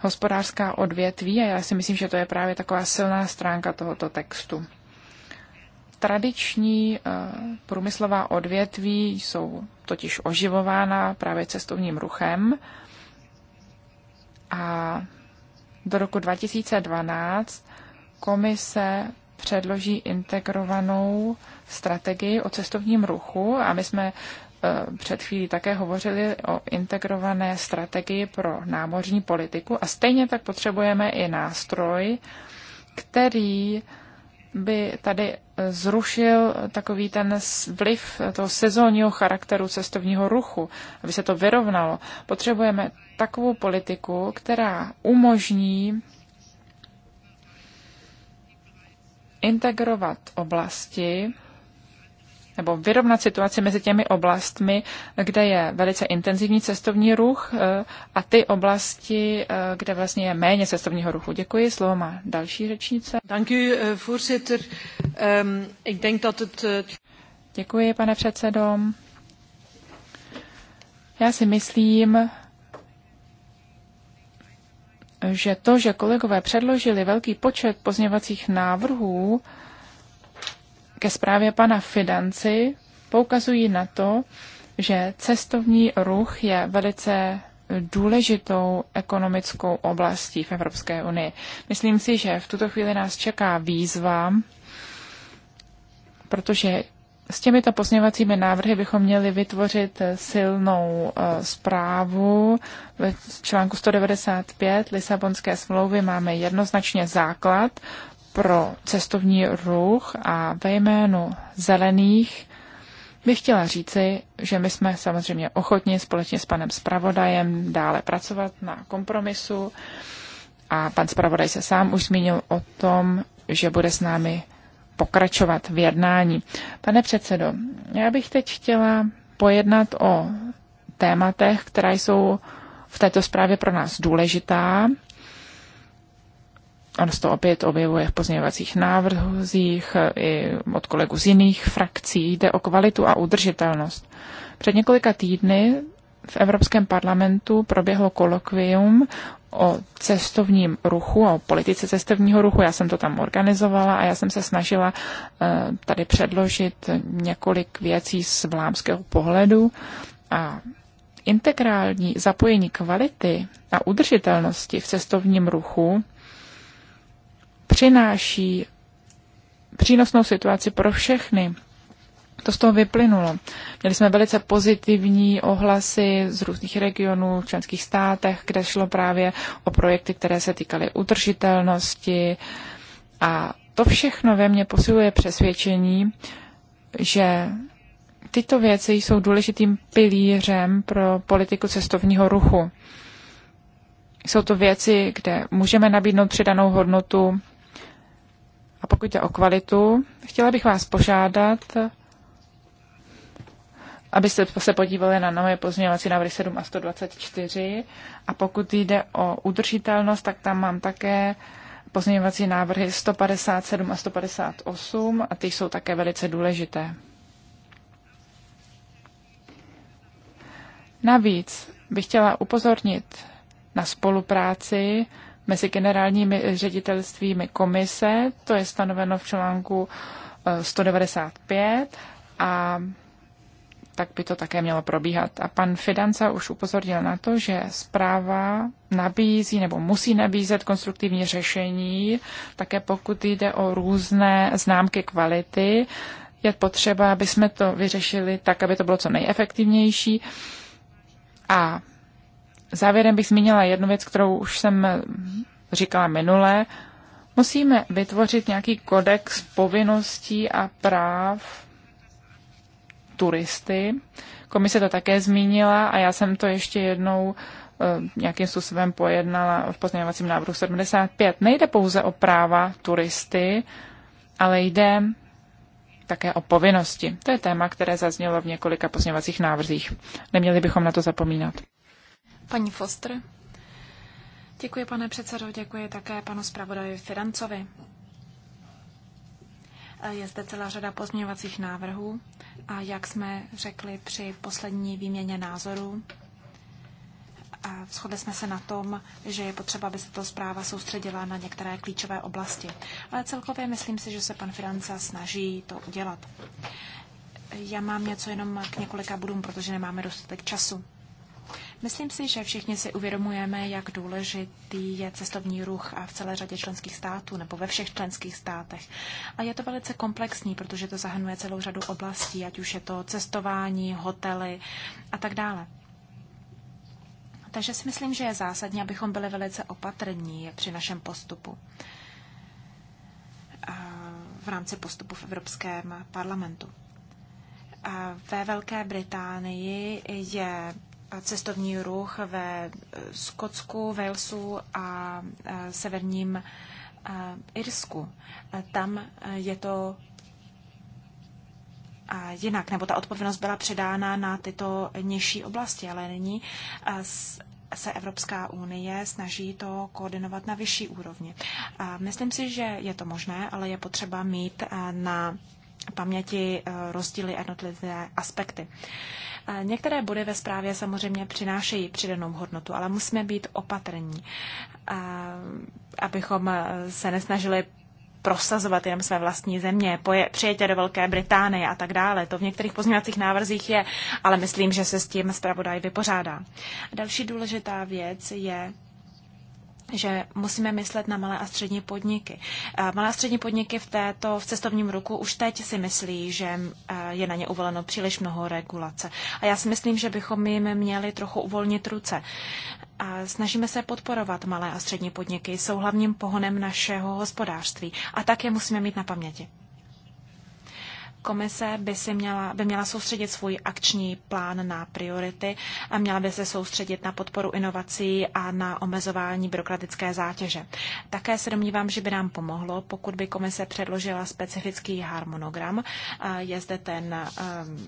hospodářská odvětví a já si myslím, že to je právě taková silná stránka tohoto textu. Tradiční eh, průmyslová odvětví jsou totiž oživována právě cestovním ruchem a do roku 2012 komise předloží integrovanou strategii o cestovním ruchu a my jsme eh, před chvílí také hovořili o integrované strategii pro námořní politiku a stejně tak potřebujeme i nástroj, který by tady zrušil takový ten vliv toho sezónního charakteru cestovního ruchu, aby se to vyrovnalo. Potřebujeme takovou politiku, která umožní integrovat oblasti nebo vyrovnat situaci mezi těmi oblastmi, kde je velice intenzivní cestovní ruch eh, a ty oblasti, eh, kde vlastně je méně cestovního ruchu. Děkuji, slovo má další řečnice. Eh, ehm, Děkuji, pane předsedo. Já si myslím, že to, že kolegové předložili velký počet pozněvacích návrhů ke zprávě pana Fidanci, poukazují na to, že cestovní ruch je velice důležitou ekonomickou oblastí v Evropské unii. Myslím si, že v tuto chvíli nás čeká výzva, protože s těmito pozměňovacími návrhy bychom měli vytvořit eh, silnou eh, zprávu. V článku 195 Lisabonské smlouvy máme jednoznačně základ pro cestovní ruch a ve jménu zelených bych chtěla říci, že my jsme samozřejmě ochotni společně s panem zpravodajem dále pracovat na kompromisu a pan zpravodaj se sám už zmínil o tom, že bude s námi pokračovat v jednání. Pane předsedo, já bych teď chtěla pojednat o tématech, která jsou v této zprávě pro nás důležitá. Ono se to opět objevuje v pozměňovacích návrzích i od kolegů z jiných frakcí. Jde o kvalitu a udržitelnost. Před několika týdny v Evropském parlamentu proběhlo kolokvium o cestovním ruchu, o politice cestovního ruchu. Já jsem to tam organizovala a já jsem se snažila eh, tady předložit několik věcí z vlámského pohledu a integrální zapojení kvality a udržitelnosti v cestovním ruchu přináší přínosnou situaci pro všechny to z toho vyplynulo. Měli jsme velice pozitivní ohlasy z různých regionů v členských státech, kde šlo právě o projekty, které se týkaly utržitelnosti. A to všechno ve mně posiluje přesvědčení, že tyto věci jsou důležitým pilířem pro politiku cestovního ruchu. Jsou to věci, kde můžeme nabídnout přidanou hodnotu. A pokud jde o kvalitu, chtěla bych vás požádat, abyste se podívali na nové pozměňovací návrhy 7 a 124. A pokud jde o udržitelnost, tak tam mám také pozměňovací návrhy 157 a 158 a ty jsou také velice důležité. Navíc bych chtěla upozornit na spolupráci mezi generálními ředitelstvími komise, to je stanoveno v článku 195 eh, a tak by to také mělo probíhat. A pan Fidanca už upozornil na to, že zpráva nabízí nebo musí nabízet konstruktivní řešení, také pokud jde o různé známky kvality, je potřeba, aby jsme to vyřešili tak, aby to bylo co nejefektivnější. A závěrem bych zmínila jednu věc, kterou už jsem říkala minule. Musíme vytvořit nějaký kodex povinností a práv turisty. Komise to také zmínila a já jsem to ještě jednou eh, nějakým způsobem pojednala v pozměňovacím návrhu 75. Nejde pouze o práva turisty, ale jde také o povinnosti. To je téma, které zaznělo v několika pozměňovacích návrzích. Neměli bychom na to zapomínat. Paní Foster. Děkuji, pane předsedo, děkuji také panu zpravodaji Financovi. Je zde celá řada pozměňovacích návrhů a jak jsme řekli při poslední výměně názorů, Shodli jsme se na tom, že je potřeba, aby se to zpráva soustředila na některé klíčové oblasti. Ale celkově myslím si, že se pan Financa snaží to udělat. Já mám něco jenom k několika budům, protože nemáme dostatek času. Myslím si, že všichni si uvědomujeme, jak důležitý je cestovní ruch a v celé řadě členských států nebo ve všech členských státech. A je to velice komplexní, protože to zahrnuje celou řadu oblastí, ať už je to cestování, hotely a tak dále. Takže si myslím, že je zásadní, abychom byli velice opatrní při našem postupu v rámci postupu v Evropském parlamentu. Ve Velké Británii je cestovní ruch ve eh, Skotsku, Walesu a eh, severním eh, Irsku. Tam je to jinak, nebo ta odpovědnost byla předána na tyto nižší oblasti, ale nyní se Evropská unie snaží to koordinovat na vyšší úrovni. Myslím si, že je to možné, ale je potřeba mít na paměti rozdíly jednotlivé aspekty. Některé body ve zprávě samozřejmě přinášejí přidanou hodnotu, ale musíme být opatrní, abychom e, se nesnažili prosazovat jenom své vlastní země, přijetě do Velké Británie a tak dále. To v některých pozměňovacích návrzích je, ale myslím, že se s tím zpravodaj vypořádá. Další důležitá věc je že musíme myslet na malé a střední podniky. Malé a střední podniky v této, v cestovním ruku už teď si myslí, že e, je na ně uvoleno příliš mnoho regulace. A já si myslím, že bychom jim měli trochu uvolnit ruce. A snažíme se podporovat malé a střední podniky, jsou hlavním pohonem našeho hospodářství a tak je musíme mít na paměti. Komise by, si měla, by měla soustředit svůj akční plán na priority a měla by se soustředit na podporu inovací a na omezování byrokratické zátěže. Také se domnívám, že by nám pomohlo, pokud by komise předložila specifický harmonogram. Je zde ten ehm,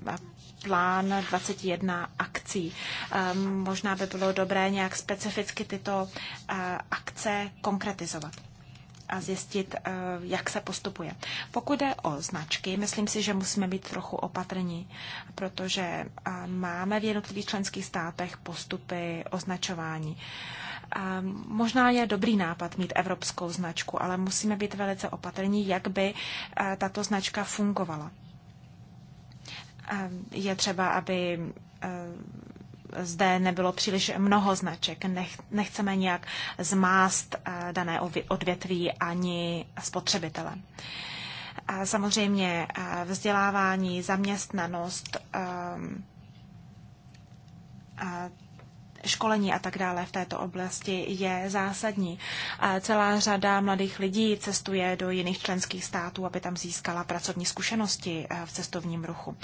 plán 21 akcí. Ehm, možná by bylo dobré nějak specificky tyto eh, akce konkretizovat a zjistit, eh, jak se postupuje. Pokud jde o značky, myslím si, že musíme být trochu opatrní, protože eh, máme v jednotlivých členských státech postupy označování. Eh, možná je dobrý nápad mít evropskou značku, ale musíme být velice opatrní, jak by tato značka fungovala. Je třeba, aby zde nebylo příliš mnoho značek. Nech, nechceme nějak zmást eh, dané odvětví ani spotřebitele. A samozřejmě eh, vzdělávání, zaměstnanost, ehm, a školení a tak dále v této oblasti je zásadní. Celá řada mladých lidí cestuje do jiných členských států, aby tam získala pracovní zkušenosti eh, v cestovním ruchu.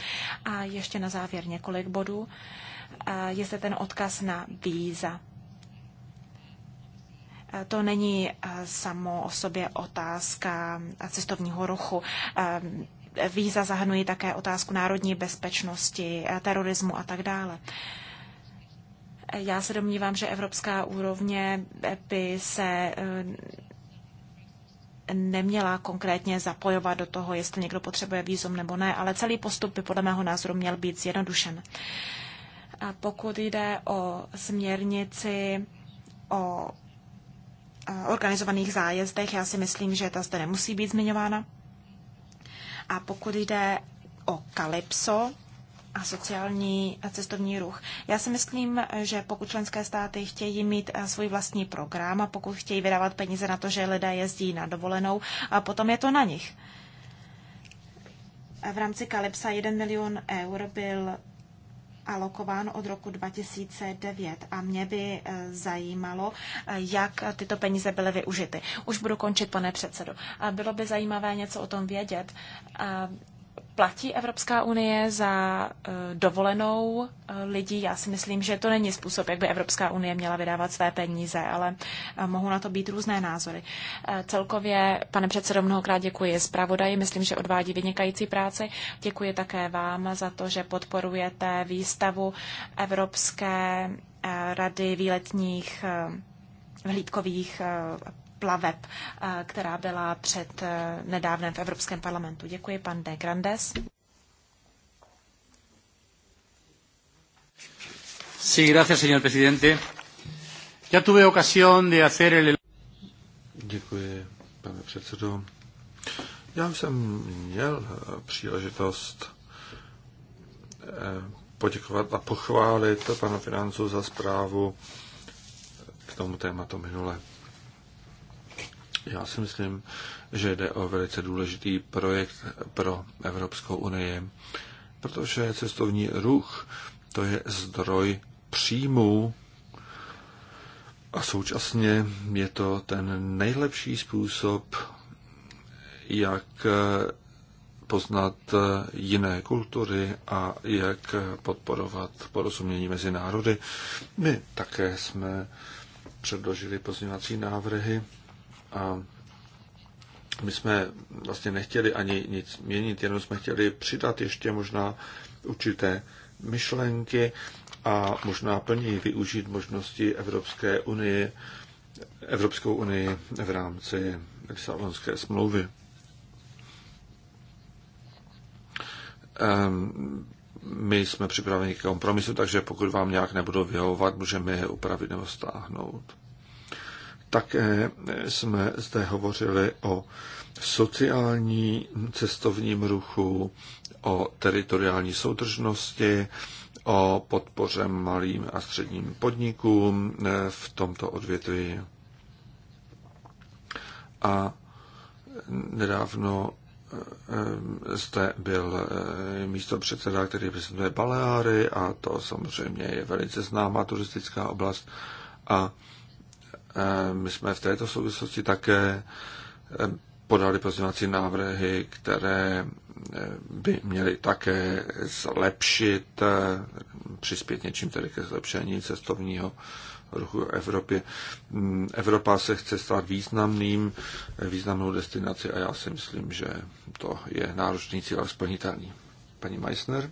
A ještě na závěr několik bodů je zde ten odkaz na víza. To není e, samo o sobě otázka cestovního ruchu. E, víza zahrnují také otázku národní bezpečnosti, e, terorismu a tak dále. Já se domnívám, že evropská úrovně by se neměla konkrétně zapojovat do toho, jestli někdo potřebuje výzum nebo ne, ale celý postup by podle mého názoru měl být zjednodušen pokud jde o směrnici o organizovaných zájezdech, já si myslím, že ta zde nemusí být zmiňována. A pokud jde o Kalypso a sociální a cestovní ruch, já si myslím, že pokud členské státy chtějí mít svůj vlastní program a pokud chtějí vydávat peníze na to, že lidé jezdí na dovolenou, a potom je to na nich. V rámci Kalypsa 1 milion eur byl alokován od roku 2009 a mě by eh, zajímalo, eh, jak tyto peníze byly využity. Už budu končit, pane předsedo. Bylo by zajímavé něco o tom vědět platí Evropská unie za eh, dovolenou eh, lidí? Já si myslím, že to není způsob, jak by Evropská unie měla vydávat své peníze, ale eh, mohou na to být různé názory. Celkově, pane předsedo, mnohokrát děkuji zpravodaji, myslím, že odvádí vynikající práci. Děkuji také vám za to, že podporujete výstavu Evropské rady výletních vhlídkových plaveb, eh, která byla před eh, nedávnem v Evropském parlamentu. Děkuji, pan De Grandes. Sí, gracias, señor presidente. Ya tuve ocasión de hacer el... Děkuji, pane předsedo. Já jsem měl eh, příležitost poděkovat a pochválit pana financu za zprávu k tomu tématu minule. Já si myslím, že jde o velice důležitý projekt pro Evropskou unii, protože cestovní ruch to je zdroj příjmů a současně je to ten nejlepší způsob, jak poznat jiné kultury a jak podporovat porozumění mezi národy. My také jsme předložili pozměňovací návrhy, a my jsme vlastně nechtěli ani nic měnit, jenom jsme chtěli přidat ještě možná určité myšlenky a možná plněji využít možnosti Evropské unie, Evropskou unii v rámci Lisabonské smlouvy. Ehm, my jsme připraveni k kompromisu, takže pokud vám nějak nebudou vyhovovat, můžeme je upravit nebo stáhnout. Také jsme zde hovořili o sociální cestovním ruchu, o teritoriální soudržnosti, o podpoře malým a středním podnikům eh, v tomto odvětví. A nedávno eh, zde byl eh, místo předseda, který prezentuje Baleáry a to samozřejmě je velice známá turistická oblast a Eh, my jsme v této souvislosti také eh, podali pozměňovací návrhy, které eh, by měly také zlepšit, přispět něčím tedy ke zlepšení cestovního ruchu v Evropě. Mm, Evropa se chce stát významným, významnou destinací a já si myslím, že to je náročný cíl, a splnitelný. Paní Meissner?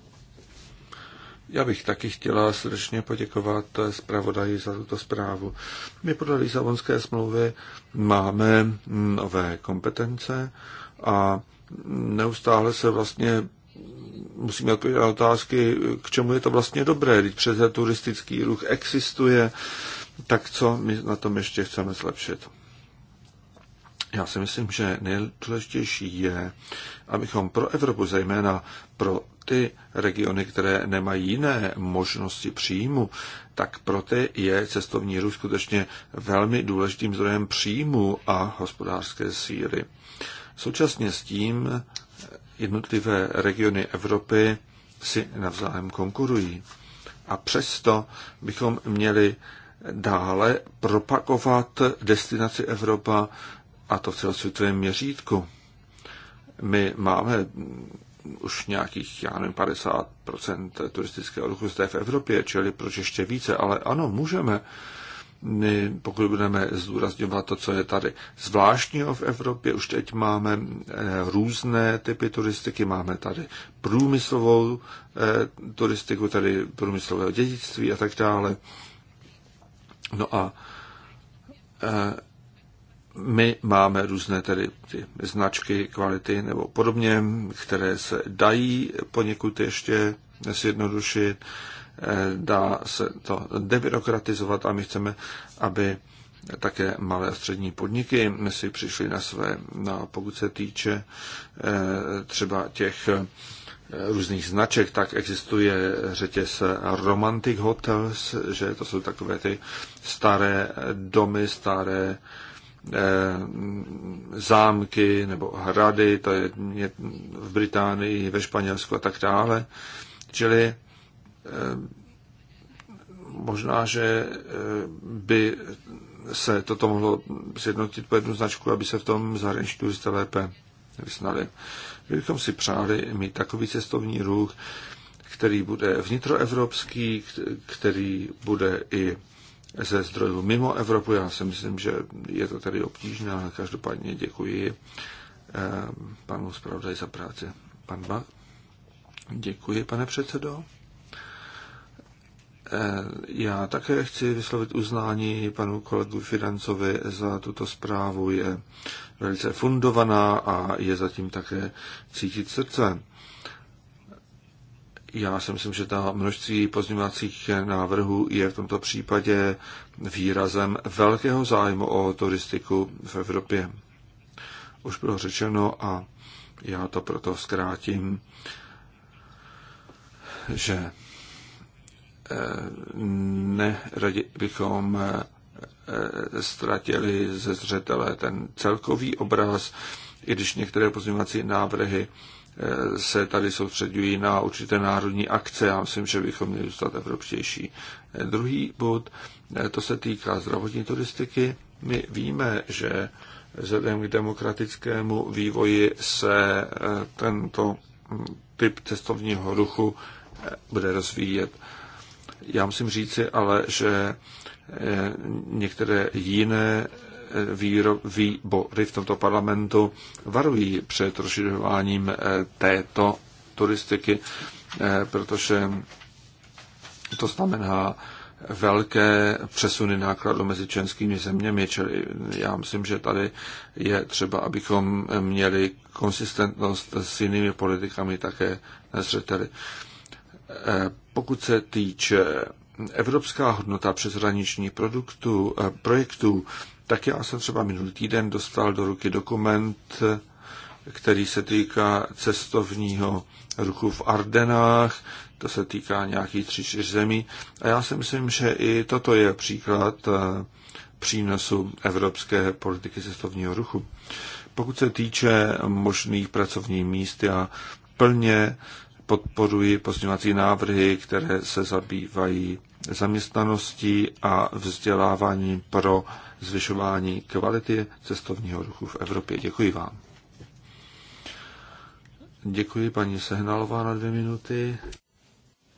Já bych taky chtěla srdečně poděkovat zpravodaji za tuto zprávu. My podle Lisabonské smlouvy máme nové kompetence a neustále se vlastně musíme odpovědět na otázky, k čemu je to vlastně dobré. Když přece turistický ruch existuje, tak co my na tom ještě chceme zlepšit? Já si myslím, že nejdůležitější je, abychom pro Evropu, zejména pro ty regiony, které nemají jiné možnosti příjmu, tak pro ty je cestovní ruch skutečně velmi důležitým zdrojem příjmu a hospodářské síly. Současně s tím jednotlivé regiony Evropy si navzájem konkurují. A přesto bychom měli dále propakovat destinaci Evropa a to v celosvětovém měřítku. My máme už nějakých, já nevím, 50% turistického ruchu zde v Evropě, čili proč ještě více, ale ano, můžeme, my, pokud budeme zdůrazňovat to, co je tady zvláštního v Evropě, už teď máme eh, různé typy turistiky, máme tady průmyslovou eh, turistiku, tady průmyslového dědictví a tak dále. No a eh, my máme různé tedy ty značky, kvality nebo podobně, které se dají poněkud ještě zjednodušit, eh, dá se to debirokratizovat a my chceme, aby také malé a střední podniky si přišly na své, na no pokud se týče eh, třeba těch eh, různých značek, tak existuje řetěz Romantic Hotels, že to jsou takové ty staré domy, staré Eh, zámky nebo hrady, to je v Británii, ve Španělsku a tak dále. Čili eh, možná, že eh, by se toto mohlo sjednotit po jednu značku, aby se v tom zahraniční turisté lépe vysnali. Kdybychom si přáli mít takový cestovní ruch, který bude vnitroevropský, který bude i ze zdrojů mimo Evropu. Já si myslím, že je to tady obtížné, ale každopádně děkuji eh, panu zpravodaj za práci. Pan Bach. Děkuji, pane předsedo. Eh, já také chci vyslovit uznání panu kolegu Firancovi za tuto zprávu. Je velice fundovaná a je zatím také cítit srdce. Já si myslím, že ta množství pozměňovacích návrhů je v tomto případě výrazem velkého zájmu o turistiku v Evropě. Už bylo řečeno a já to proto zkrátím, že eh, neradi bychom eh, ztratili ze zřetele ten celkový obraz, i když některé pozměňovací návrhy se tady soustředují na určité národní akce. Já myslím, že bychom měli zůstat evropštější. Druhý bod, to se týká zdravotní turistiky. My víme, že vzhledem k demokratickému vývoji se eh, tento hm, typ cestovního ruchu eh, bude rozvíjet. Já musím říci ale, že eh, některé jiné výbory v tomto parlamentu varují před rozšiřováním eh, této turistiky, eh, protože to znamená velké přesuny nákladů mezi členskými zeměmi, čili já myslím, že tady je třeba, abychom měli konsistentnost s jinými politikami také na zřeteli. Eh, pokud se týče evropská hodnota přeshraničních produktů, projektů, tak já jsem třeba minulý týden dostal do ruky dokument, který se týká cestovního ruchu v Ardenách, to se týká nějakých tři, čtyř zemí. A já si myslím, že i toto je příklad eh, přínosu evropské politiky cestovního ruchu. Pokud se týče možných pracovních míst, já plně podporuji pozměňovací návrhy, které se zabývají zaměstnaností a vzděláváním pro zvyšování kvality cestovního ruchu v Evropě. Děkuji vám. Děkuji paní Sehnalová na dvě minuty.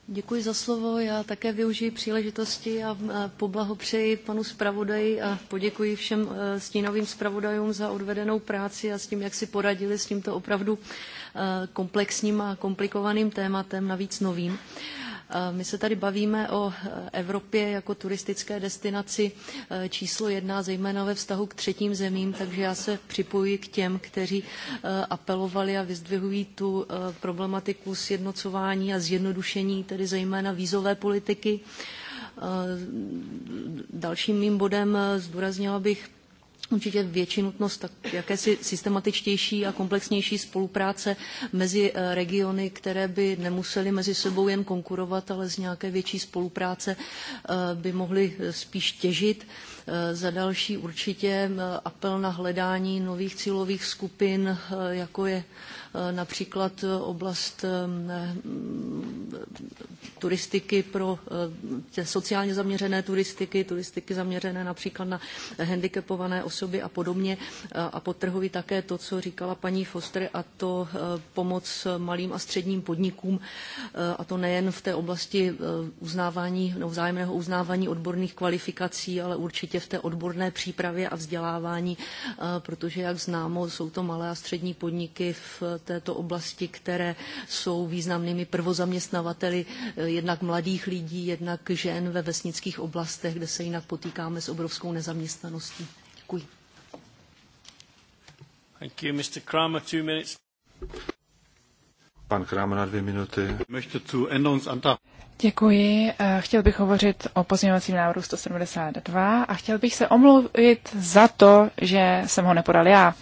Děkuji za slovo. Já také využiji příležitosti a poblahopřeji panu zpravodaji a poděkuji všem e, stínovým zpravodajům za odvedenou práci a s tím, jak si poradili s tímto opravdu e, komplexním a komplikovaným tématem, navíc novým. My se tady bavíme o eh, Evropě jako turistické destinaci eh, číslo jedna, zejména ve vztahu k třetím zemím, takže já se připojuji k těm, kteří eh, apelovali a vyzdvihují tu problematiku sjednocování a zjednodušení, tedy zejména vízové politiky. Dalším mým bodem zdůraznila bych určitě větší nutnost tak jakési systematičtější a komplexnější spolupráce mezi eh, regiony, které by nemusely mezi sebou jen konkurovat, ale z nějaké větší spolupráce eh, by mohly eh, spíš těžit. Za další určitě apel na hledání nových cílových skupin, jako je Eh, například eh, oblast eh, turistiky pro sociálně zaměřené turistiky, turistiky zaměřené například na handicapované osoby a podobně. A potrhuji také to, co říkala paní Foster, a to pomoc malým a středním podnikům, a to nejen v té oblasti uznávání, no, vzájemného uznávání odborných kvalifikací, ale určitě v té odborné přípravě a vzdělávání, protože, jak známo, jsou to malé a střední podniky v této oblasti, které jsou významnými prvozaměstnavateli eh, jednak mladých lidí, jednak žen ve vesnických oblastech, kde se jinak potýkáme s obrovskou nezaměstnaností. Děkuji. Thank you, Mr. Kramer, two minutes. Pan Kramer na dvě minuty. Děkuji. Eh, chtěl bych hovořit o pozměňovacím návrhu 172 a chtěl bych se omluvit za to, že jsem ho nepodal já.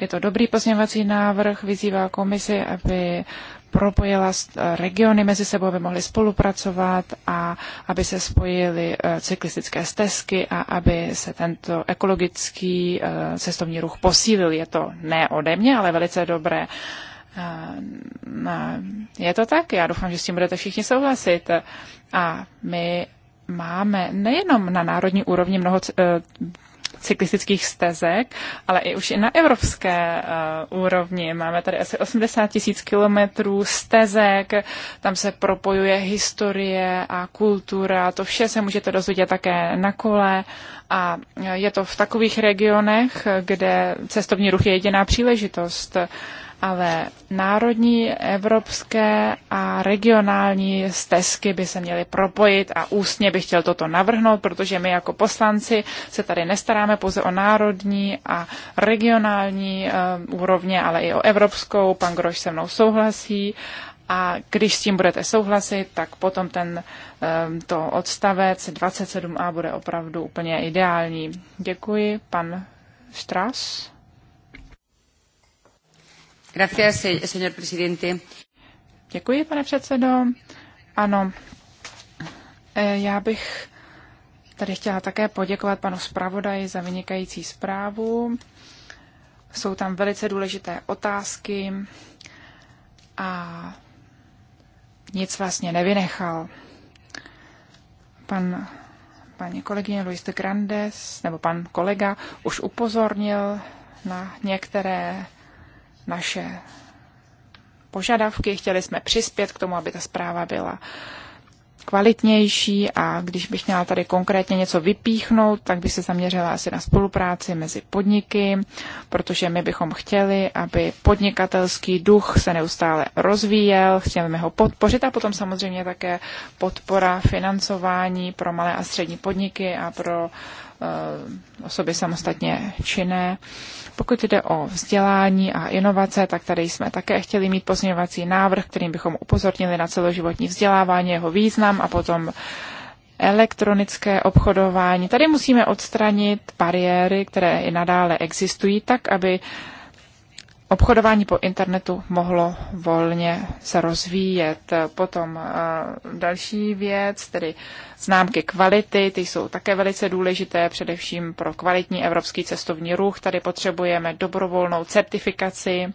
Je to dobrý pozměňovací návrh, vyzývá komisi, aby propojila eh, regiony mezi sebou, aby mohly spolupracovat a aby se spojily eh, cyklistické stezky a aby se tento ekologický eh, cestovní ruch posílil. Je to ne ode mě, ale velice dobré. No, je to tak, já doufám, že s tím budete všichni souhlasit. A my máme nejenom na národní úrovni mnoho cyklistických stezek, ale i už i na evropské uh, úrovni. Máme tady asi 80 tisíc kilometrů stezek, tam se propojuje historie a kultura, to vše se můžete dozvědět také na kole a eh, je to v takových regionech, kde cestovní ruch je jediná příležitost. Uh, ale národní, evropské a regionální stezky by se měly propojit a ústně bych chtěl toto navrhnout, protože my jako poslanci se tady nestaráme pouze o národní a regionální e, úrovně, ale i o evropskou. Pan Groš se mnou souhlasí a když s tím budete souhlasit, tak potom ten eh, to odstavec 27a bude opravdu úplně ideální. Děkuji, pan Strass. Děkuji, pane předsedo. Ano, eh, já bych tady chtěla také poděkovat panu zpravodaji za vynikající zprávu. Jsou tam velice důležité otázky a nic vlastně nevynechal. Pan, paní kolegyně Luis de Grandes, nebo pan kolega, už upozornil na některé naše požadavky, chtěli jsme přispět k tomu, aby ta zpráva byla kvalitnější a když bych měla tady konkrétně něco vypíchnout, tak bych se zaměřila asi na spolupráci mezi podniky, protože my bychom chtěli, aby podnikatelský duch se neustále rozvíjel, chceme ho podpořit a potom samozřejmě také podpora financování pro malé a střední podniky a pro uh, osoby samostatně činné. Pokud jde o vzdělání a inovace, tak tady jsme také chtěli mít pozměňovací návrh, kterým bychom upozornili na celoživotní vzdělávání, jeho význam a potom elektronické obchodování. Tady musíme odstranit bariéry, které i nadále existují, tak aby obchodování po internetu mohlo volně se rozvíjet. Potom eh, další věc, tedy známky kvality, ty jsou také velice důležité, především pro kvalitní evropský cestovní ruch. Tady potřebujeme dobrovolnou certifikaci.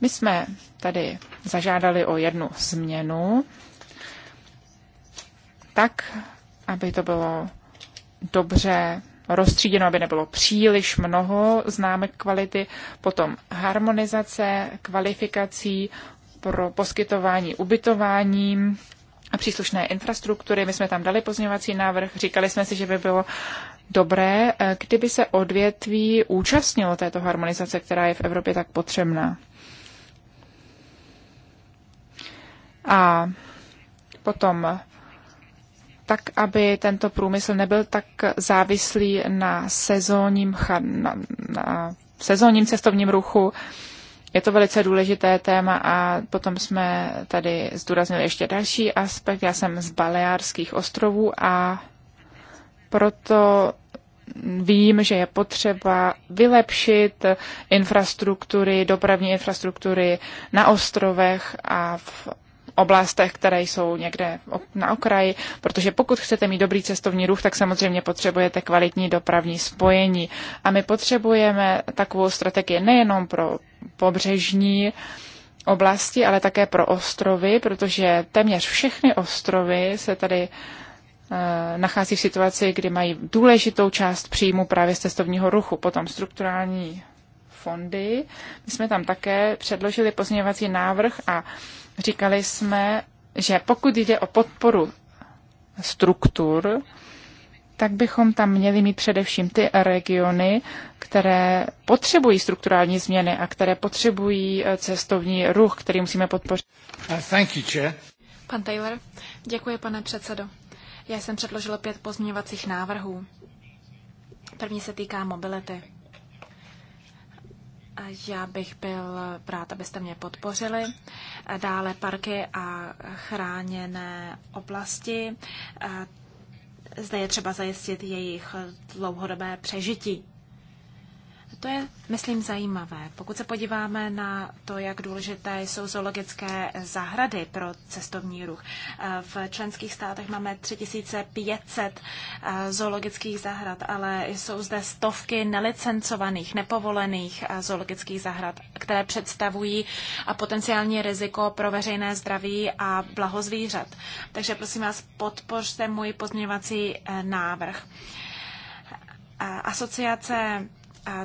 My jsme tady zažádali o jednu změnu, tak, aby to bylo dobře rozstříděno, aby nebylo příliš mnoho známek kvality, potom harmonizace kvalifikací pro poskytování ubytování a příslušné infrastruktury. My jsme tam dali pozměňovací návrh, říkali jsme si, že by bylo dobré, eh, kdyby se odvětví účastnilo této harmonizace, která je v Evropě tak potřebná. A potom tak, aby tento průmysl nebyl tak závislý na sezónním, na, na sezónním cestovním ruchu. Je to velice důležité téma a potom jsme tady zdůraznili ještě další aspekt. Já jsem z Baleárských ostrovů a proto vím, že je potřeba vylepšit infrastruktury, dopravní infrastruktury na ostrovech a v oblastech, které jsou někde na okraji, protože pokud chcete mít dobrý cestovní ruch, tak samozřejmě potřebujete kvalitní dopravní spojení. A my potřebujeme takovou strategii nejenom pro pobřežní oblasti, ale také pro ostrovy, protože téměř všechny ostrovy se tady eh, nachází v situaci, kdy mají důležitou část příjmu právě z cestovního ruchu, potom strukturální fondy. My jsme tam také předložili pozměňovací návrh a říkali jsme, že pokud jde o podporu struktur, tak bychom tam měli mít především ty regiony, které potřebují strukturální změny a které potřebují eh, cestovní ruch, který musíme podpořit. Uh, thank you, chair. Pan Taylor, děkuji, pane předsedo. Já jsem předložila pět pozměňovacích návrhů. První se týká mobility. Já bych byl rád, abyste mě podpořili. Dále parky a chráněné oblasti. Zde je třeba zajistit jejich dlouhodobé přežití. To je, myslím, zajímavé. Pokud se podíváme na to, jak důležité jsou zoologické zahrady pro cestovní ruch. V členských státech máme 3500 eh, zoologických zahrad, ale jsou zde stovky nelicencovaných, nepovolených eh, zoologických zahrad, které představují potenciální riziko pro veřejné zdraví a blaho zvířat. Takže prosím vás, podpořte můj pozměňovací eh, návrh. Asociace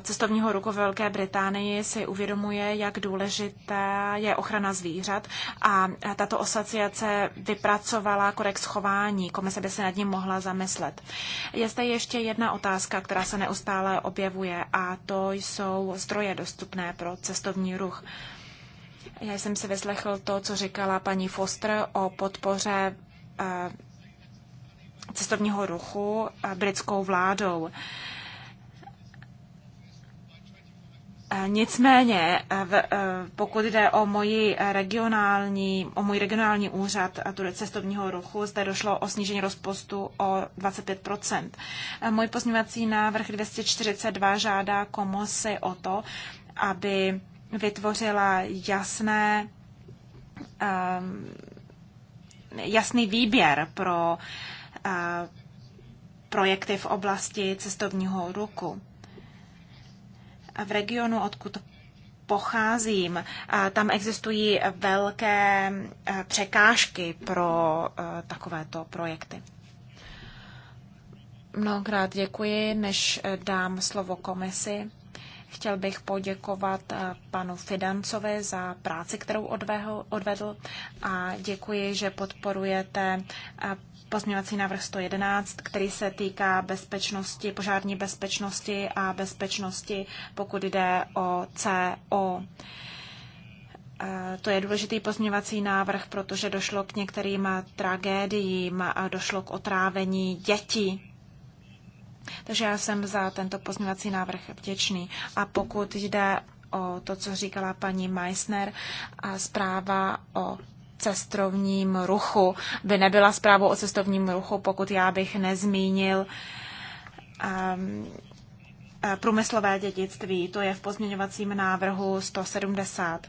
cestovního ruku Velké Británii si uvědomuje, jak důležitá je ochrana zvířat a tato asociace vypracovala kodex chování. Komise by se nad ním mohla zamyslet. Je zde ještě jedna otázka, která se neustále objevuje a to jsou zdroje dostupné pro cestovní ruch. Já jsem si vyslechl to, co říkala paní Foster o podpoře eh, cestovního ruchu eh, britskou vládou. E, nicméně, e, e, pokud jde o, moji regionální, o můj regionální úřad cestovního ruchu, zde došlo o snížení rozpostu o 25 Můj pozměňovací návrh 242 žádá komosy o to, aby vytvořila jasné, jasný výběr pro projekty v oblasti cestovního ruchu v regionu, odkud pocházím, tam existují velké eh, překážky pro eh, takovéto projekty. Mnohokrát děkuji, než eh, dám slovo komisi. Chtěl bych poděkovat panu Fidancovi za práci, kterou odvedl a děkuji, že podporujete pozměňovací návrh 111, který se týká bezpečnosti, požární bezpečnosti a bezpečnosti, pokud jde o CO. E, to je důležitý pozměňovací návrh, protože došlo k některým tragédiím a došlo k otrávení dětí. Takže já jsem za tento pozměňovací návrh vděčný. A pokud jde o to, co říkala paní Meissner, a zpráva o cestovním ruchu by nebyla zprávou o cestovním ruchu, pokud já bych nezmínil um, průmyslové dědictví. To je v pozměňovacím návrhu 170.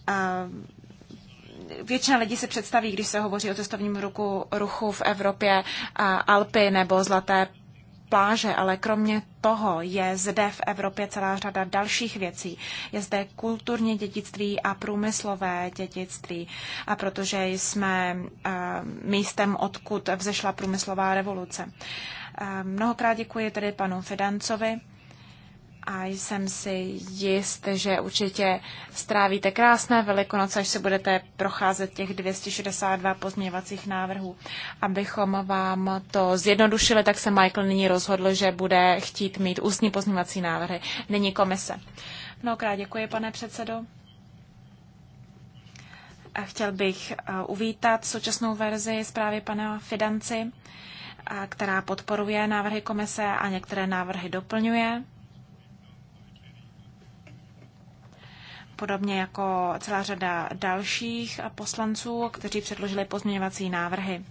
Um, ehm, většina lidí se představí, když se hovoří o cestovním ruchu, ruchu v Evropě, Alpy nebo Zlaté pláže, ale kromě toho je zde v Evropě celá řada dalších věcí. Je zde kulturní dědictví a průmyslové dědictví, a protože jsme eh, místem, odkud vzešla průmyslová revoluce. Eh, mnohokrát děkuji tedy panu Fidancovi a jsem si jist, že určitě strávíte krásné velikonoce, až se budete procházet těch 262 pozměňovacích návrhů. Abychom vám to zjednodušili, tak se Michael nyní rozhodl, že bude chtít mít ústní pozměňovací návrhy. Nyní komise. Mnohokrát děkuji, pane předsedo. A chtěl bych eh, uvítat současnou verzi zprávy pana Fidanci, eh, která podporuje návrhy komise a některé návrhy doplňuje. podobně jako celá řada dalších poslanců, kteří předložili pozměňovací návrhy.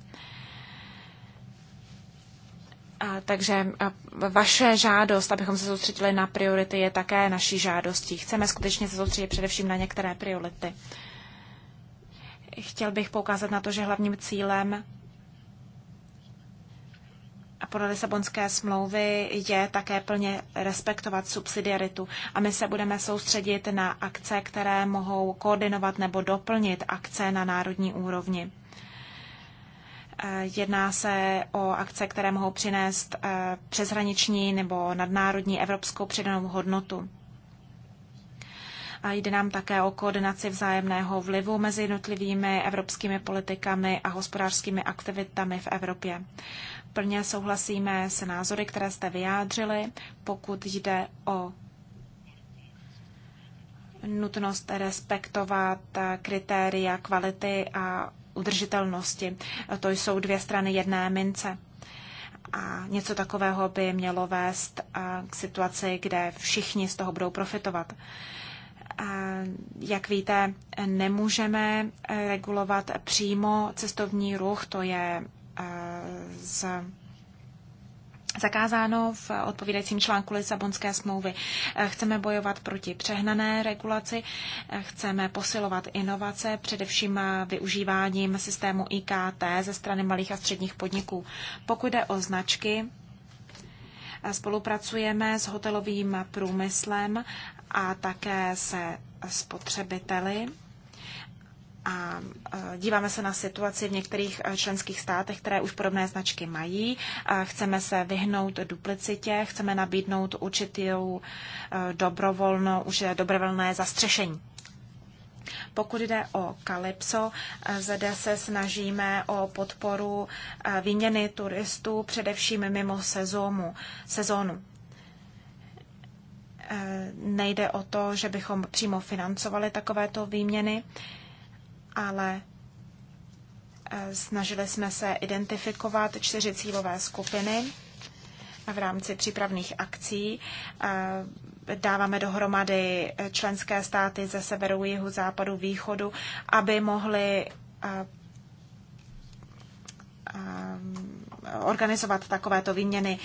A, takže a, vaše žádost, abychom se soustředili na priority, je také naší žádostí. Chceme skutečně se soustředit především na některé priority. Chtěl bych poukázat na to, že hlavním cílem podle Lisabonské smlouvy je také plně respektovat subsidiaritu. A my se budeme soustředit na akce, které mohou koordinovat nebo doplnit akce na národní úrovni. E, jedná se o akce, které mohou přinést e, přeshraniční nebo nadnárodní evropskou přidanou hodnotu. A jde nám také o koordinaci vzájemného vlivu mezi jednotlivými evropskými politikami a hospodářskými aktivitami v Evropě. Plně souhlasíme s názory, které jste vyjádřili, pokud jde o nutnost respektovat kritéria kvality a udržitelnosti. To jsou dvě strany jedné mince. A něco takového by mělo vést k situaci, kde všichni z toho budou profitovat. Jak víte, nemůžeme eh, regulovat přímo cestovní ruch, to je eh, z zakázáno v odpovídajícím článku Lisabonské smlouvy. Eh, chceme bojovat proti přehnané regulaci, chceme posilovat inovace, především využíváním systému IKT ze strany malých a středních podniků. Pokud jde o značky, spolupracujeme s hotelovým průmyslem a také se spotřebiteli. A e, díváme se na situaci v některých e, členských státech, které už podobné značky mají. E, chceme se vyhnout duplicitě, chceme nabídnout určitou dobrovolno, už dobrovolné zastřešení. Pokud jde o Kalypso, zde se snažíme o podporu výměny turistů, především mimo sezónu. sezónu. Eh, nejde o to, že bychom přímo financovali takovéto výměny, ale eh, snažili jsme se identifikovat čtyři cílové skupiny v rámci přípravných akcí. Eh, dáváme dohromady členské státy ze severu, jihu, západu, východu, aby mohli organizovat takovéto výměny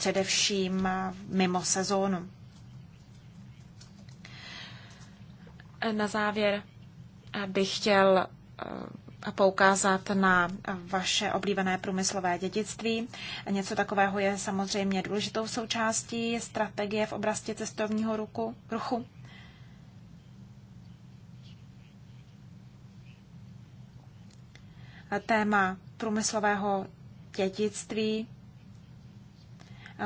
především mimo sezónu. Na závěr bych chtěl eh, poukázat na vaše oblíbené průmyslové dědictví. Něco takového je samozřejmě důležitou součástí strategie v oblasti cestovního ruku, ruchu. Téma průmyslového dědictví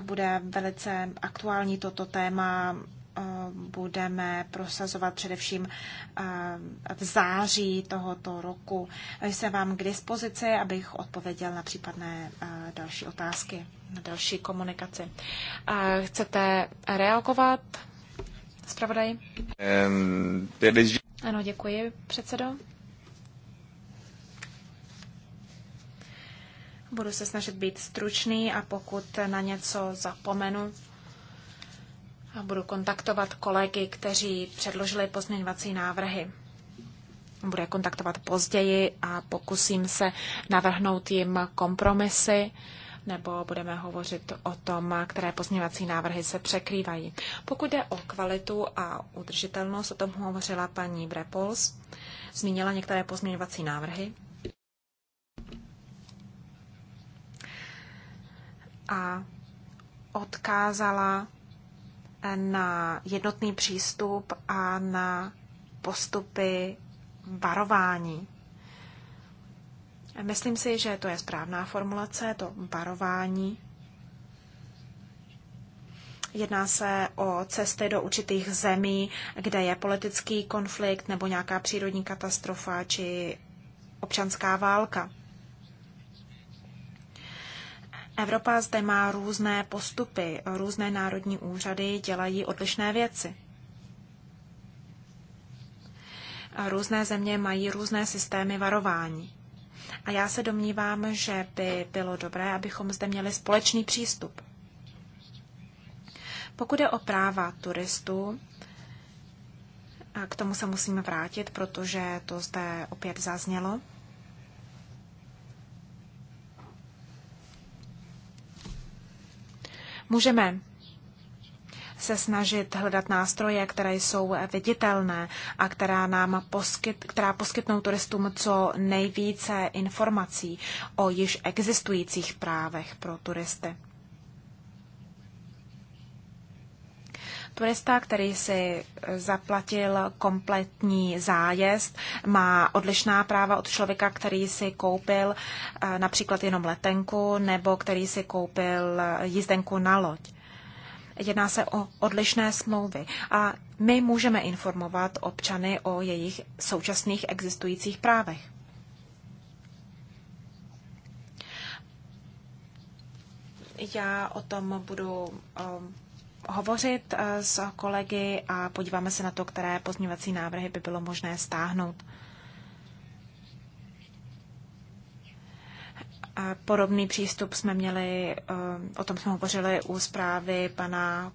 bude velice aktuální toto téma. Eh, budeme prosazovat především eh, v září tohoto roku. Jsem vám k dispozici, abych odpověděl na případné eh, další otázky, na další komunikaci. Chcete reagovat, zpravodaj? Ano, děkuji, předsedo. Budu se snažit být stručný a pokud na něco zapomenu, a budu kontaktovat kolegy, kteří předložili pozměňovací návrhy. Budu je kontaktovat později a pokusím se navrhnout jim kompromisy, nebo budeme hovořit o tom, které pozměňovací návrhy se překrývají. Pokud jde o kvalitu a udržitelnost, o tom hovořila paní Brepols, zmínila některé pozměňovací návrhy. a odkázala na jednotný přístup a na postupy varování. Myslím si, že to je správná formulace, to varování. Jedná se o cesty do určitých zemí, kde je politický konflikt nebo nějaká přírodní katastrofa či občanská válka. Evropa zde má různé postupy, různé národní úřady dělají odlišné věci. A různé země mají různé systémy varování. A já se domnívám, že by bylo dobré, abychom zde měli společný přístup. Pokud je o práva turistů, a k tomu se musíme vrátit, protože to zde opět zaznělo. Můžeme se snažit hledat nástroje, které jsou viditelné a která nám poskyt, která poskytnou turistům co nejvíce informací o již existujících právech pro turisty. Turista, který si eh, zaplatil kompletní zájezd, má odlišná práva od člověka, který si koupil eh, například jenom letenku nebo který si koupil eh, jízdenku na loď. Jedná se o odlišné smlouvy a my můžeme informovat občany o jejich současných existujících právech. Já o tom budu um, hovořit eh, s kolegy a podíváme se na to, které pozměňovací návrhy by bylo možné stáhnout. A podobný přístup jsme měli, eh, o tom jsme hovořili u zprávy pana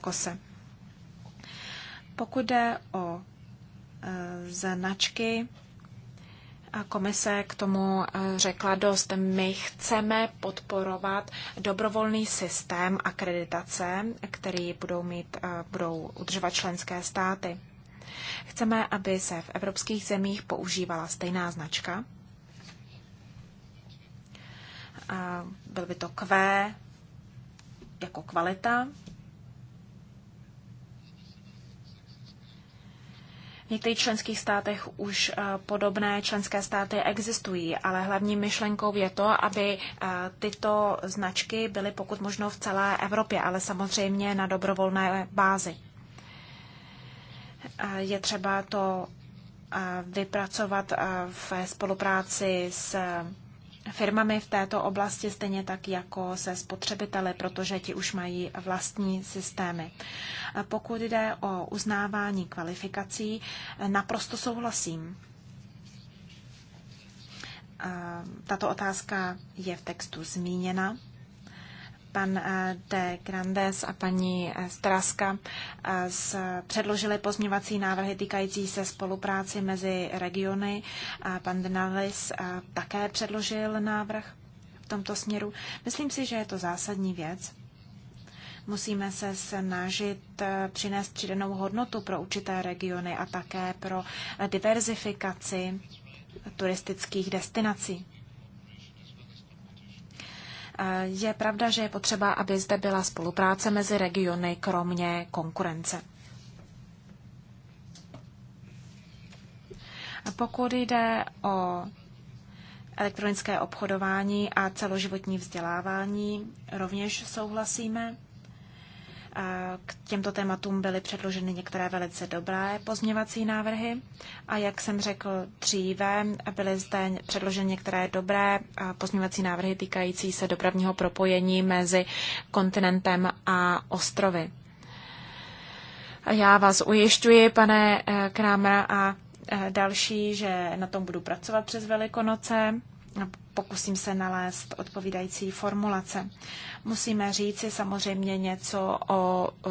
Kose. Pokud jde o eh, značky, Komise k tomu eh, řekla dost. My chceme podporovat dobrovolný systém akreditace, který budou mít, eh, budou udržovat členské státy. Chceme, aby se v evropských zemích používala stejná značka. Eh, byl by to Q jako kvalita, některých členských státech už eh, podobné členské státy existují, ale hlavní myšlenkou je to, aby eh, tyto značky byly pokud možno v celé Evropě, ale samozřejmě na dobrovolné bázi. Eh, je třeba to vypracovat ve spolupráci s firmami v této oblasti, stejně tak jako se spotřebiteli, protože ti už mají vlastní systémy. Pokud jde o uznávání kvalifikací, naprosto souhlasím. Tato otázka je v textu zmíněna pan eh, de Grandes a paní eh, Straska eh, předložili pozměňovací návrhy týkající se spolupráci mezi regiony. Pan Denalis také předložil návrh v tomto směru. Myslím si, že je to zásadní věc. Musíme se snažit přinést přidanou hodnotu pro určité regiony a také pro diverzifikaci turistických destinací. Je pravda, že je potřeba, aby zde byla spolupráce mezi regiony, kromě konkurence. Pokud jde o elektronické obchodování a celoživotní vzdělávání, rovněž souhlasíme. K těmto tématům byly předloženy některé velice dobré pozměvací návrhy a jak jsem řekl dříve, byly zde předloženy některé dobré pozměvací návrhy týkající se dopravního propojení mezi kontinentem a ostrovy. Já vás ujišťuji, pane eh, Krámera a eh, další, že na tom budu pracovat přes Velikonoce pokusím se nalézt odpovídající formulace. Musíme říci samozřejmě něco o e,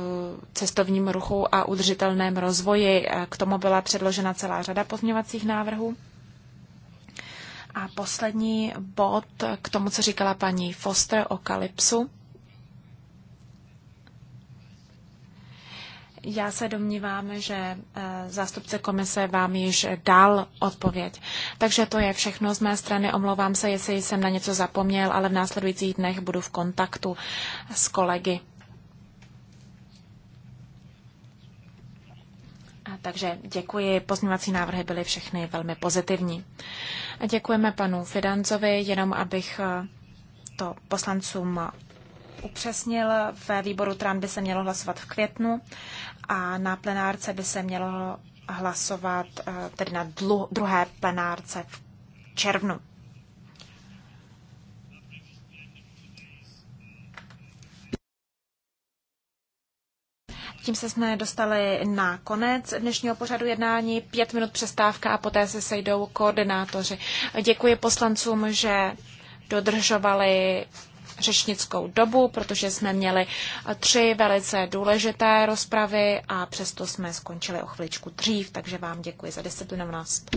cestovním ruchu a udržitelném rozvoji. E, k tomu byla předložena celá řada pozměňovacích návrhů. A poslední bod k tomu, co říkala paní Foster o Kalypsu. Já se domnívám, že eh, zástupce komise vám již dal odpověď. Takže to je všechno z mé strany. Omlouvám se, jestli jsem na něco zapomněl, ale v následujících dnech budu v kontaktu s kolegy. Takže děkuji, pozměňovací návrhy byly všechny velmi pozitivní. děkujeme panu Fidancovi, jenom abych eh, to poslancům upřesnil, ve výboru TRAN by se mělo hlasovat v květnu a na plenárce by se mělo hlasovat eh, tedy na dlu, druhé plenárce v červnu. Tím se jsme dostali na konec dnešního pořadu jednání. Pět minut přestávka a poté se sejdou koordinátoři. Děkuji poslancům, že dodržovali řečnickou dobu, protože jsme měli tři velice důležité rozpravy a přesto jsme skončili o chviličku dřív, takže vám děkuji za disciplinovanost.